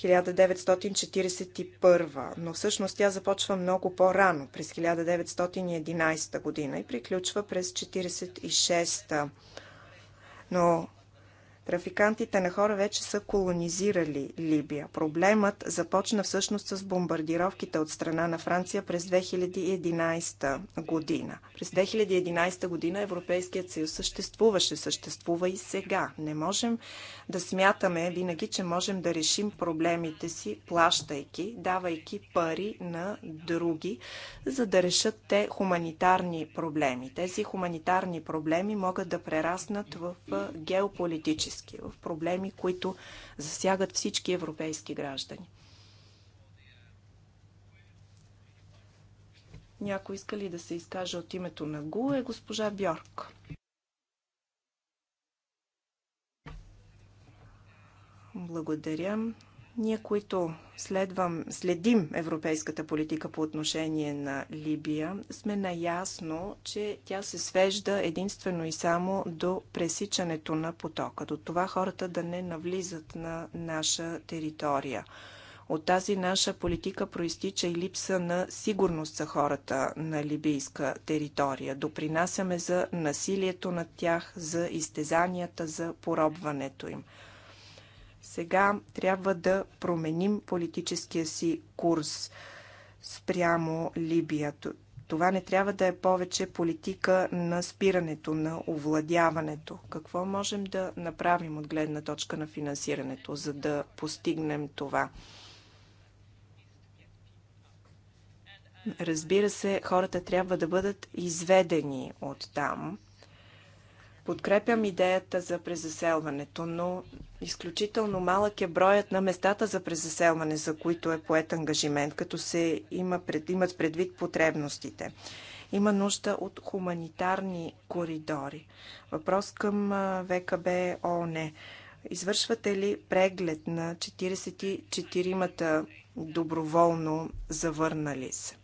1941, но всъщност тя започва много по-рано, през 1911 година и приключва през 1946. Но Трафикантите на хора вече са колонизирали Либия. Проблемът започна всъщност с бомбардировките от страна на Франция през 2011 година. През 2011 година Европейският съюз съществуваше, съществува и сега. Не можем да смятаме винаги, че можем да решим проблемите си, плащайки, давайки пари на други, за да решат те хуманитарни проблеми. Тези хуманитарни проблеми могат да прераснат в геополитически граждански, в проблеми, които засягат всички европейски граждани. Някой иска ли да се изкаже от името на ГУ е госпожа Бьорк. Благодаря. Ние, които следвам, следим европейската политика по отношение на Либия, сме наясно, че тя се свежда единствено и само до пресичането на потока, до това хората да не навлизат на наша територия. От тази наша политика проистича и липса на сигурност за хората на либийска територия. Допринасяме за насилието над тях, за изтезанията, за поробването им. Сега трябва да променим политическия си курс спрямо Либия. Това не трябва да е повече политика на спирането, на овладяването. Какво можем да направим от гледна точка на финансирането, за да постигнем това? Разбира се, хората трябва да бъдат изведени от там – Подкрепям идеята за презаселването, но изключително малък е броят на местата за презаселване, за които е поет ангажимент, като се има пред, имат предвид потребностите. Има нужда от хуманитарни коридори. Въпрос към ВКБ ООН. Извършвате ли преглед на 44-мата доброволно завърнали се?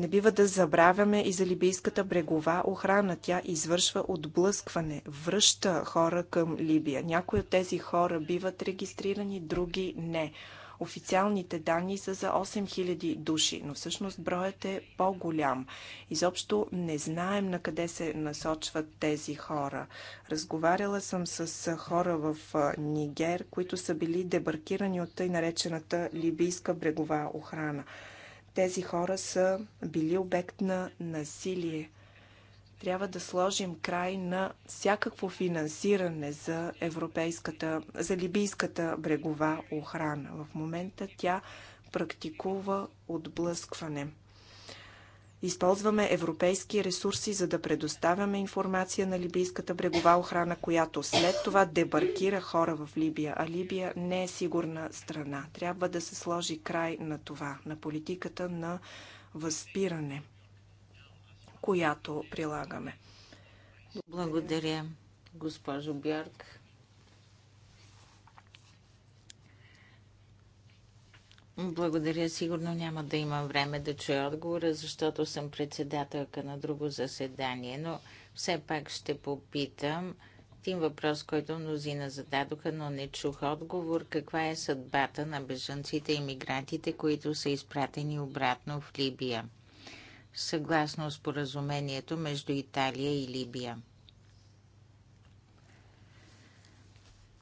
Не бива да забравяме и за либийската брегова охрана. Тя извършва отблъскване, връща хора към Либия. Някои от тези хора биват регистрирани, други не. Официалните данни са за 8000 души, но всъщност броят е по-голям. Изобщо не знаем на къде се насочват тези хора. Разговаряла съм с хора в Нигер, които са били дебаркирани от тъй наречената либийска брегова охрана. Тези хора са били обект на насилие. Трябва да сложим край на всякакво финансиране за европейската, за либийската брегова охрана. В момента тя практикува отблъскване. Използваме европейски ресурси, за да предоставяме информация на либийската брегова охрана, която след това дебаркира хора в Либия. А Либия не е сигурна страна. Трябва да се сложи край на това, на политиката на възпиране, която прилагаме. Благодаря, госпожо Бярк. Благодаря. Сигурно няма да имам време да чуя отговора, защото съм председателка на друго заседание, но все пак ще попитам. Тим въпрос, който мнозина зададоха, но не чух отговор. Каква е съдбата на бежанците и мигрантите, които са изпратени обратно в Либия? Съгласно споразумението между Италия и Либия.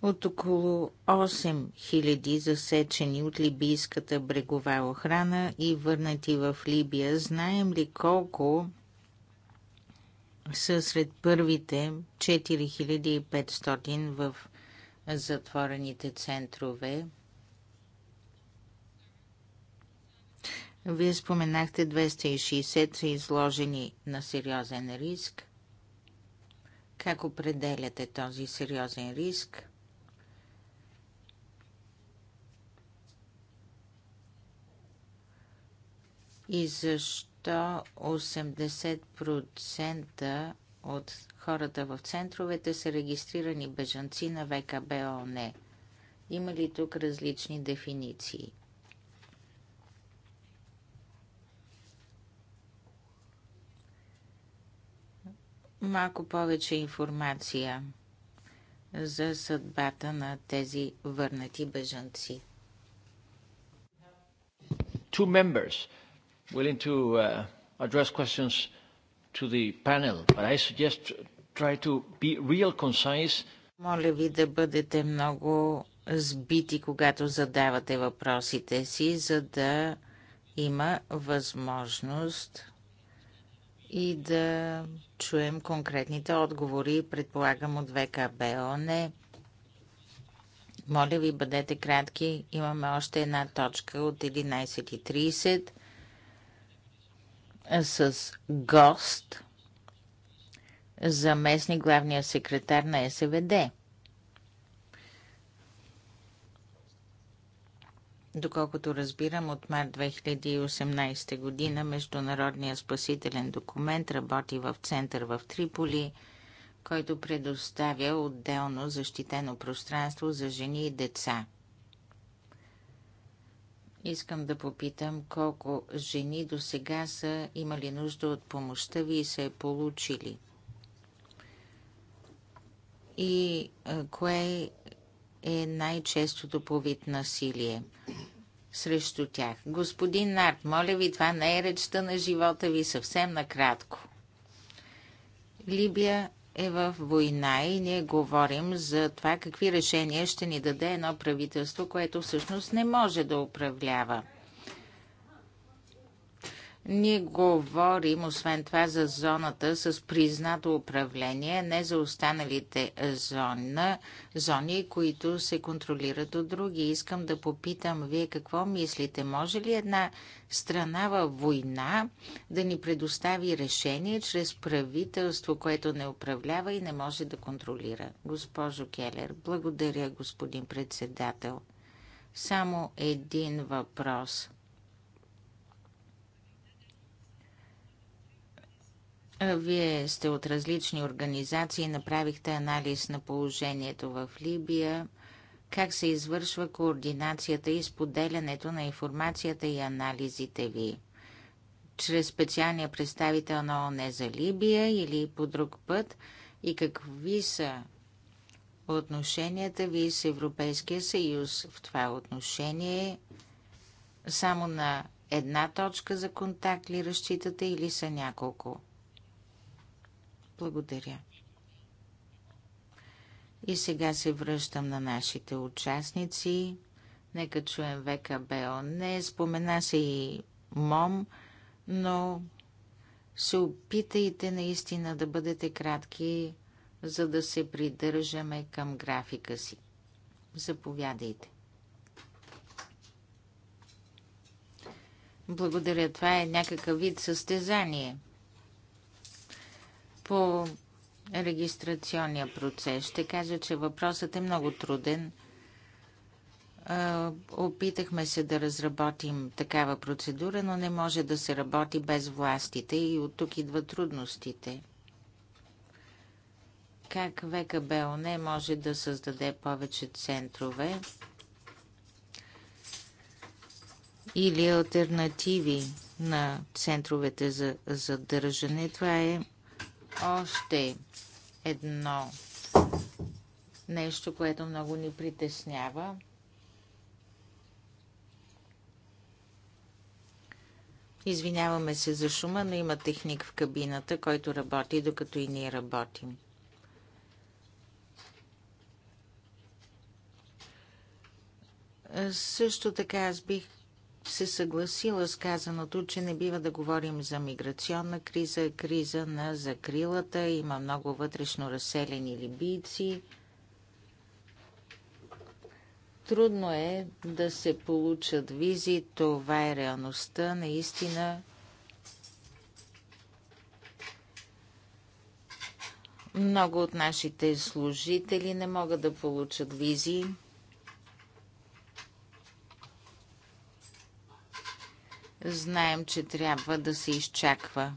от около 8000 засечени от либийската брегова охрана и върнати в Либия. Знаем ли колко са сред първите 4500 в затворените центрове? Вие споменахте 260 са изложени на сериозен риск. Как определяте този сериозен риск? и защо 80% от хората в центровете са регистрирани бежанци на ВКБ Има ли тук различни дефиниции? Малко повече информация за съдбата на тези върнати бежанци. Two members willing to uh, address questions to the panel, but I suggest try to be real concise. Моля ви да бъдете много сбити, когато задавате въпросите си, за да има възможност и да чуем конкретните отговори, предполагам от ВКБО. Не. Моля ви, бъдете кратки. Имаме още една точка от 11.30 с гост, заместник главния секретар на СВД. Доколкото разбирам, от март 2018 година Международния спасителен документ работи в център в Триполи, който предоставя отделно защитено пространство за жени и деца – Искам да попитам колко жени до сега са имали нужда от помощта ви и са е получили. И кое е най-честото по вид насилие срещу тях? Господин Нарт, моля ви, това не е речта на живота ви, съвсем накратко. Либия е в война и ние говорим за това какви решения ще ни даде едно правителство, което всъщност не може да управлява. Ние говорим, освен това, за зоната с признато управление, не за останалите зона, зони, които се контролират от други. Искам да попитам вие какво мислите. Може ли една страна във война да ни предостави решение чрез правителство, което не управлява и не може да контролира? Госпожо Келер, благодаря, господин председател. Само един въпрос – Вие сте от различни организации, направихте анализ на положението в Либия, как се извършва координацията и споделянето на информацията и анализите ви. Чрез специалния представител на ОНЕ за Либия или по друг път и какви са отношенията ви с Европейския съюз в това отношение? Само на една точка за контакт ли разчитате или са няколко? Благодаря. И сега се връщам на нашите участници. Нека чуем ВКБО. Не спомена се и МОМ, но се опитайте наистина да бъдете кратки, за да се придържаме към графика си. Заповядайте. Благодаря. Това е някакъв вид състезание – по регистрационния процес ще кажа, че въпросът е много труден. Опитахме се да разработим такава процедура, но не може да се работи без властите и от тук идват трудностите. Как не може да създаде повече центрове или альтернативи на центровете за задържане? Това е още едно нещо, което много ни притеснява. Извиняваме се за шума, но има техник в кабината, който работи, докато и ние работим. Също така аз бих се съгласила с казаното, че не бива да говорим за миграционна криза, криза на закрилата. Има много вътрешно разселени либийци. Трудно е да се получат визи. Това е реалността. Наистина много от нашите служители не могат да получат визи. знаем, че трябва да се изчаква.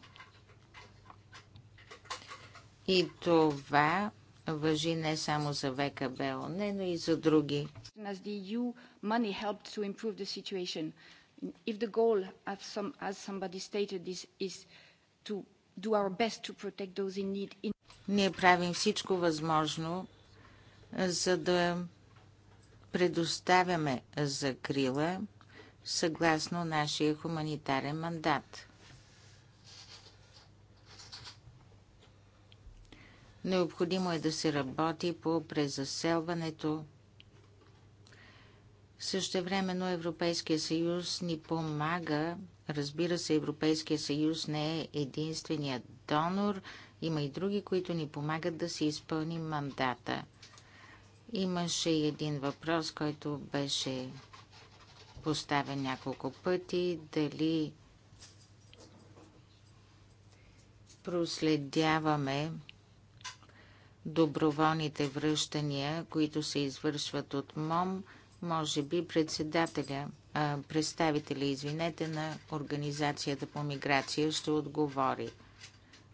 И това въжи не само за ВКБОН, но и за други. As the the EU money helped to improve situation, If the goal, as, some, as somebody stated, is, is to do our best to protect those in need. In... Ние правим всичко възможно, за да предоставяме закрила съгласно нашия хуманитарен мандат. Необходимо е да се работи по презаселването. Същевременно Европейския съюз ни помага. Разбира се, Европейския съюз не е единственият донор. Има и други, които ни помагат да си изпълним мандата. Имаше и един въпрос, който беше поставя няколко пъти, дали проследяваме доброволните връщания, които се извършват от МОМ, може би председателя, а, представители, извинете, на Организацията по миграция ще отговори.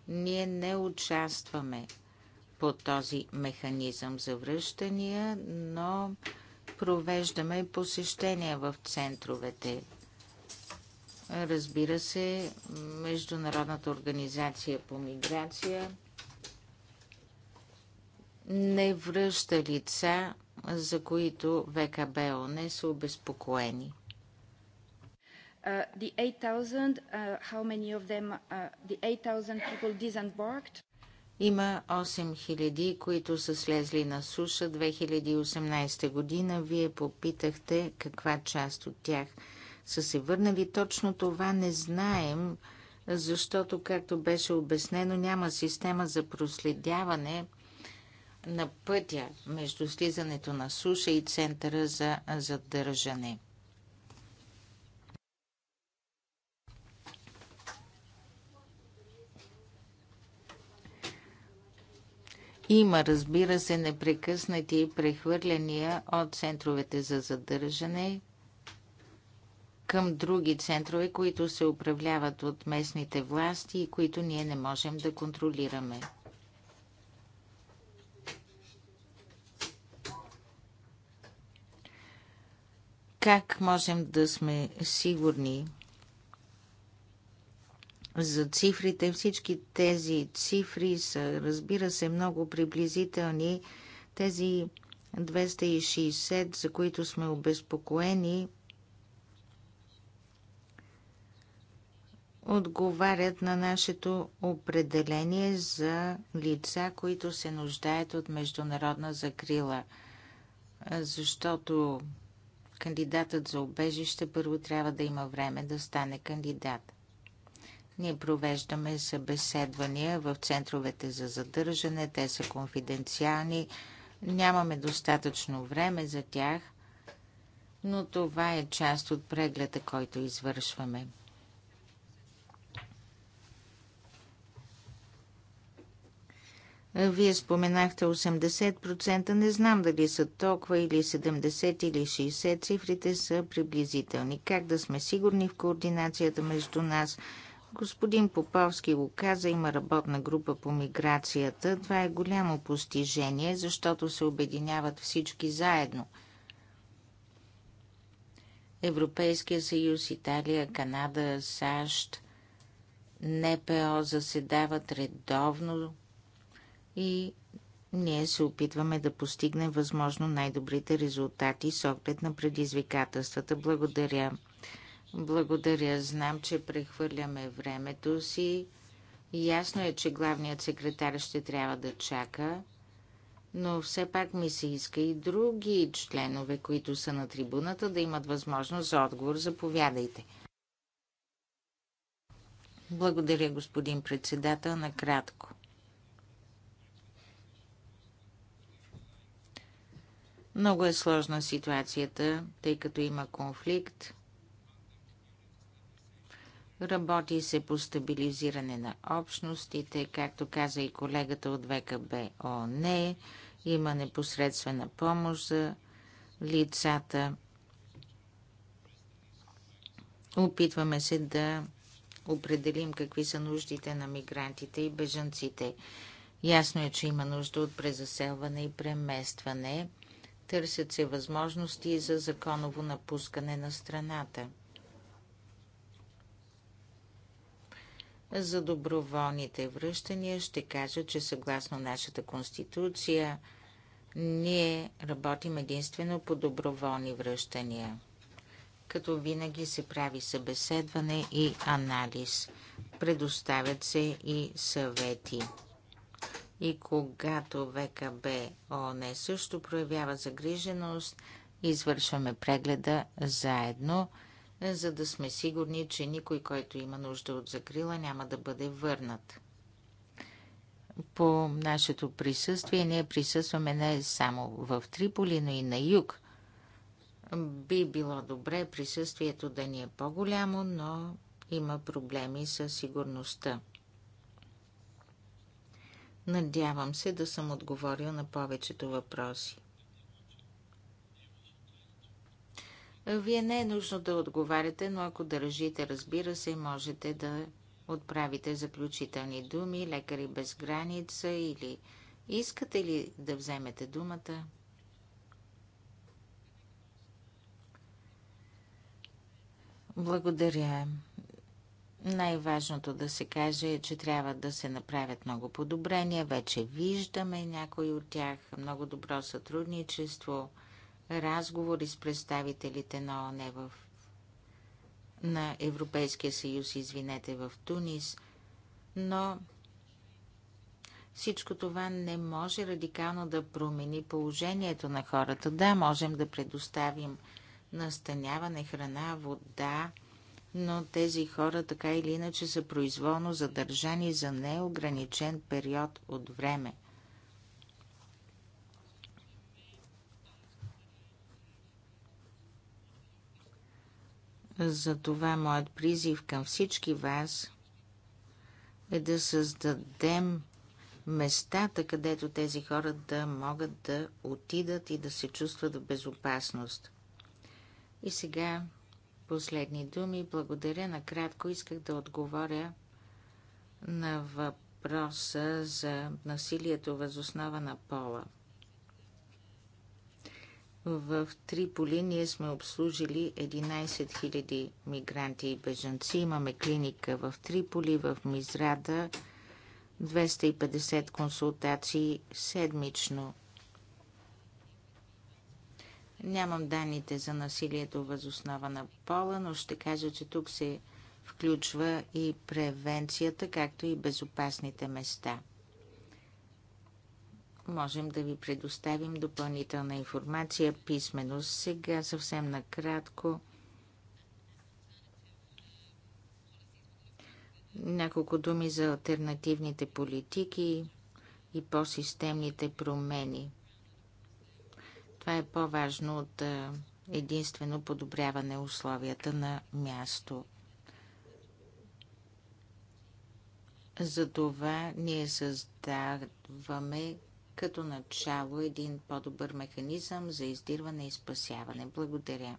Ние не участваме по този механизъм за връщания, но провеждаме посещения в центровете. Разбира се, Международната организация по миграция не връща лица, за които ВКБО не са обезпокоени. Uh, the 8,000, uh, how many of them, uh, the 8,000 people disembarked? Има 8000, които са слезли на суша 2018 година. Вие попитахте каква част от тях са се върнали. Точно това не знаем, защото, както беше обяснено, няма система за проследяване на пътя между слизането на суша и центъра за задържане. Има, разбира се, непрекъснати прехвърляния от центровете за задържане към други центрове, които се управляват от местните власти и които ние не можем да контролираме. Как можем да сме сигурни, за цифрите. Всички тези цифри са, разбира се, много приблизителни. Тези 260, за които сме обезпокоени, отговарят на нашето определение за лица, които се нуждаят от международна закрила. Защото кандидатът за обежище първо трябва да има време да стане кандидат. Ние провеждаме събеседвания в центровете за задържане. Те са конфиденциални. Нямаме достатъчно време за тях, но това е част от прегледа, който извършваме. Вие споменахте 80%, не знам дали са толкова или 70 или 60, цифрите са приблизителни. Как да сме сигурни в координацията между нас – Господин Поповски го каза, има работна група по миграцията. Това е голямо постижение, защото се обединяват всички заедно. Европейския съюз, Италия, Канада, САЩ, НПО заседават редовно и ние се опитваме да постигнем възможно най-добрите резултати с оглед на предизвикателствата. Благодаря. Благодаря. Знам, че прехвърляме времето си. Ясно е, че главният секретар ще трябва да чака, но все пак ми се иска и други членове, които са на трибуната, да имат възможност за отговор. Заповядайте. Благодаря, господин председател, накратко. Много е сложна ситуацията, тъй като има конфликт Работи се по стабилизиране на общностите, както каза и колегата от ВКБ ООН. Има непосредствена помощ за лицата. Опитваме се да определим какви са нуждите на мигрантите и бежанците. Ясно е, че има нужда от презаселване и преместване. Търсят се възможности за законово напускане на страната. За доброволните връщания ще кажа, че съгласно нашата конституция ние работим единствено по доброволни връщания. Като винаги се прави събеседване и анализ. Предоставят се и съвети. И когато ВКБ ООН също проявява загриженост, извършваме прегледа заедно – за да сме сигурни, че никой, който има нужда от закрила, няма да бъде върнат. По нашето присъствие ние присъстваме не само в Триполи, но и на юг. Би било добре присъствието да ни е по-голямо, но има проблеми със сигурността. Надявам се да съм отговорил на повечето въпроси. Вие не е нужно да отговаряте, но ако държите, разбира се, можете да отправите заключителни думи, лекари без граница или искате ли да вземете думата? Благодаря. Най-важното да се каже е, че трябва да се направят много подобрения. Вече виждаме някои от тях. Много добро сътрудничество – разговори с представителите на ОНЕ в на Европейския съюз, извинете, в Тунис, но всичко това не може радикално да промени положението на хората. Да, можем да предоставим настаняване, храна, вода, но тези хора така или иначе са произволно задържани за неограничен период от време – Затова моят призив към всички вас е да създадем местата, където тези хора да могат да отидат и да се чувстват в безопасност. И сега последни думи. Благодаря. Накратко исках да отговоря на въпроса за насилието възоснова на пола – в Триполи ние сме обслужили 11 000 мигранти и бежанци. Имаме клиника в Триполи, в Мизрада, 250 консултации седмично. Нямам данните за насилието възоснова на пола, но ще кажа, че тук се включва и превенцията, както и безопасните места – можем да ви предоставим допълнителна информация писменно. Сега съвсем накратко няколко думи за альтернативните политики и по-системните промени. Това е по-важно от единствено подобряване условията на място. Затова ние създаваме като начало един по-добър механизъм за издирване и спасяване. Благодаря.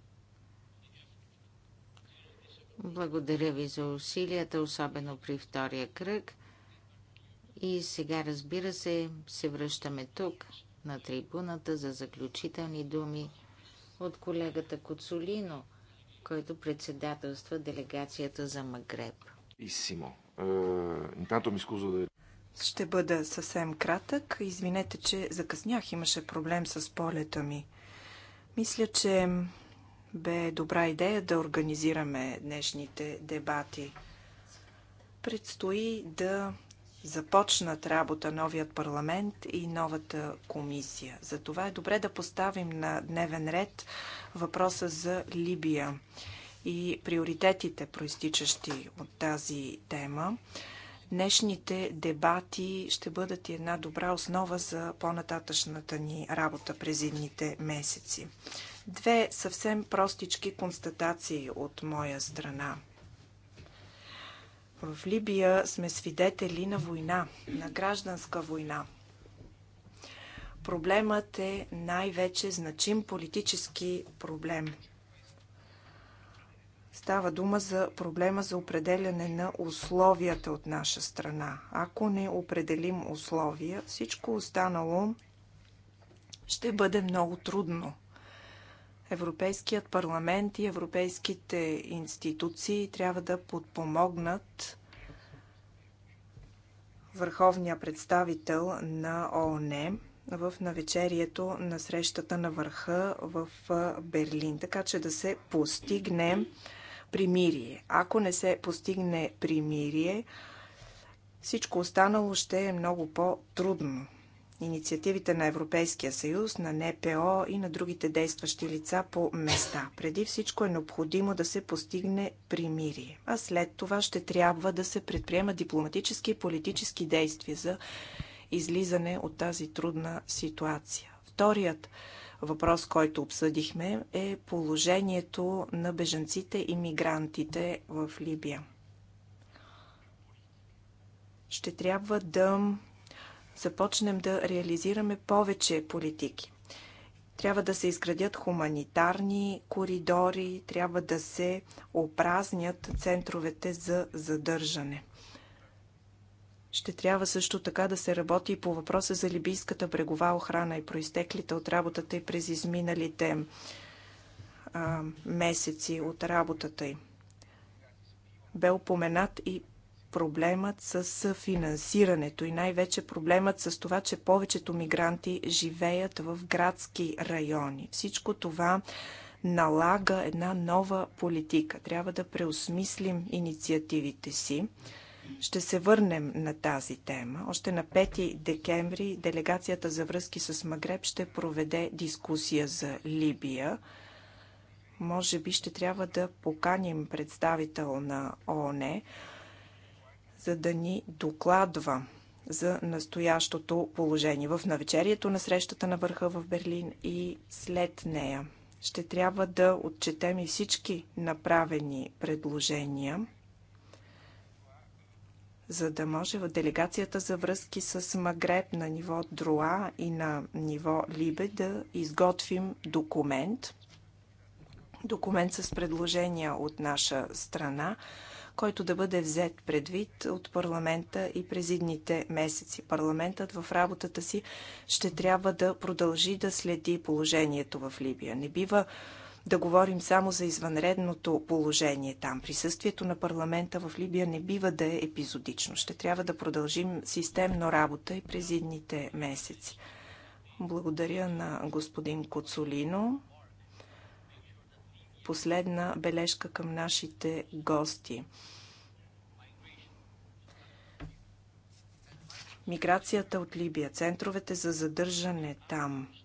Благодаря ви за усилията, особено при втория кръг. И сега, разбира се, се връщаме тук, на трибуната, за заключителни думи от колегата Коцолино, който председателства делегацията за Магреб. Исимо. Intanto mi scuso del ще бъда съвсем кратък. Извинете, че закъснях. Имаше проблем с полета ми. Мисля, че бе добра идея да организираме днешните дебати. Предстои да започнат работа новият парламент и новата комисия. Затова е добре да поставим на дневен ред въпроса за Либия и приоритетите, проистичащи от тази тема. Днешните дебати ще бъдат и една добра основа за по-нататъчната ни работа през едните месеци. Две съвсем простички констатации от моя страна. В Либия сме свидетели на война, на гражданска война. Проблемът е най-вече значим политически проблем – Става дума за проблема за определяне на условията от наша страна. Ако не определим условия, всичко останало ще бъде много трудно. Европейският парламент и европейските институции трябва да подпомогнат върховния представител на ООН в навечерието на срещата на върха в Берлин, така че да се постигне примирие. Ако не се постигне примирие, всичко останало ще е много по-трудно. Инициативите на Европейския съюз, на НПО и на другите действащи лица по места. Преди всичко е необходимо да се постигне примирие, а след това ще трябва да се предприема дипломатически и политически действия за излизане от тази трудна ситуация. Вторият въпрос, който обсъдихме, е положението на бежанците и мигрантите в Либия. Ще трябва да започнем да реализираме повече политики. Трябва да се изградят хуманитарни коридори, трябва да се опразнят центровете за задържане. Ще трябва също така да се работи и по въпроса за либийската брегова охрана и произтеклите от работата и през изминалите а, месеци от работата й. Бе упоменат и проблемът с финансирането и най-вече проблемът с това, че повечето мигранти живеят в градски райони. Всичко това налага една нова политика. Трябва да преосмислим инициативите си ще се върнем на тази тема. Още на 5 декември делегацията за връзки с Магреб ще проведе дискусия за Либия. Може би ще трябва да поканим представител на ООН, за да ни докладва за настоящото положение в навечерието на срещата на върха в Берлин и след нея. Ще трябва да отчетем и всички направени предложения за да може в делегацията за връзки с Магреб на ниво Друа и на ниво Либе да изготвим документ. Документ с предложения от наша страна, който да бъде взет предвид от парламента и през идните месеци. Парламентът в работата си ще трябва да продължи да следи положението в Либия. Не бива да говорим само за извънредното положение там. Присъствието на парламента в Либия не бива да е епизодично. Ще трябва да продължим системно работа и през идните месеци. Благодаря на господин Коцолино. Последна бележка към нашите гости. Миграцията от Либия, центровете за задържане там –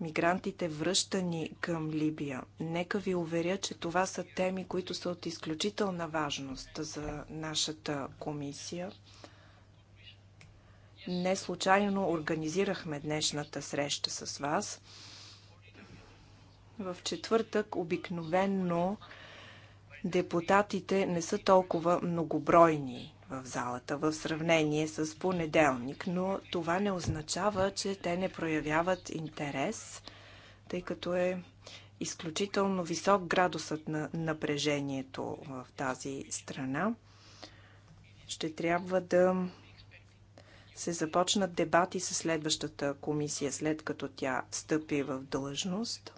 мигрантите връщани към Либия. Нека ви уверя, че това са теми, които са от изключителна важност за нашата комисия. Не случайно организирахме днешната среща с вас. В четвъртък обикновенно депутатите не са толкова многобройни в залата в сравнение с понеделник, но това не означава, че те не проявяват интерес, тъй като е изключително висок градусът на напрежението в тази страна. Ще трябва да се започнат дебати с следващата комисия, след като тя встъпи в длъжност.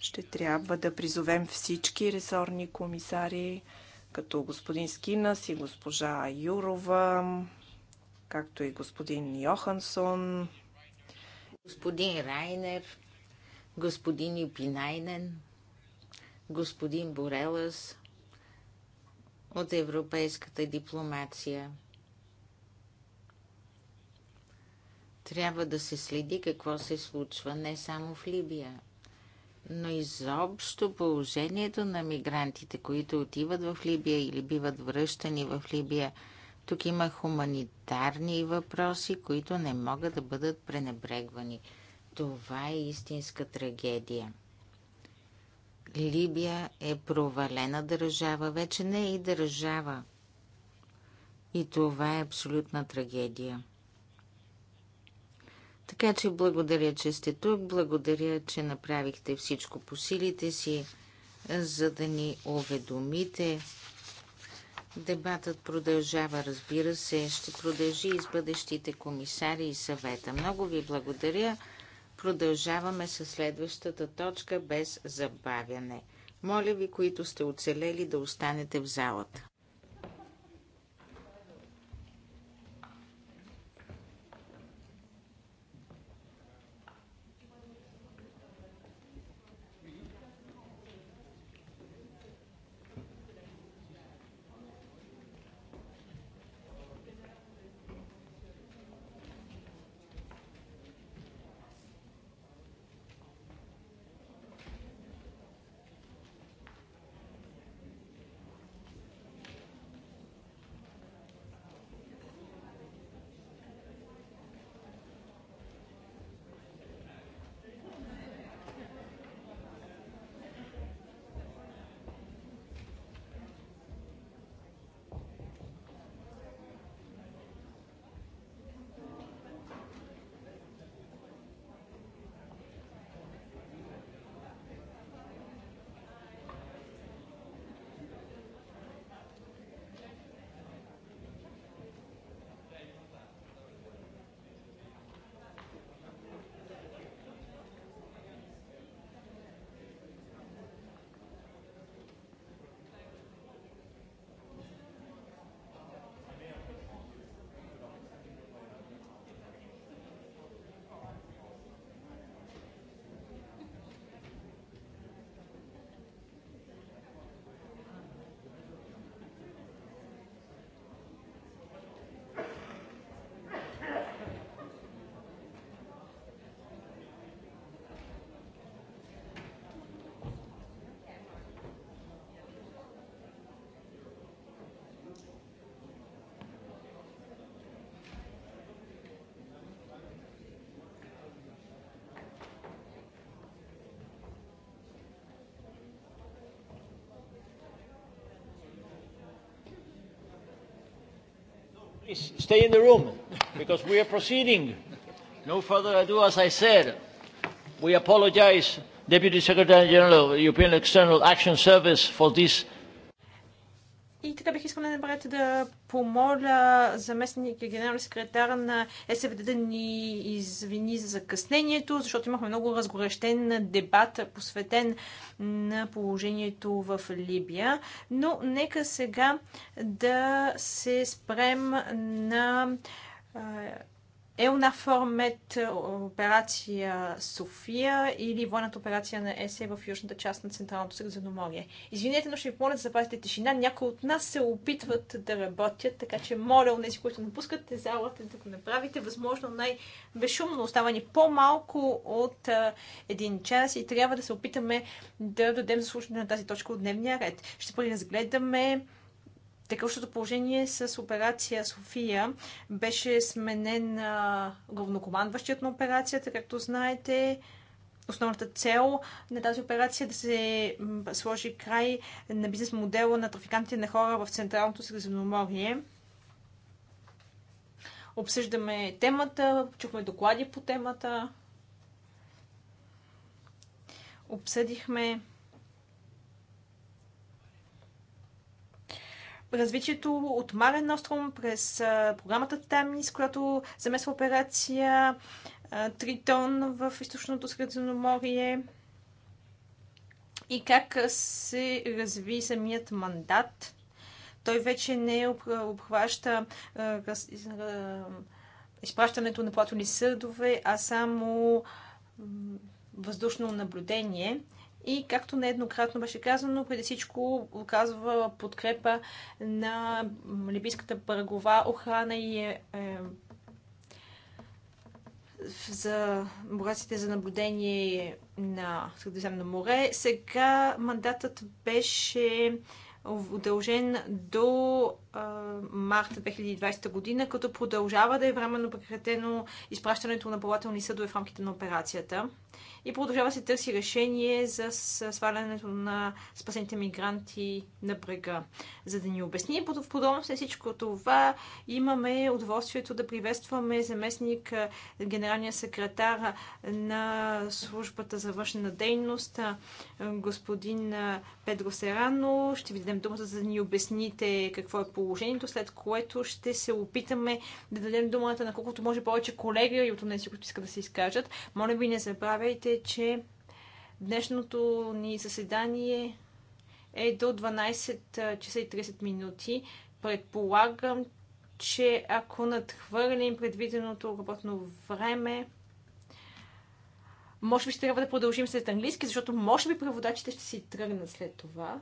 Ще трябва да призовем всички ресорни комисари, като господин Скинас и госпожа Юрова, както и господин Йохансон, господин Райнер, господин Юпинайнен, господин Борелас от европейската дипломация. Трябва да се следи какво се случва не само в Либия но изобщо положението на мигрантите, които отиват в Либия или биват връщани в Либия. Тук има хуманитарни въпроси, които не могат да бъдат пренебрегвани. Това е истинска трагедия. Либия е провалена държава, вече не е и държава. И това е абсолютна трагедия. Така че благодаря, че сте тук, благодаря, че направихте всичко по силите си, за да ни уведомите. Дебатът продължава, разбира се, ще продължи и с бъдещите комисари и съвета. Много ви благодаря. Продължаваме с следващата точка без забавяне. Моля ви, които сте оцелели, да останете в залата. Please stay in the room because we are proceeding. No further ado, as I said. We apologize, Deputy Secretary General of the European External Action Service, for this искам най да помоля заместник генерален секретар на СВД да ни извини за закъснението, защото имахме много разгорещен дебат, посветен на положението в Либия. Но нека сега да се спрем на формет е, операция София или военната операция на ЕСЕ е в южната част на Централното Средиземноморие. Извинете, но ще ви помоля да запазите тишина. Някои от нас се опитват да работят, така че моля онези, които напускате залата, да го направите възможно най-безшумно. Остава ни по-малко от а, е, един час и трябва да се опитаме да дадем заслушане на тази точка от дневния ред. Ще разгледаме текущото положение с операция София беше сменен главнокомандващият на операцията. Както знаете, основната цел на тази операция е да се сложи край на бизнес модела на трафикантите на хора в Централното Средиземноморие. Обсъждаме темата, чухме доклади по темата, обсъдихме развитието от Марен Остром през програмата Тамнис, която замесва операция Тритон в източното Средиземноморие и как се разви самият мандат. Той вече не обхваща изпращането на платони съдове, а само въздушно наблюдение и, както нееднократно беше казано, преди всичко оказва подкрепа на либийската брагова, охрана и е, е, за богатите за наблюдение на Средиземно море. Сега мандатът беше удължен до март 2020 година, като продължава да е временно прекратено изпращането на плавателни съдове в рамките на операцията и продължава се търси решение за свалянето на спасените мигранти на брега. За да ни обясни в подробност на всичко това, имаме удоволствието да приветстваме заместник генералния секретар на службата за външна дейност, господин Педро Серано. Ще ви дадем думата, за да ни обясните какво е положението, след което ще се опитаме да дадем думата на колкото може повече колеги и от тези, които искат да се изкажат. Моля ви, не забравяйте, че днешното ни заседание е до 12 часа и 30 минути. Предполагам, че ако надхвърлим предвиденото работно време, може би ще трябва да продължим след английски, защото може би преводачите ще си тръгнат след това.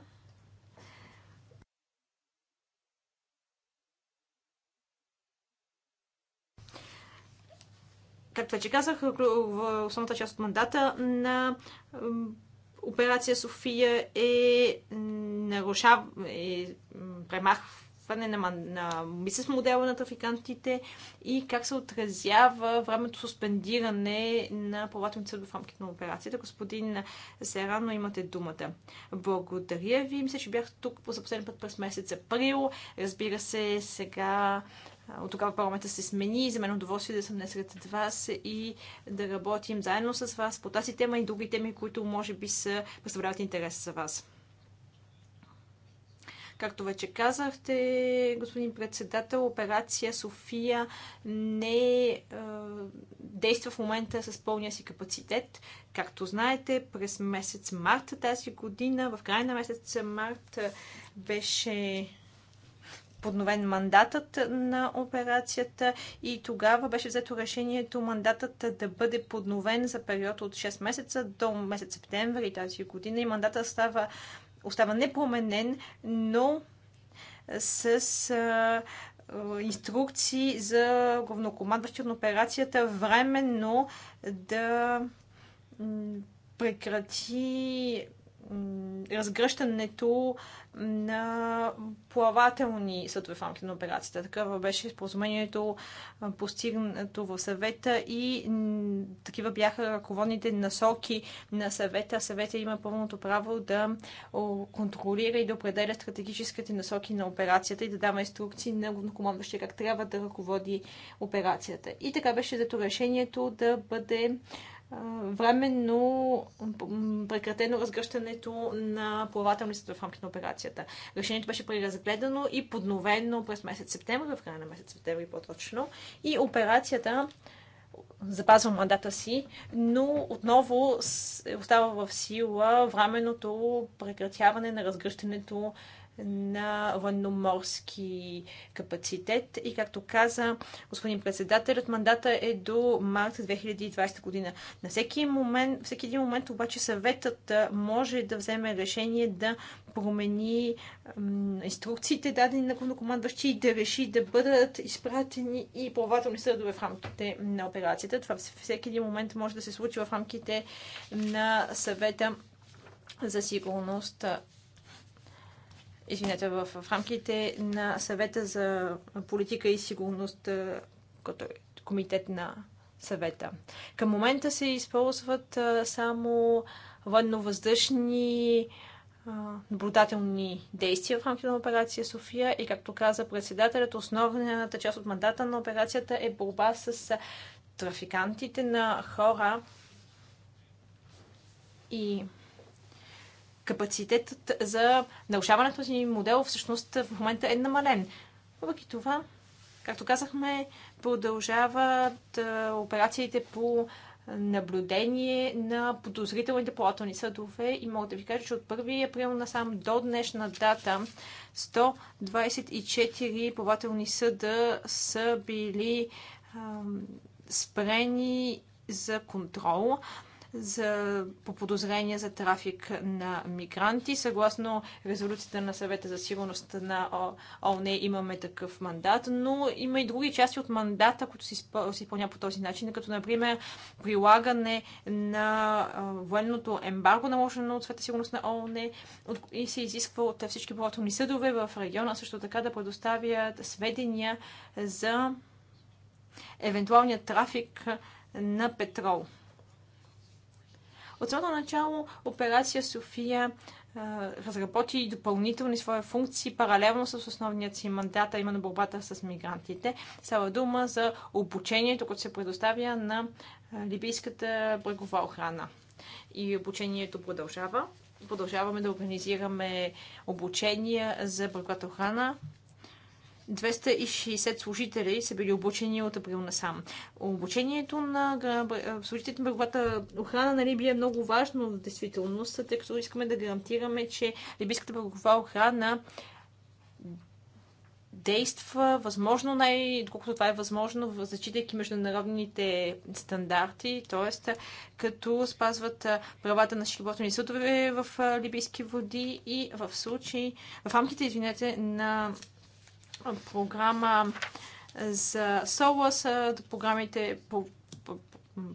както вече казах, в основната част от мандата на операция София е, нарушав... е премахване на, на мисъс модела на трафикантите и как се отразява времето суспендиране на правата им съд в рамките на операцията. Господин Серано, имате думата. Благодаря ви. Мисля, че бях тук за последен път през месец април. Разбира се, сега от тогава парламента се смени и за мен е удоволствие да съм днес сред вас и да работим заедно с вас по тази тема и други теми, които може би са представляват интерес за вас. Както вече казахте, господин председател, операция София не е, действа в момента с пълния си капацитет. Както знаете, през месец март тази година, в края на месец март, беше подновен мандатът на операцията и тогава беше взето решението мандатът да бъде подновен за период от 6 месеца до месец септември тази година и мандатът става, остава непроменен, но с а, инструкции за главнокомандващи на операцията временно да прекрати разгръщането на плавателни съдове в рамките на операцията. Такава беше споразумението постигнато в съвета и такива бяха ръководните насоки на съвета. Съвета има пълното право да контролира и да определя стратегическите насоки на операцията и да дава инструкции на главнокомандващия как трябва да ръководи операцията. И така беше зато решението да бъде временно прекратено разгръщането на плавателницата в рамките на операцията. Решението беше преразгледано и подновено през месец септември, в края на месец септември по-точно. И операцията запазва мандата си, но отново е, остава в сила временното прекратяване на разгръщането на военноморски капацитет. И както каза господин председателят, мандата е до март 2020 година. На всеки, момент, всеки един момент обаче съветът може да вземе решение да промени инструкциите дадени на главнокомандващи и да реши да бъдат изпратени и плавателни съдове в рамките на операцията. Това всеки един момент може да се случи в рамките на съвета за сигурност извинете, в, в рамките на съвета за политика и сигурност, като комитет на съвета. Към момента се използват само военно въздъшни наблюдателни действия в рамките на операция София и, както каза председателят, основната част от мандата на операцията е борба с трафикантите на хора и капацитетът за нарушаването на този модел всъщност в момента е намален. Въпреки това, както казахме, продължават операциите по наблюдение на подозрителните плавателни съдове и мога да ви кажа, че от 1 април насам до днешна дата 124 плавателни съда са били ам, спрени за контрол за, по подозрение за трафик на мигранти. Съгласно резолюцията на съвета за сигурност на ООН имаме такъв мандат, но има и други части от мандата, които се изпълня по този начин, като например прилагане на военното ембарго, наложено от света сигурност на ООН и се изисква от всички плавателни съдове в региона също така да предоставят сведения за евентуалния трафик на петрол. От самото начало операция София разработи и допълнителни свои функции паралелно с основният си мандат, а именно борбата с мигрантите. Става дума за обучението, което се предоставя на либийската брегова охрана. И обучението продължава. Продължаваме да организираме обучения за бреговата охрана 260 служители са били обучени от април насам. Обучението на служителите на бреговата охрана на Либия е много важно в действителност, тъй като искаме да гарантираме, че либийската брегова охрана действа възможно най- доколкото това е възможно, зачитайки международните стандарти, т.е. като спазват правата на шиботни съдове в либийски води и в случай, в рамките, извинете, на програма за СОЛАС, програмите по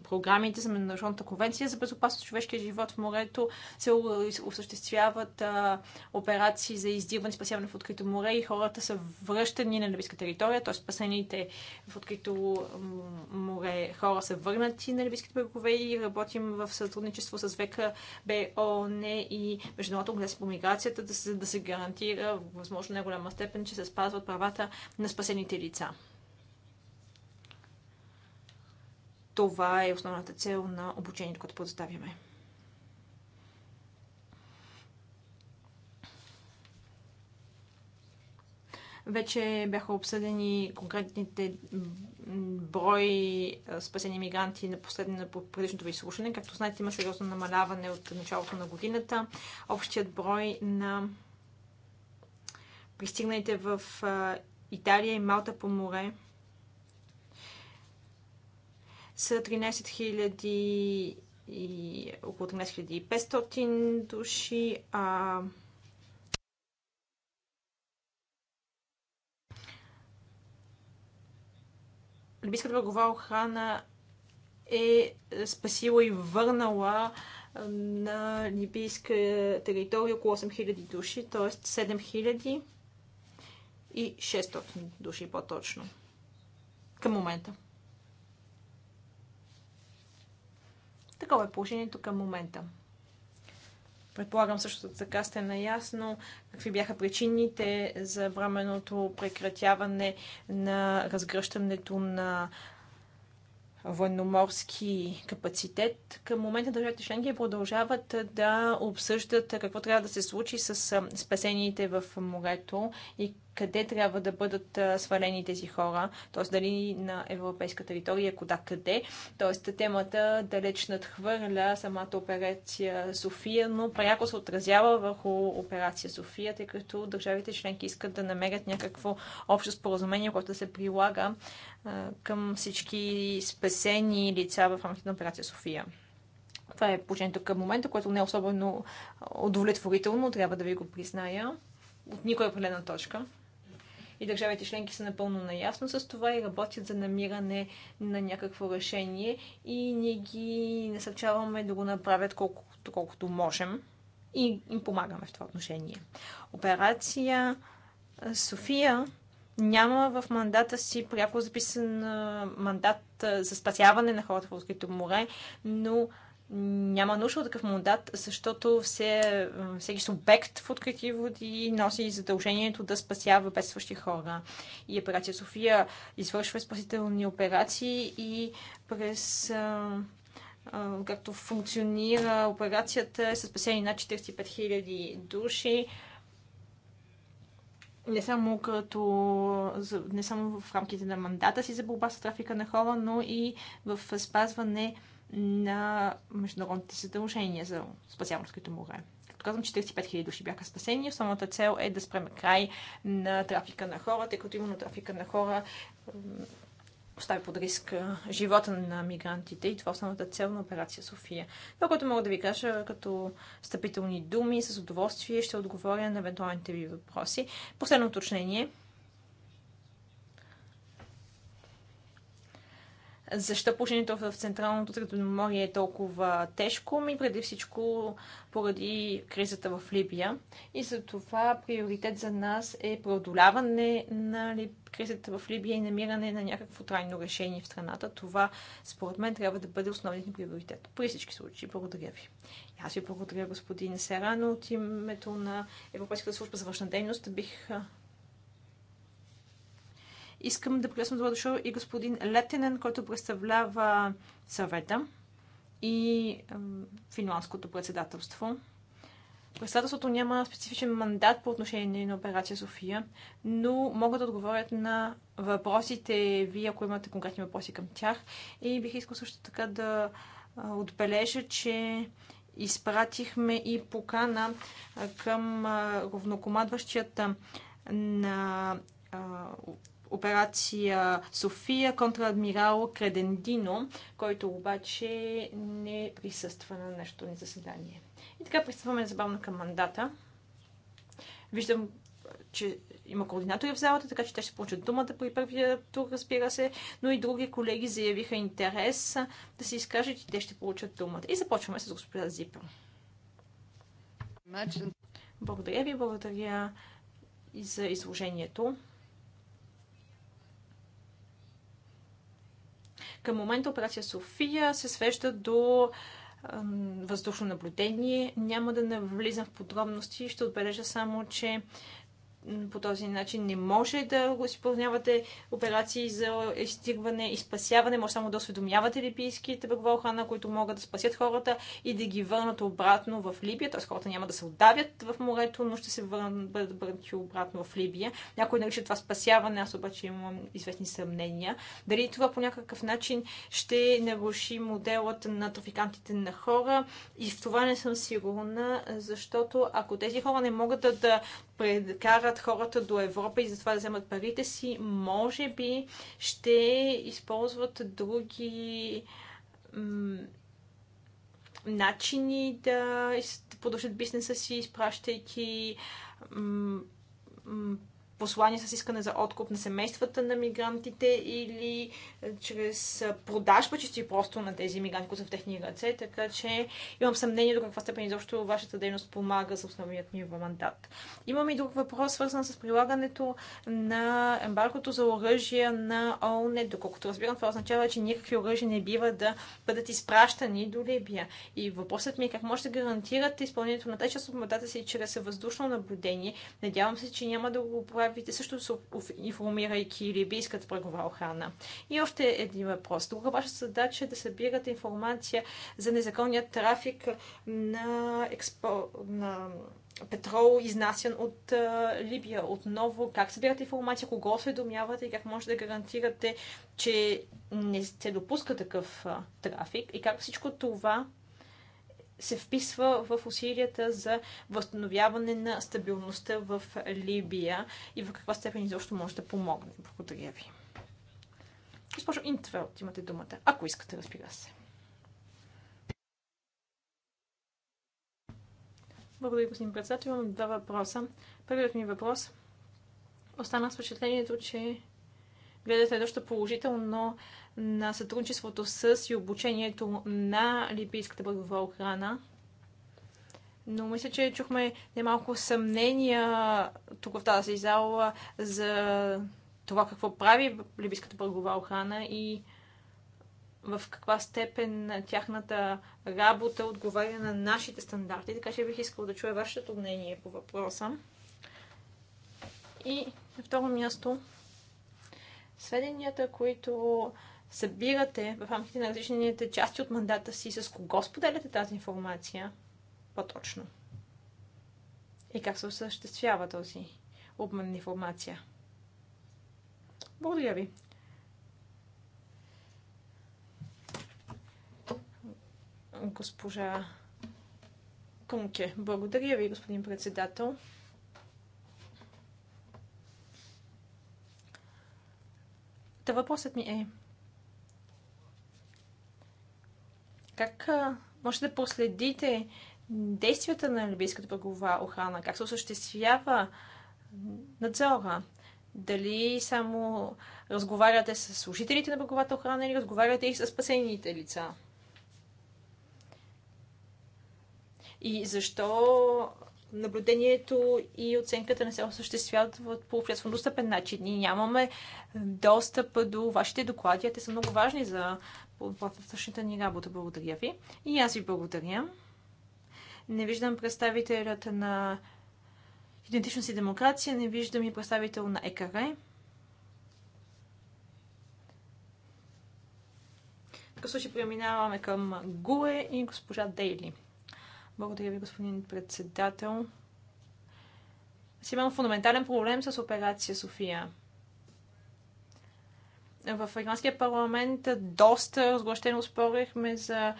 програмите за Международната конвенция за безопасност човешкия живот в морето се осъществяват а, операции за издирване, спасяване в открито море и хората са връщани на либийска територия, т.е. спасените в открито море хора са върнати на либийските брегове и работим в сътрудничество с ВК, БОН и Международната организация по миграцията, да се, да се гарантира възможно най-голяма степен, че се спазват правата на спасените лица. Това е основната цел на обучението, което предоставяме. Вече бяха обсъдени конкретните брой спасени мигранти на последното предишното изслушане. Както знаете, има сериозно намаляване от началото на годината. Общият брой на пристигналите в Италия и Малта по море са 13 000 и около 13 500 души, а Либийската брегова охрана е спасила и върнала на либийска територия около 8000 души, т.е. 000 и 600 души по-точно към момента. Такова е положението към момента. Предполагам също така сте наясно какви бяха причините за временното прекратяване на разгръщането на военноморски капацитет. Към момента държавите членки продължават да обсъждат какво трябва да се случи с спасените в морето и къде трябва да бъдат свалени тези хора, т.е. дали на европейска територия, кода къде. Т.е. темата далеч надхвърля самата операция София, но пряко се отразява върху операция София, тъй като държавите членки искат да намерят някакво общо споразумение, което се прилага към всички спасени лица в рамките на операция София. Това е положението към момента, което не е особено удовлетворително, трябва да ви го призная. От никоя гледна точка и държавите членки са напълно наясно с това и работят за намиране на някакво решение и ние ги насърчаваме да го направят колкото, колкото можем и им помагаме в това отношение. Операция София няма в мандата си пряко записан мандат за спасяване на хората в открито море, но няма нужда от такъв мандат, защото все, всеки субект в открити води носи задължението да спасява бедстващи хора. И операция София извършва спасителни операции и през както функционира операцията е са спасени над 45 000 души не само като не само в рамките на мандата си за борба с трафика на хора, но и в спазване на международните задължения за спасяването море. Като казвам, 45 000 души бяха спасени. Основната цел е да спреме край на трафика на хора, тъй като именно трафика на хора остави под риск живота на мигрантите и това е основната цел на операция София. Това, което мога да ви кажа като стъпителни думи, с удоволствие ще отговоря на евентуалните ви въпроси. Последно уточнение – защо положението в Централното Средоморие е толкова тежко, ми преди всичко поради кризата в Либия. И за това приоритет за нас е преодоляване на кризата в Либия и намиране на някакво трайно решение в страната. Това, според мен, трябва да бъде основният ни приоритет. При всички случаи, благодаря ви. И аз ви благодаря, господин Серано, от името на Европейската служба за външна дейност. Бих Искам да приветствам добро дошъл и господин Летенен, който представлява съвета и финландското председателство. Председателството няма специфичен мандат по отношение на операция София, но могат да отговорят на въпросите ви, ако имате конкретни въпроси към тях. И бих искал също така да отбележа, че изпратихме и покана към равнокомандващията на операция София контрадмирал Кредендино, който обаче не присъства на нашето ни заседание. И така пристъпваме незабавно към мандата. Виждам, че има координатори в залата, така че те ще получат думата при първия тур, разбира се, но и други колеги заявиха интерес да се изкажат и те ще получат думата. И започваме с господа Зипа. Благодаря ви, благодаря и за изложението. Към момента операция София се свежда до въздушно наблюдение. Няма да навлизам в подробности, ще отбележа само, че по този начин не може да го изпълнявате операции за изтигване и спасяване, може само да осведомявате либийските бегова охрана, които могат да спасят хората и да ги върнат обратно в Либия. Т.е. хората няма да се отдавят в морето, но ще се върнат, бъдат върнати обратно в Либия. Някой нарича това спасяване, аз обаче имам известни съмнения. Дали това по някакъв начин ще наруши моделът на трафикантите на хора и в това не съм сигурна, защото ако тези хора не могат да, да прекарат хората до Европа и затова да вземат парите си, може би ще използват други начини да, да продължат бизнеса си, изпращайки послания с искане за откуп на семействата на мигрантите или е, чрез е, продажба чисто и просто на тези мигранти, които са в техни ръце. Така че имам съмнение до каква степен изобщо вашата дейност помага за основният ни мандат. Имам и друг въпрос, свързан с прилагането на ембаркото за оръжия на ООН. Доколкото разбирам, това означава, че никакви оръжия не бива да бъдат изпращани до Либия. И въпросът ми е как може да гарантирате изпълнението на тази част от мандата си чрез въздушно наблюдение. Надявам се, че няма да го прави държавите, също са информирайки либийската брегова охрана. И още един въпрос. Друга ваша задача е да събирате информация за незаконния трафик на, експо... на петрол, изнасян от а, Либия. Отново, как събирате информация, кого осведомявате и как може да гарантирате, че не се допуска такъв а, трафик и как всичко това се вписва в усилията за възстановяване на стабилността в Либия и в каква степен изобщо може да помогне. Благодаря ви. Госпожо Интвелт, имате думата, ако искате, разбира се. Благодаря, господин председател. Имам два въпроса. Първият ми въпрос. Остана с впечатлението, че гледа следващо положително на сътрудничеството с и обучението на либийската бъргова охрана. Но мисля, че чухме немалко съмнения тук в тази зала за това какво прави либийската бъргова охрана и в каква степен тяхната работа отговаря на нашите стандарти. Така че бих искал да чуя вашето мнение по въпроса. И на второ място, сведенията, които събирате в рамките на различните части от мандата си, с кого споделяте тази информация по-точно? И как се осъществява този обмен на информация? Благодаря ви. Госпожа Кунке, благодаря ви, господин председател. Та въпросът ми е, как може да последите действията на Либийската бъргова охрана? Как се осъществява надзора? Дали само разговаряте с служителите на бърговата охрана или разговаряте и с спасените лица? И защо наблюдението и оценката не се осъществяват по обществено достъпен начин. Ние нямаме е, достъп до вашите доклади, а те са много важни за вътрешната ни работа. Благодаря ви. И аз ви благодаря. Не виждам представителят на идентичност и демокрация, не виждам и представител на ЕКР. такъв случай преминаваме към Гуе и госпожа Дейли. Благодаря ви, господин председател. Аз имам фундаментален проблем с операция София. В Ирландския парламент доста разглащено спорихме за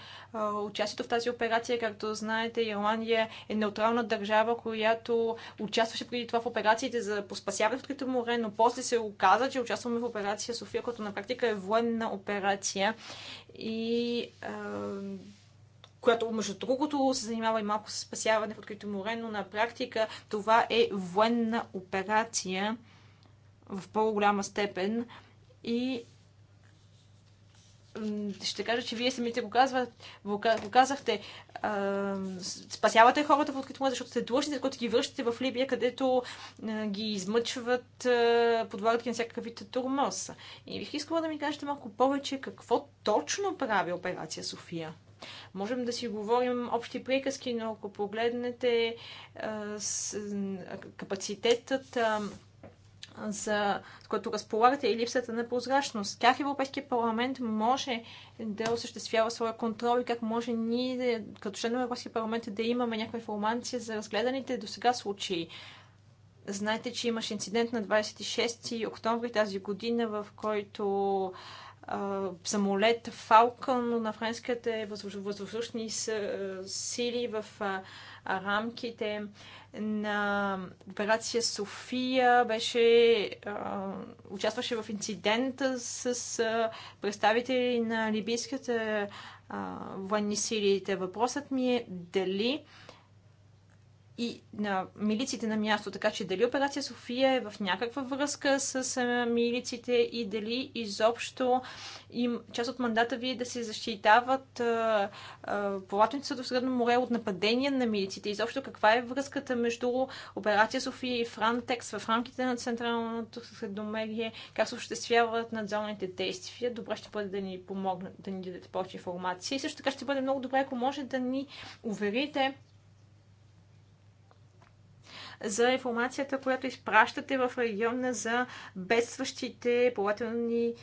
участието в тази операция. Както знаете, Ирландия е неутрална държава, която участваше преди това в операциите за поспасяване в Трито море, но после се оказа, че участваме в операция София, която на практика е военна операция. И която между другото се занимава и малко с спасяване в открито море, но на практика това е военна операция в по-голяма степен и ще кажа, че вие самите го, казват, го казахте. А, спасявате хората в открито море, защото сте длъжни, които ги връщате в Либия, където а, ги измъчват, а, подлагат ги на всякакъв вид турмоз. И бих искала да ми кажете малко повече какво точно прави операция София. Можем да си говорим общи приказки, но ако погледнете капацитетът за който разполагате и липсата на прозрачност. Как Европейския парламент може да осъществява своя контрол и как може ние, като членове на Европейския парламент, да имаме някаква информация за разгледаните до сега случаи? Знаете, че имаше инцидент на 26 октомври тази година, в който самолет Falcon на френските въздушни сили в рамките на операция София беше, а, участваше в инцидента с а, представители на либийските а, военни сили. Въпросът ми е дали и на милиците на място. Така че дали операция София е в някаква връзка с милиците и дали изобщо им, част от мандата ви е да се защитават плавателниците до Средно море от нападения на милиците. Изобщо каква е връзката между операция София и Франтекс в рамките на Централното Средомерие, как се осъществяват надзорните действия. Добре ще бъде да ни помогнат, да ни дадете повече информация. И също така ще бъде много добре, ако може да ни уверите, за информацията, която изпращате в региона за бедстващите плавателни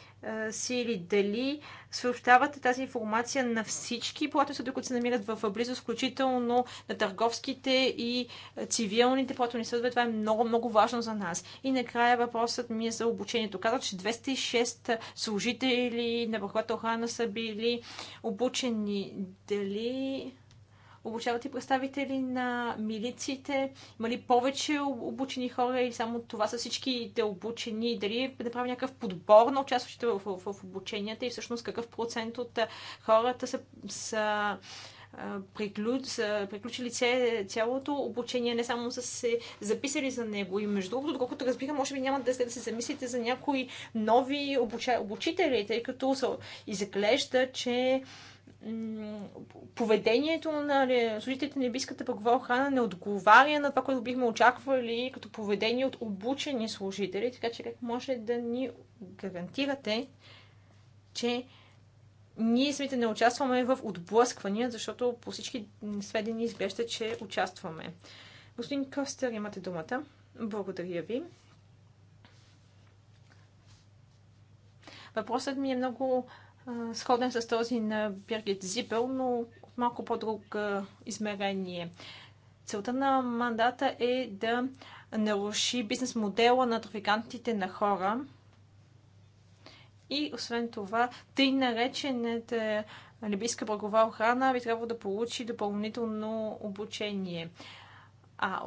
сили. Дали съобщавате тази информация на всички плавателства, които се намират в близост, включително на търговските и цивилните плавателни съдове. Това е много, много важно за нас. И накрая въпросът ми е за обучението. Казах, че 206 служители на върховата охрана са били обучени. Дали Обучават и представители на милициите? Има ли повече обучени хора или само това са всичките обучени? Дали да прави някакъв подбор на участващите в, в, в обученията и всъщност какъв процент от хората са, са са приключили цялото обучение, не само са се записали за него. И между другото, доколкото разбирам, може би няма да се, да се замислите за някои нови обуча... обучители, тъй като се изглежда, че поведението на служителите на Либийската брегова охрана не отговаря на това, което бихме очаквали като поведение от обучени служители, така че как може да ни гарантирате, че ние самите не участваме в отблъсквания, защото по всички сведения изглежда, че участваме. Господин Костер, имате думата. Благодаря ви. Въпросът ми е много сходен с този на Биргит Зипел, но от малко по-друг измерение. Целта на мандата е да наруши бизнес модела на трафикантите на хора и освен това, тъй наречената либийска брагова охрана би трябвало да получи допълнително обучение а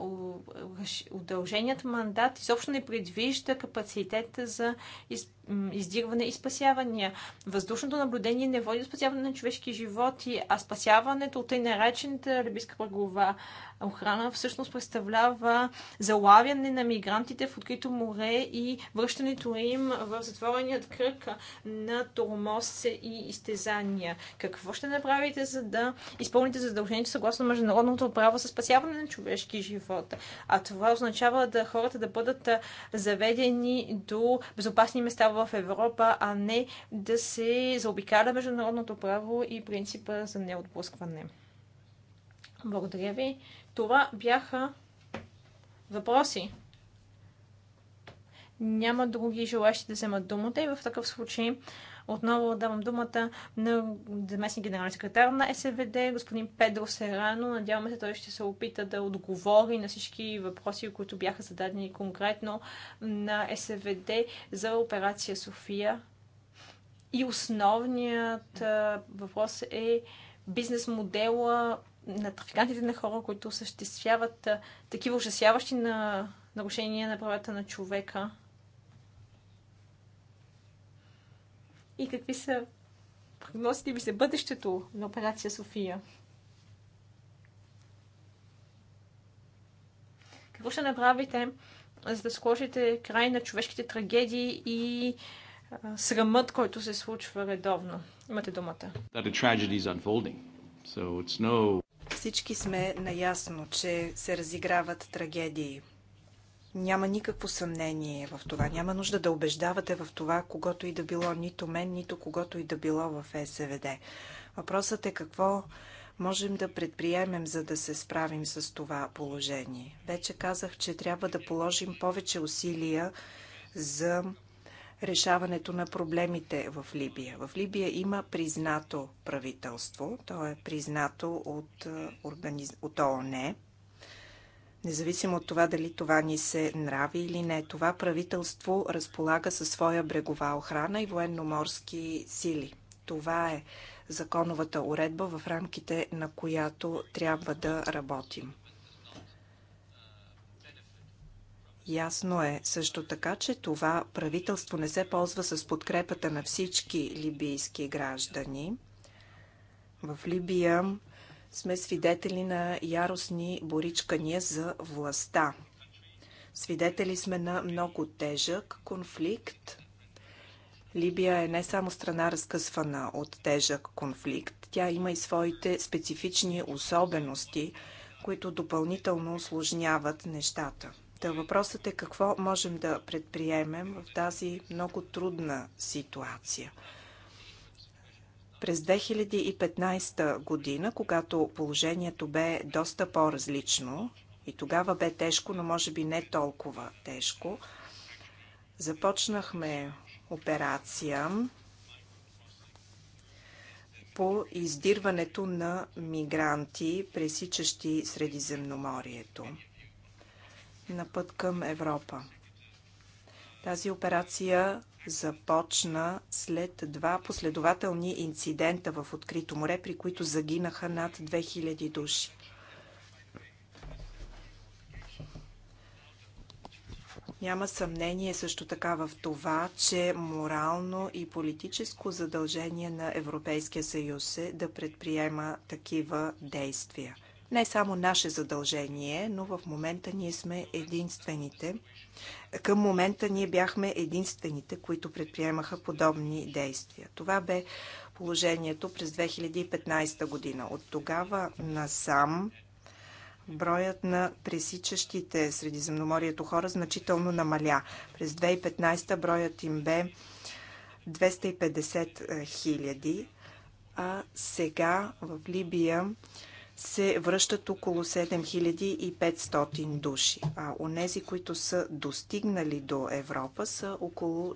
удълженият мандат изобщо не предвижда капацитета за изпълнение издирване и спасявания. Въздушното наблюдение не води до спасяване на човешки животи, а спасяването от тъй наречената либийска брегова охрана всъщност представлява залавяне на мигрантите в открито море и връщането им в затвореният кръг на тормозце и изтезания. Какво ще направите, за да изпълните задължението съгласно международното право за спасяване на човешки живот? А това означава да хората да бъдат заведени до безопасни места в Европа, а не да се заобикаля международното право и принципа за неотпускване. Благодаря ви. Това бяха въпроси. Няма други желащи да вземат думата и в такъв случай отново давам думата на заместник генерал секретар на СВД, господин Педро Серано. Надяваме се, той ще се опита да отговори на всички въпроси, които бяха зададени конкретно на СВД за операция София. И основният въпрос е бизнес модела на трафикантите на хора, които осъществяват такива ужасяващи на нарушения на правата на човека и какви са прогнозите ви за бъдещето на операция София? Какво ще направите, за да сложите край на човешките трагедии и срамът, който се случва редовно? Имате думата. Всички сме наясно, че се разиграват трагедии. Няма никакво съмнение в това. Няма нужда да убеждавате в това, когато и да било нито мен, нито когато и да било в е СВД. Въпросът е какво можем да предприемем, за да се справим с това положение. Вече казах, че трябва да положим повече усилия за решаването на проблемите в Либия. В Либия има признато правителство, то е признато от, е, от ООН. Независимо от това дали това ни се нрави или не, това правителство разполага със своя брегова охрана и военноморски сили. Това е законовата уредба, в рамките на която трябва да работим. Ясно е също така, че това правителство не се ползва с подкрепата на всички либийски граждани. В Либия сме свидетели на яростни боричкания за властта. Свидетели сме на много тежък конфликт. Либия е не само страна разкъсвана от тежък конфликт, тя има и своите специфични особености, които допълнително осложняват нещата. Та въпросът е какво можем да предприемем в тази много трудна ситуация – през 2015 година, когато положението бе доста по-различно, и тогава бе тежко, но може би не толкова тежко, започнахме операция по издирването на мигранти, пресичащи Средиземноморието на път към Европа. Тази операция започна след два последователни инцидента в открито море, при които загинаха над 2000 души. Няма съмнение също така в това, че морално и политическо задължение на Европейския съюз е да предприема такива действия. Не само наше задължение, е, но в момента ние сме единствените, към момента ние бяхме единствените, които предприемаха подобни действия. Това бе положението през 2015 година. От тогава насам броят на пресичащите Средиземноморието хора значително намаля. През 2015 броят им бе 250 хиляди, а сега в Либия се връщат около 7500 души, а онези, които са достигнали до Европа, са около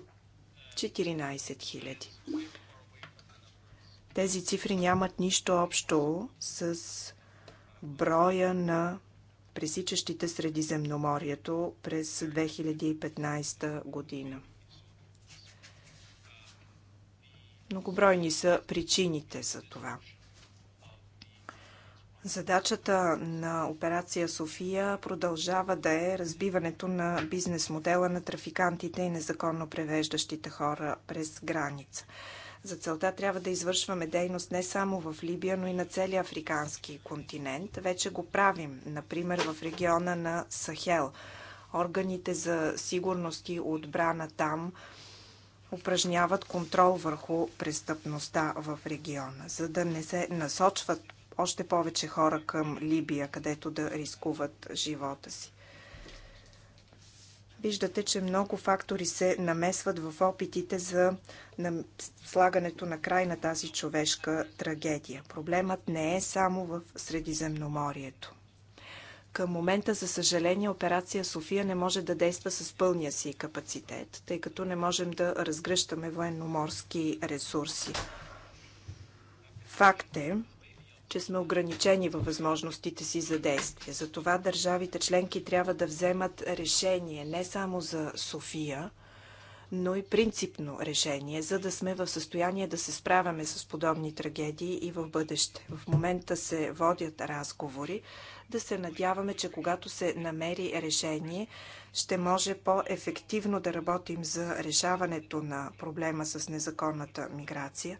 14 000. Тези цифри нямат нищо общо с броя на пресичащите Средиземноморието през 2015 година. Многобройни са причините за това. Задачата на операция София продължава да е разбиването на бизнес модела на трафикантите и незаконно превеждащите хора през граница. За целта трябва да извършваме дейност не само в Либия, но и на целия африкански континент. Вече го правим, например в региона на Сахел. Органите за сигурност и отбрана там упражняват контрол върху престъпността в региона, за да не се насочват още повече хора към Либия, където да рискуват живота си. Виждате, че много фактори се намесват в опитите за слагането на край на тази човешка трагедия. Проблемът не е само в Средиземноморието. Към момента, за съжаление, операция София не може да действа с пълния си капацитет, тъй като не можем да разгръщаме военноморски ресурси. Факт е, че сме ограничени във възможностите си за действие. Затова държавите членки трябва да вземат решение не само за София, но и принципно решение, за да сме в състояние да се справяме с подобни трагедии и в бъдеще. В момента се водят разговори, да се надяваме, че когато се намери решение, ще може по-ефективно да работим за решаването на проблема с незаконната миграция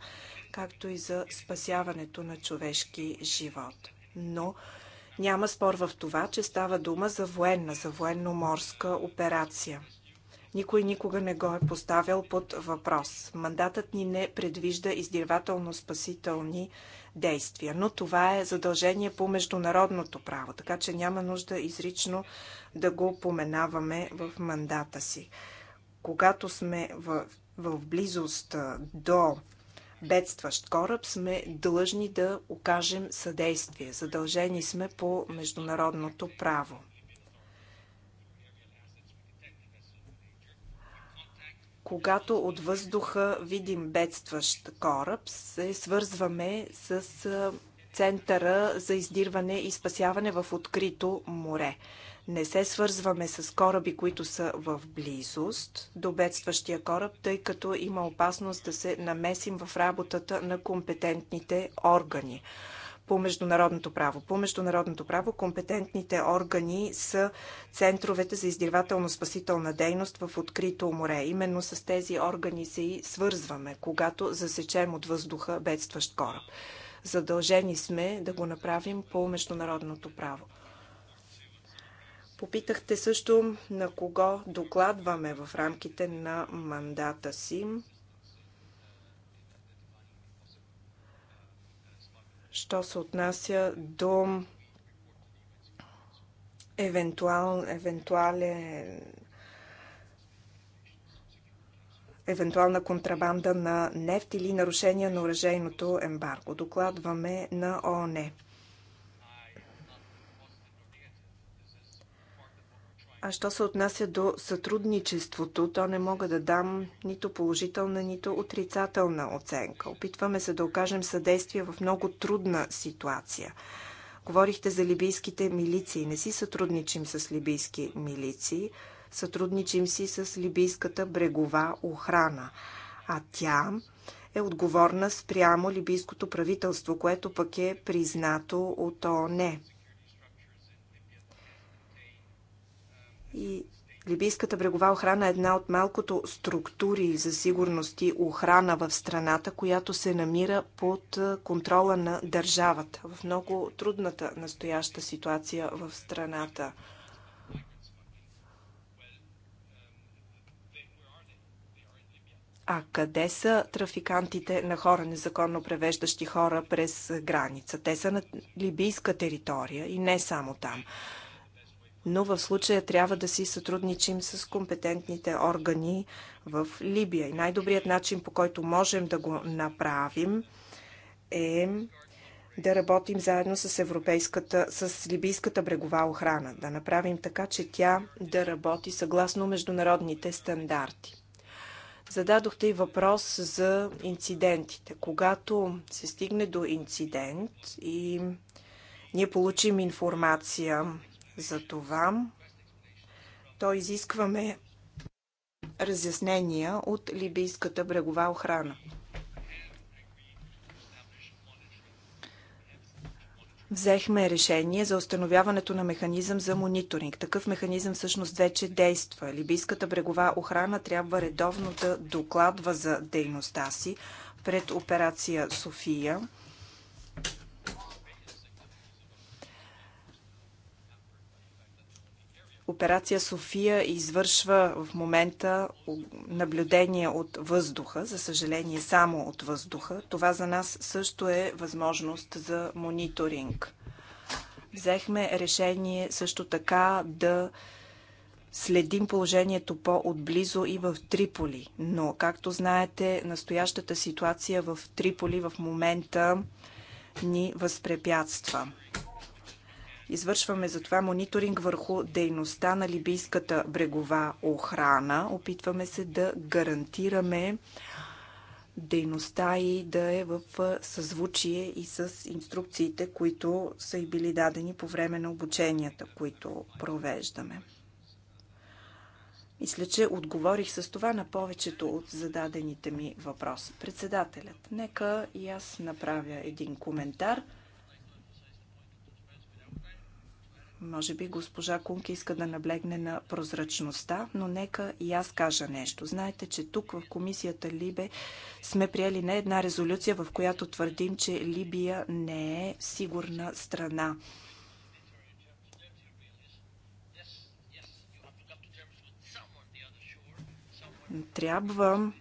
както и за спасяването на човешки живот. Но няма спор в това, че става дума за военна, за военно-морска операция. Никой никога не го е поставял под въпрос. Мандатът ни не предвижда издирвателно-спасителни действия, но това е задължение по международното право, така че няма нужда изрично да го поменаваме в мандата си. Когато сме в, в близост до бедстващ кораб, сме длъжни да окажем съдействие. Задължени сме по международното право. когато от въздуха видим бедстващ кораб, се свързваме с Центъра за издирване и спасяване в открито море не се свързваме с кораби, които са в близост до бедстващия кораб, тъй като има опасност да се намесим в работата на компетентните органи по международното право. По международното право компетентните органи са центровете за издирвателно-спасителна дейност в открито море. Именно с тези органи се и свързваме, когато засечем от въздуха бедстващ кораб. Задължени сме да го направим по международното право. Попитахте също на кого докладваме в рамките на мандата си. Що се отнася до евентуал, евентуален евентуална контрабанда на нефт или нарушение на уражейното ембарго. Докладваме на ОНЕ. А що се отнася до сътрудничеството, то не мога да дам нито положителна, нито отрицателна оценка. Опитваме се да окажем съдействие в много трудна ситуация. Говорихте за либийските милиции. Не си сътрудничим с либийски милиции. Сътрудничим си с либийската брегова охрана. А тя е отговорна спрямо либийското правителство, което пък е признато от ООН. И Либийската брегова охрана е една от малкото структури за сигурност и охрана в страната, която се намира под контрола на държавата в много трудната настояща ситуация в страната. А къде са трафикантите на хора, незаконно превеждащи хора през граница? Те са на либийска територия и не само там но в случая трябва да си сътрудничим с компетентните органи в Либия. И най-добрият начин, по който можем да го направим, е да работим заедно с, европейската, с либийската брегова охрана. Да направим така, че тя да работи съгласно международните стандарти. Зададохте и въпрос за инцидентите. Когато се стигне до инцидент и ние получим информация това то изискваме разяснения от либийската брегова охрана. взехме решение за установяването на механизъм за мониторинг. Такъв механизъм всъщност вече действа. Либийската брегова охрана трябва редовно да докладва за дейността си пред операция София. Операция София извършва в момента наблюдение от въздуха, за съжаление само от въздуха. Това за нас също е възможност за мониторинг. Взехме решение също така да следим положението по-отблизо и в Триполи. Но, както знаете, настоящата ситуация в Триполи в момента ни възпрепятства. Извършваме затова мониторинг върху дейността на либийската брегова охрана. Опитваме се да гарантираме дейността и да е в съзвучие и с инструкциите, които са и били дадени по време на обученията, които провеждаме. Мисля, че отговорих с това на повечето от зададените ми въпроси. Председателят, нека и аз направя един коментар – Може би госпожа Кунки иска да наблегне на прозрачността, но нека и аз кажа нещо. Знаете, че тук в комисията Либе сме приели не една резолюция, в която твърдим, че Либия не е сигурна страна. Трябва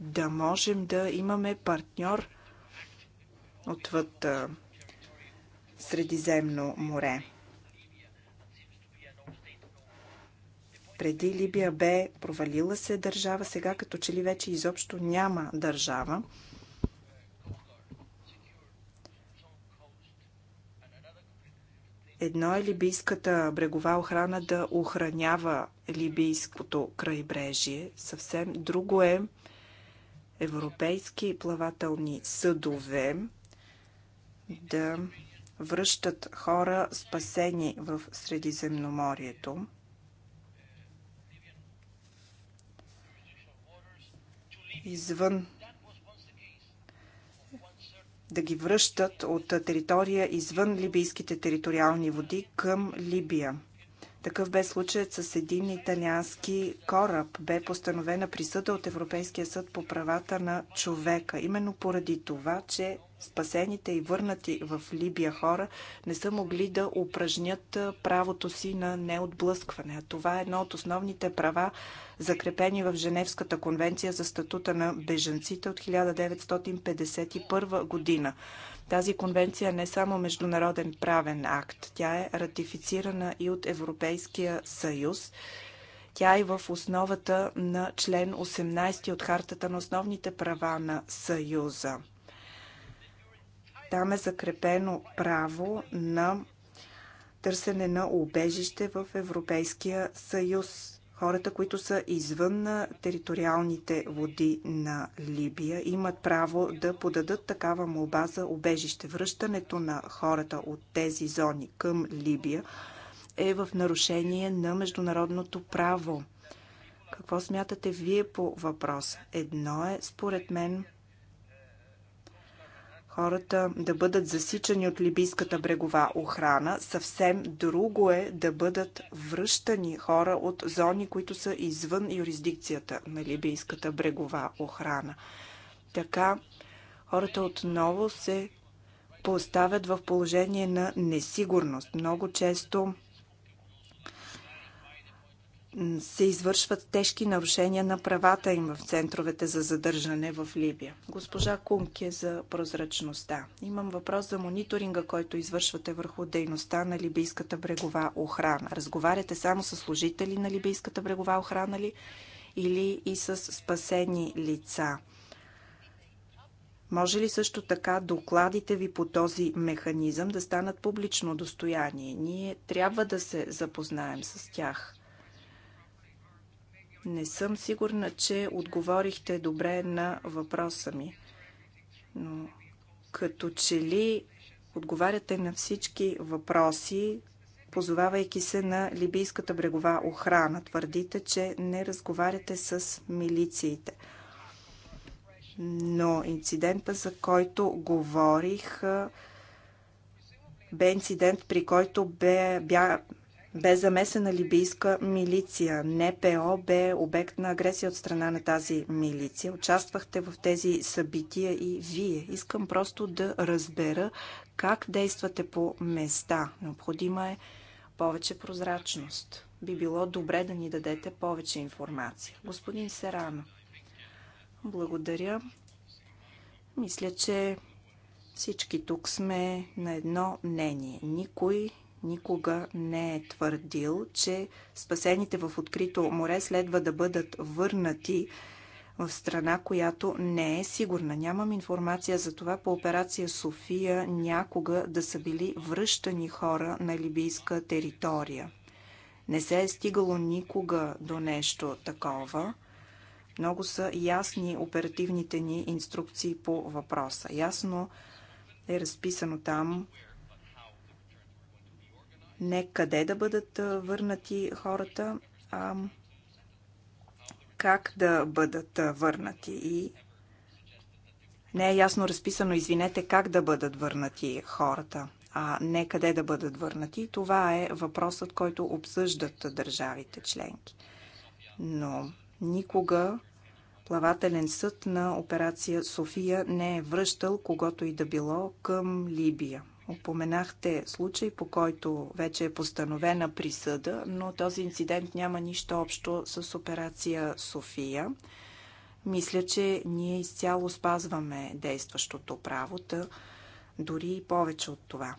да можем да имаме партньор отвъд Средиземно море. Преди Либия бе провалила се държава, сега като че ли вече изобщо няма държава. Едно е либийската брегова охрана да охранява либийското крайбрежие, съвсем друго е европейски плавателни съдове да връщат хора спасени в Средиземноморието. Извън да ги връщат от територия извън либийските териториални води към Либия. Такъв бе случаят с един италиански кораб. Бе постановена присъда от Европейския съд по правата на човека. Именно поради това, че спасените и върнати в Либия хора не са могли да упражнят правото си на неотблъскване. А това е едно от основните права, закрепени в Женевската конвенция за статута на беженците от 1951 година. Тази конвенция е не е само международен правен акт, тя е ратифицирана и от Европейския съюз. Тя е в основата на член 18 от Хартата на основните права на Съюза. Там е закрепено право на търсене на убежище в Европейския съюз. Хората, които са извън териториалните води на Либия, имат право да подадат такава молба за убежище. Връщането на хората от тези зони към Либия е в нарушение на международното право. Какво смятате вие по въпроса? Едно е, според мен, хората да бъдат засичани от либийската брегова охрана. Съвсем друго е да бъдат връщани хора от зони, които са извън юрисдикцията на либийската брегова охрана. Така хората отново се поставят в положение на несигурност. Много често се извършват тежки нарушения на правата им в центровете за задържане в Либия. Госпожа Кунке за прозрачността. Имам въпрос за мониторинга, който извършвате върху дейността на Либийската брегова охрана. Разговаряте само с служители на Либийската брегова охрана ли или и с спасени лица? Може ли също така докладите ви по този механизъм да станат публично достояние? Ние трябва да се запознаем с тях. Не съм сигурна, че отговорихте добре на въпроса ми. Но като че ли отговаряте на всички въпроси, позовавайки се на либийската брегова охрана. Твърдите, че не разговаряте с милициите. Но инцидента, за който говорих, бе инцидент, при който бе, бя, бе замесена либийска милиция. НПО бе обект на агресия от страна на тази милиция. Участвахте в тези събития и вие. Искам просто да разбера как действате по места. Необходима е повече прозрачност. Би било добре да ни дадете повече информация. Господин Серано, благодаря. Мисля, че всички тук сме на едно мнение. Никой никога не е твърдил, че спасените в открито море следва да бъдат върнати в страна, която не е сигурна. Нямам информация за това по операция София някога да са били връщани хора на либийска територия. Не се е стигало никога до нещо такова. Много са ясни оперативните ни инструкции по въпроса. Ясно е разписано там не къде да бъдат върнати хората, а как да бъдат върнати и не е ясно разписано, извинете, как да бъдат върнати хората, а не къде да бъдат върнати. Това е въпросът, който обсъждат държавите членки. Но никога плавателен съд на операция София не е връщал когато и да било към Либия. Опоменахте случай, по който вече е постановена присъда, но този инцидент няма нищо общо с операция София. Мисля, че ние изцяло спазваме действащото право, дори и повече от това.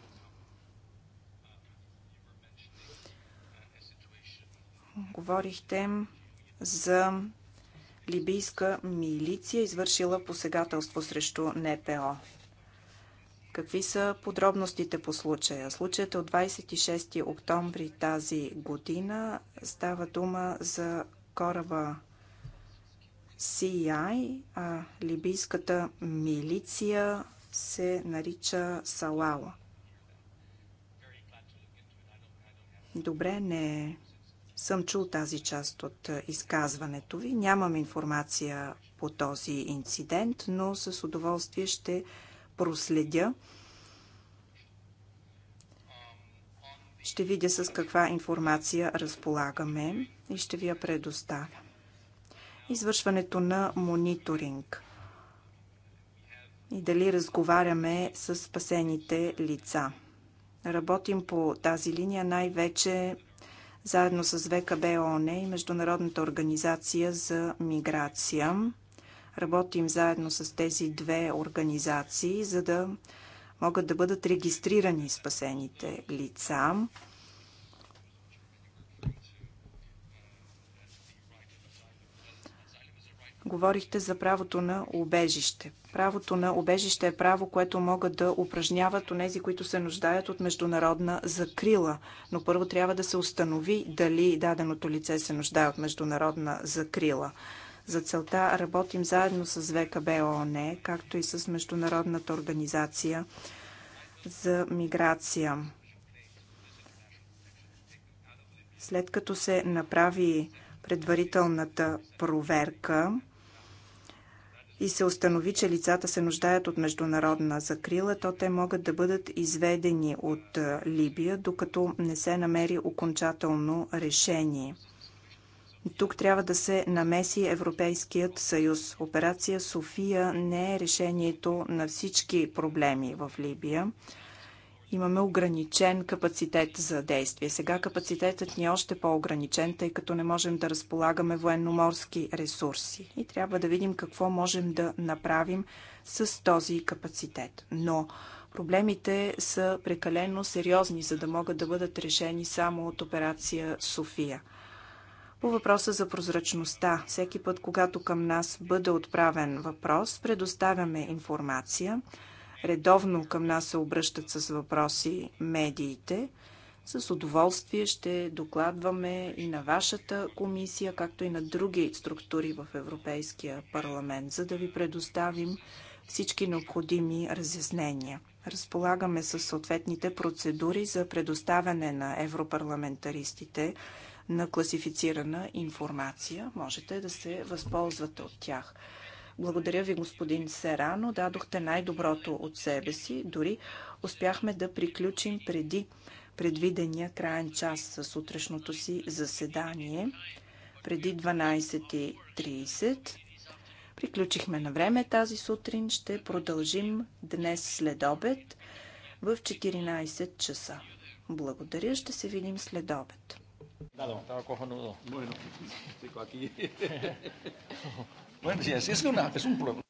Говорихте за либийска милиция, извършила посегателство срещу НПО. Какви са подробностите по случая? Случаят е от 26 октомври тази година. Става дума за кораба CI, а либийската милиция се нарича Салала. Добре, не съм чул тази част от изказването ви. Нямам информация по този инцидент, но с удоволствие ще проследя. Ще видя с каква информация разполагаме и ще ви я предоставя. Извършването на мониторинг и дали разговаряме с спасените лица. Работим по тази линия най-вече заедно с ВКБ ОНЕ и Международната организация за миграция. Работим заедно с тези две организации, за да могат да бъдат регистрирани спасените лица. Говорихте за правото на убежище. Правото на убежище е право, което могат да упражняват онези, които се нуждаят от международна закрила. Но първо трябва да се установи дали даденото лице се нуждае от международна закрила. За целта работим заедно с ВКБ ООН, както и с Международната организация за миграция. След като се направи предварителната проверка, и се установи, че лицата се нуждаят от международна закрила, то те могат да бъдат изведени от Либия, докато не се намери окончателно решение тук трябва да се намеси Европейският съюз. Операция София не е решението на всички проблеми в Либия. Имаме ограничен капацитет за действие. Сега капацитетът ни е още по-ограничен, тъй като не можем да разполагаме военноморски ресурси. И трябва да видим какво можем да направим с този капацитет. Но проблемите са прекалено сериозни, за да могат да бъдат решени само от операция София – по въпроса за прозрачността, всеки път, когато към нас бъде отправен въпрос, предоставяме информация. Редовно към нас се обръщат с въпроси медиите. С удоволствие ще докладваме и на вашата комисия, както и на други структури в Европейския парламент, за да ви предоставим всички необходими разяснения. Разполагаме с съответните процедури за предоставяне на европарламентаристите на класифицирана информация. Можете да се възползвате от тях. Благодаря ви, господин Серано. Дадохте най-доброто от себе си. Дори успяхме да приключим преди предвидения краен час с сутрешното си заседание. Преди 12.30. Приключихме на време тази сутрин. Ще продължим днес след обед в 14 часа. Благодаря. Ще се видим след обед. Dado, estaba cojonudo. Bueno, aquí. bueno, sí, es, es, una, es un problema.